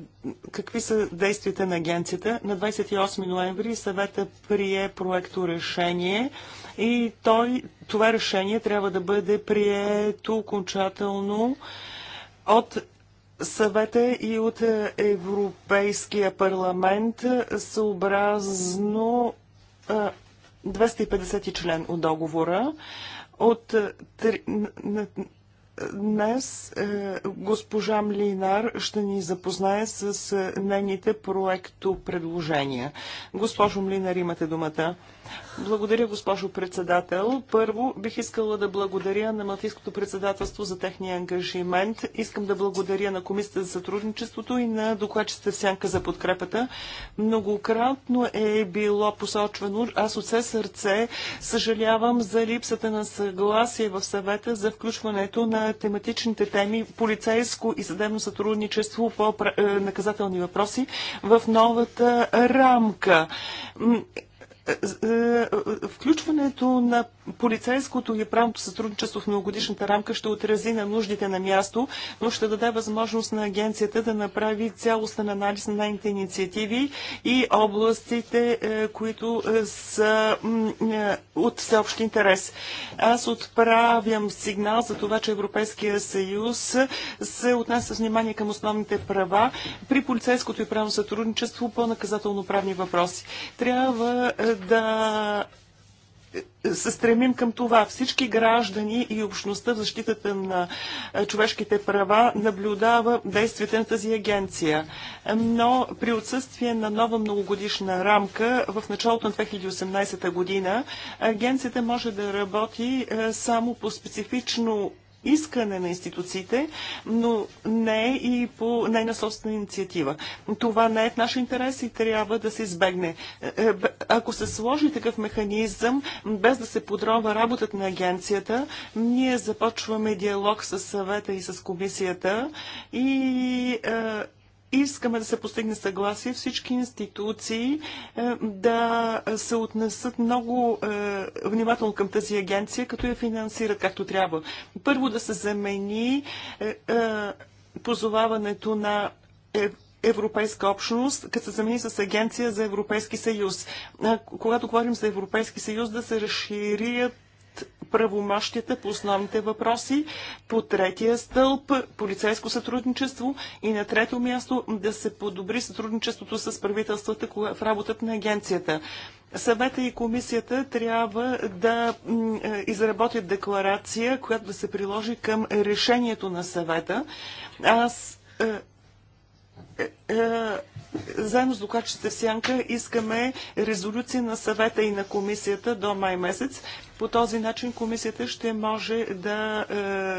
какви са действията на агенцията. На 28 ноември съвета прие проекто решение и той, това решение трябва да бъде прието окончателно от съвета и от Европейския парламент съобразно 250 член от договора. От, на, на, Днес е, госпожа Млинар ще ни запознае с е, нейните проекто предложения. Госпожо Млинар, имате думата. Благодаря, госпожо председател. Първо, бих искала да благодаря на Малтийското председателство за техния ангажимент. Искам да благодаря на Комисията за сътрудничеството и на докладчета Сянка за подкрепата. Многократно е било посочвано, аз от все сърце съжалявам за липсата на съгласие в съвета за включването на тематичните теми полицейско и съдебно сътрудничество по е, наказателни въпроси в новата рамка. Е, е, е, включването на полицейското и правното сътрудничество в многогодишната рамка ще отрази на нуждите на място, но ще даде възможност на агенцията да направи цялостен анализ на нейните инициативи и областите, е, които е, са е, от всеобщ интерес. Аз отправям сигнал за това, че Европейския съюз се отнася с внимание към основните права при полицейското и правно сътрудничество по наказателно-правни въпроси. Трябва да се стремим към това. Всички граждани и общността в защитата на човешките права наблюдава действията на тази агенция. Но при отсъствие на нова многогодишна рамка в началото на 2018 година агенцията може да работи само по специфично искане на институциите, но не и по нейна собствена инициатива. Това не е в наш интерес и трябва да се избегне. Е, е, ако се сложи такъв механизъм, без да се подробва работата на агенцията, ние започваме диалог с съвета и с комисията и е, искаме да се постигне съгласие всички институции е, да се отнесат много е, внимателно към тази агенция, като я финансират както трябва. Първо да се замени е, позоваването на Европейска общност, като се замени с Агенция за Европейски съюз. Когато говорим за Европейски съюз, да се разширят правомощията по основните въпроси, по третия стълб полицейско сътрудничество и на трето място да се подобри сътрудничеството с правителствата в работата на агенцията. Съвета и комисията трябва да е, изработят декларация, която да се приложи към решението на съвета. Аз е, е, е заедно с докладчите в Сянка искаме резолюция на съвета и на комисията до май месец. По този начин комисията ще може да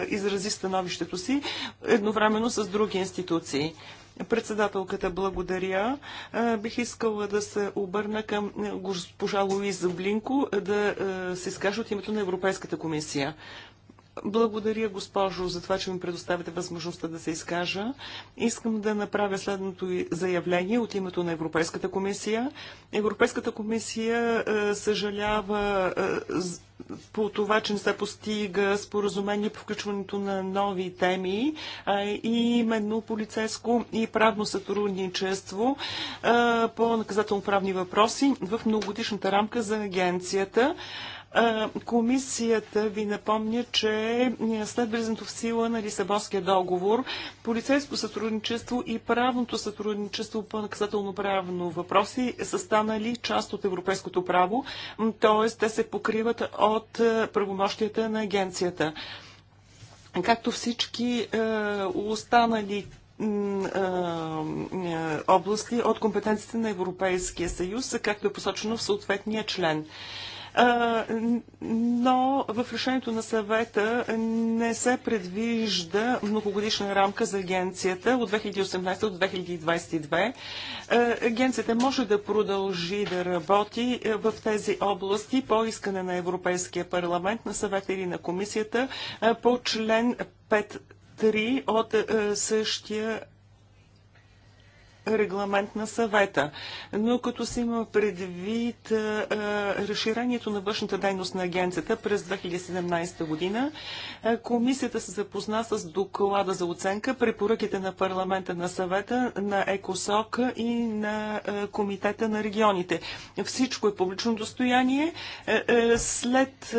е, изрази становището си едновременно с други институции. Председателката благодаря. Е, бих искала да се обърна към е, госпожа Луиза Блинко е, да се изкаже от името на Европейската комисия. Благодаря, госпожо, за това, че ми предоставите възможността да се изкажа. Искам да направя следното заявление от името на Европейската комисия. Европейската комисия е, съжалява е, по това, че не се постига споразумение по включването на нови теми, и именно полицейско и правно сътрудничество е, по наказателно-правни въпроси в многогодишната рамка за агенцията. Комисията ви напомня, че след влизането в сила на Лисабонския договор, полицейско сътрудничество и правното сътрудничество по наказателно-правно въпроси са станали част от европейското право, т.е. те се покриват от е, правомощията на агенцията. Както всички е, останали е, области от компетенциите на Европейския съюз, както е посочено в съответния член но в решението на съвета не се предвижда многогодишна рамка за агенцията от 2018 до 2022. Агенцията може да продължи да работи в тези области по искане на Европейския парламент, на съвета или на комисията по член 5 3 от същия регламент на съвета. Но като се има предвид разширението на външната дейност на агенцията през 2017 година, комисията се запозна с доклада за оценка, препоръките на парламента на съвета, на ЕКОСОК и на комитета на регионите. Всичко е публично достояние. След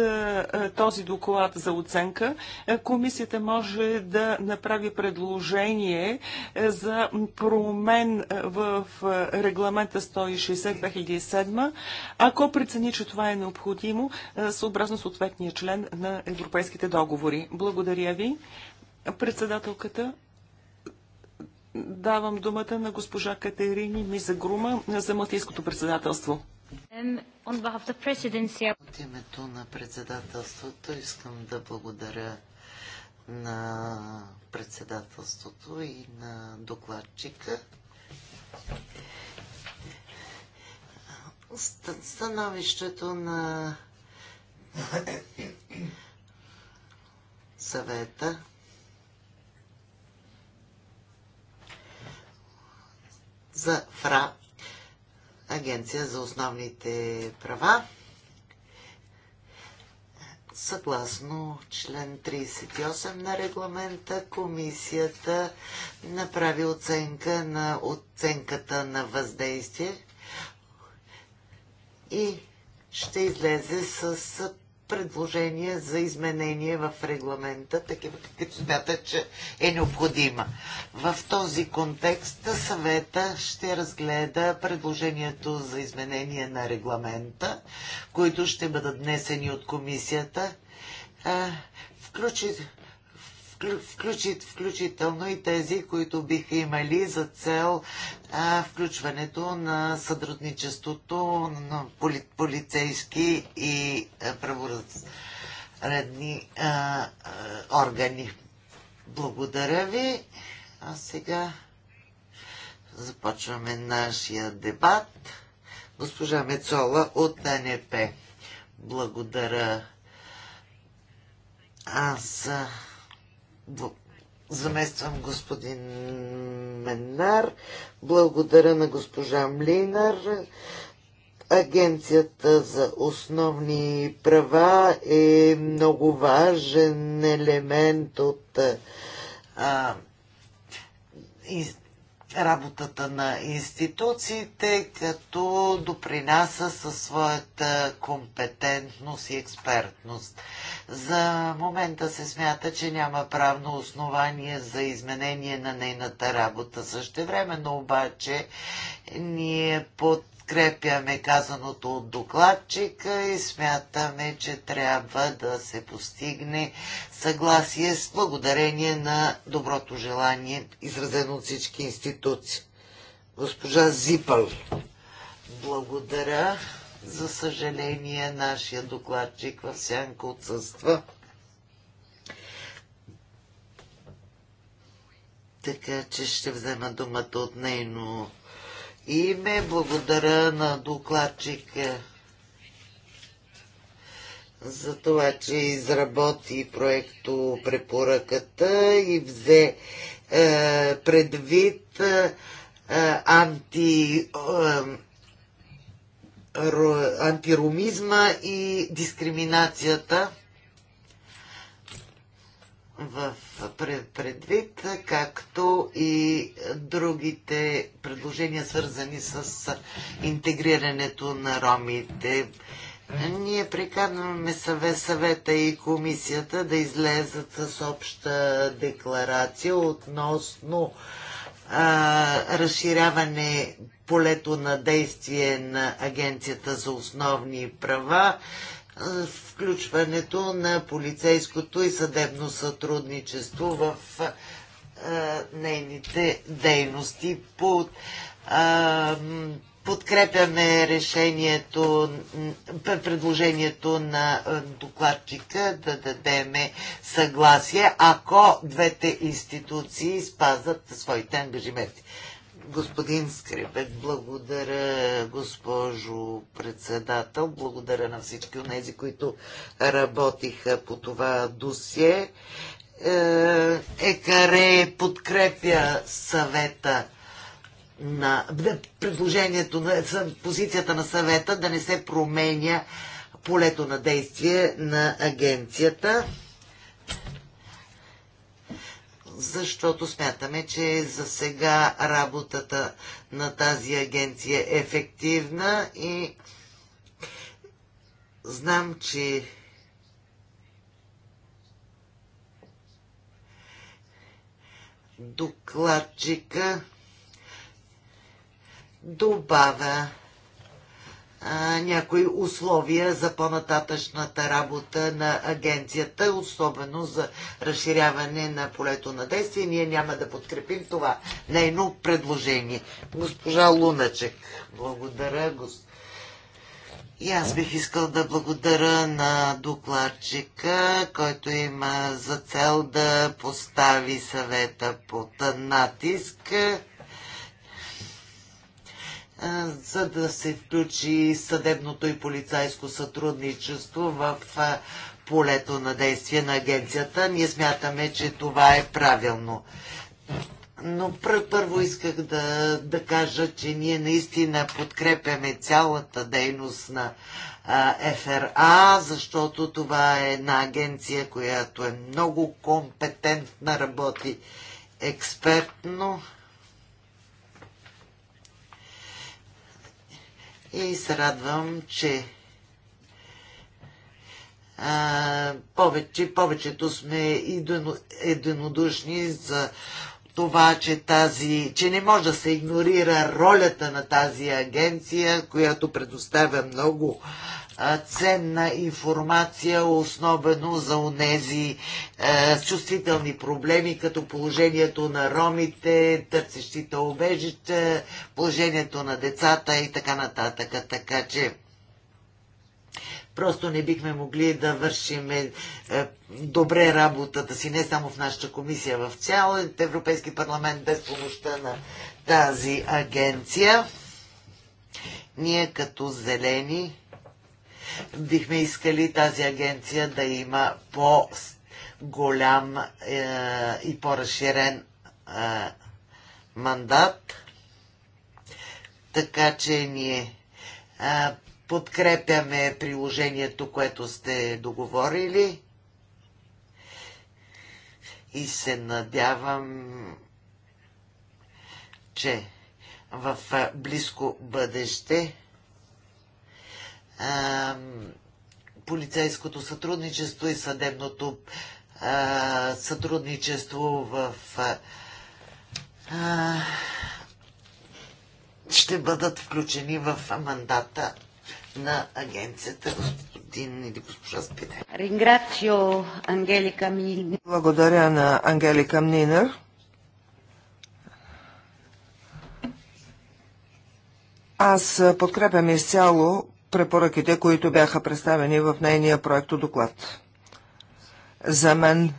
този доклад за оценка, комисията може да направи предложение за промен е, в е, регламента 160-2007, ако прецени, че това е необходимо, е, съобразно съответния член на европейските договори. Благодаря ви. Председателката давам думата на госпожа Катерини Мизагрума за Малтийското председателство. От името на председателството искам да благодаря на председателството и на докладчика Становището на съвета за ФРА, Агенция за основните права. Съгласно член 38 на регламента, комисията направи оценка на оценката на въздействие и ще излезе с предложения за изменение в регламента, такива каквито смятат, че е необходима. В този контекст съвета ще разгледа предложението за изменение на регламента, които ще бъдат внесени от комисията, включително включит, включително и тези, които биха имали за цел а, включването на сътрудничеството на поли, полицейски и праворедни органи. Благодаря ви. А сега започваме нашия дебат. Госпожа Мецола от НП. Благодаря. Аз замествам господин Менар. Благодаря на госпожа Млинар. Агенцията за основни права е много важен елемент от а, из, работата на институциите, като допринася със своята компетентност и експертност. За момента се смята, че няма правно основание за изменение на нейната работа. Същевременно обаче ние под подкрепяме казаното от докладчика и смятаме, че трябва да се постигне съгласие с благодарение на доброто желание, изразено от всички институции. Госпожа Зипъл, благодаря. За съжаление, нашия докладчик в сянка отсъства. Така че ще взема думата от нейно име. Благодаря на докладчика за това, че изработи проекто препоръката и взе е, предвид е, е анти, е, е антиромизма и дискриминацията в предвид, както и другите предложения, свързани с интегрирането на ромите. Ние приканваме съвет, съвета и комисията да излезат с обща декларация относно а, разширяване полето на действие на Агенцията за основни права включването на полицейското и съдебно сътрудничество в нейните дейности. Под, а, подкрепяме решението, предложението на докладчика да дадеме съгласие, ако двете институции спазват своите ангажименти. Господин Скрипет, благодаря, госпожо председател. Благодаря на всички от тези, които работиха по това досие. Е, Екаре подкрепя съвета на предложението на позицията на съвета да не се променя полето на действие на агенцията защото смятаме, че за сега работата на тази агенция е ефективна и знам, че докладчика добавя някои условия за по-нататъчната работа на агенцията, особено за разширяване на полето на действие. Ние няма да подкрепим това нейно предложение. Госпожа Луначек, благодаря. И аз бих искал да благодаря на докладчика, който има за цел да постави съвета под натиск за да се включи съдебното и полицайско сътрудничество в полето на действие на агенцията. Ние смятаме, че това е правилно. Но първо исках да, да кажа, че ние наистина подкрепяме цялата дейност на ФРА, защото това е една агенция, която е много компетентна, работи експертно И се радвам, че а, повече, повечето сме единодушни за това, че, тази, че не може да се игнорира ролята на тази агенция, която предоставя много ценна информация, особено за онези е, чувствителни проблеми, като положението на ромите, търсещите обежища, положението на децата и така нататък. Така че просто не бихме могли да вършим е, е, добре работата си, не само в нашата комисия, в цял Европейски парламент, без помощта на тази агенция. Ние като зелени бихме искали тази агенция да има по-голям е, и по-разширен е, мандат. Така че ние е, подкрепяме приложението, което сте договорили и се надявам, че в е, близко бъдеще а, полицейското сътрудничество и съдебното а, сътрудничество в а, ще бъдат включени в мандата на агенцията господин или госпожа Спиде. Ринграцио Ангелика Мнинер. Благодаря на Ангелика Мнинер. Аз подкрепям изцяло препоръките, които бяха представени в нейния проект доклад. За мен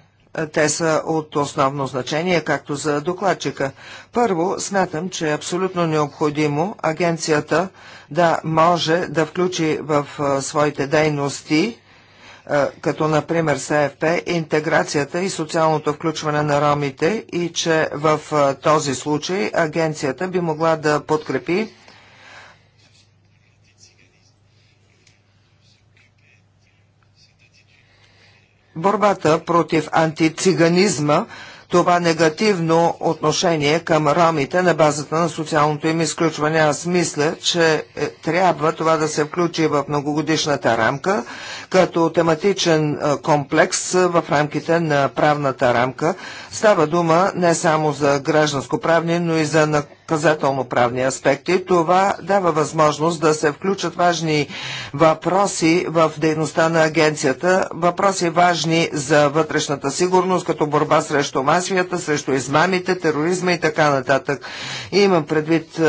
те са от основно значение, както за докладчика. Първо, смятам, че е абсолютно необходимо агенцията да може да включи в своите дейности като например СФП, интеграцията и социалното включване на ромите и че в този случай агенцията би могла да подкрепи борбата против антициганизма, това негативно отношение към ромите на базата на социалното им изключване. Аз мисля, че е, трябва това да се включи в многогодишната рамка, като тематичен е, комплекс е, в рамките на правната рамка. Става дума не само за гражданско-правни, но и за наказателно-правни аспекти. Това дава възможност да се включат важни въпроси в дейността на агенцията, въпроси важни за вътрешната сигурност, като борба срещу масията, срещу измамите, тероризма и така нататък. И имам предвид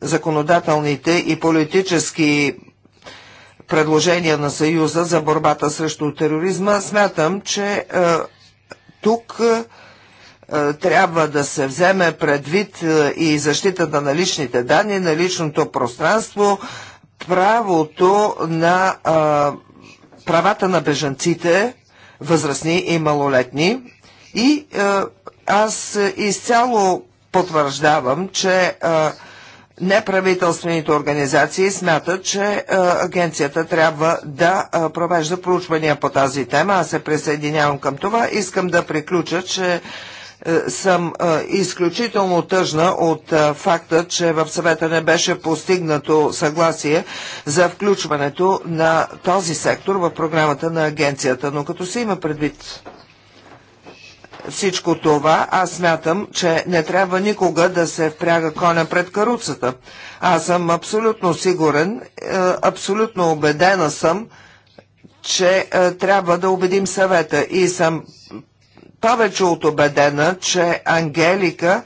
законодателните и политически предложения на Съюза за борбата срещу тероризма. Смятам, че тук е, трябва да се вземе предвид е, и защитата на личните данни, на личното пространство, правото на а, е, правата на бежанците, възрастни и малолетни. И а, аз изцяло потвърждавам, че а, неправителствените организации смятат, че а, агенцията трябва да а, провежда проучвания по тази тема. Аз се присъединявам към това. Искам да приключа, че а, е, съм е, изключително тъжна от е, факта, че в съвета не беше постигнато съгласие за включването на този сектор в програмата на агенцията. Но като се има предвид всичко това, аз смятам, че не трябва никога да се впряга коня пред каруцата. Аз съм абсолютно сигурен, абсолютно убедена съм, че трябва да убедим съвета и съм повече от убедена, че Ангелика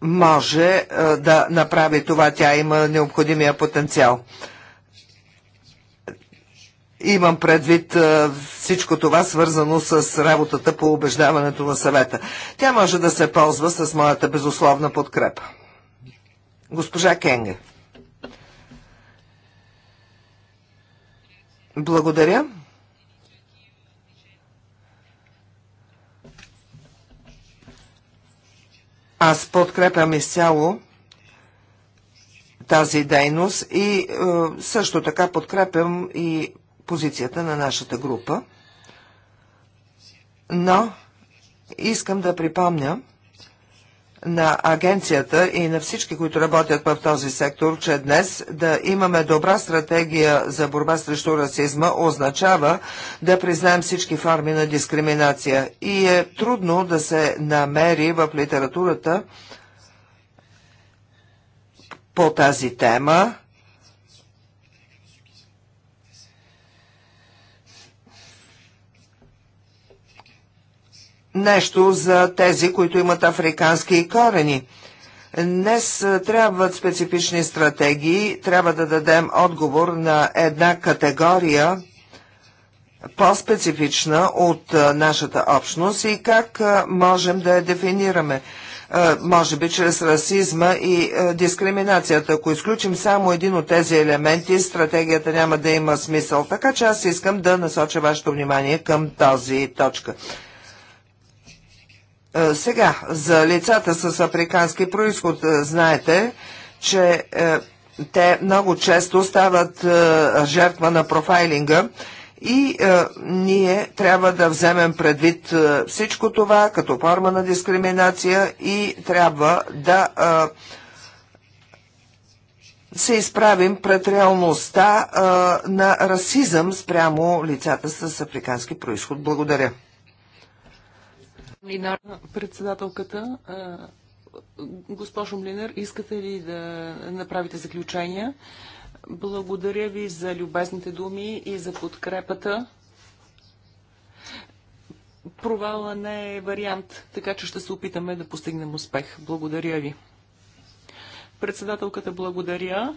може е, да направи това. Тя има необходимия потенциал. Имам предвид е, всичко това свързано с работата по убеждаването на съвета. Тя може да се ползва с моята безусловна подкрепа. Госпожа Кенге. Благодаря. Аз подкрепям изцяло тази дейност и е, също така подкрепям и позицията на нашата група. Но искам да припомня, на агенцията и на всички, които работят в този сектор, че днес да имаме добра стратегия за борба срещу расизма означава да признаем всички форми на дискриминация. И е трудно да се намери в литературата по тази тема нещо за тези, които имат африкански корени. Днес трябват специфични стратегии, трябва да дадем отговор на една категория по-специфична от нашата общност и как можем да я дефинираме. Може би чрез расизма и дискриминацията. Ако изключим само един от тези елементи, стратегията няма да има смисъл. Така че аз искам да насоча вашето внимание към тази точка. Е, сега, за лицата с африкански происход, е, знаете, че е, те много често стават жертва на профайлинга и ние трябва да вземем предвид всичко това като форма на дискриминация и трябва да се изправим пред реалността на расизъм спрямо лицата с африкански происход. Благодаря. Председателката, госпожо Млинар, искате ли да направите заключения? Благодаря ви за любезните думи и за подкрепата. Провала не е вариант, така че ще се опитаме да постигнем успех. Благодаря ви. Председателката благодаря.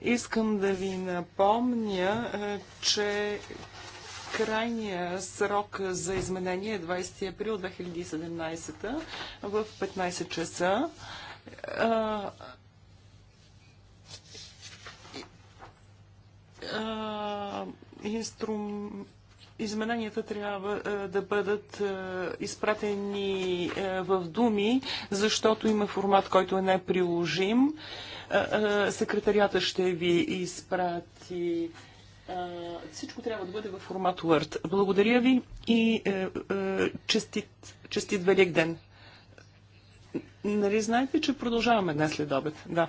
Искам да ви напомня, че Крайният срок за изменение е 20 април 2017 в 15 часа. измененията трябва да бъдат изпратени в думи, защото има формат, който е неприложим. Секретарията ще ви изпрати всичко трябва да бъде в формат Word. Благодаря ви и е, е, честит, честит Велик ден. Нали знаете, че продължаваме днес след обед? Да.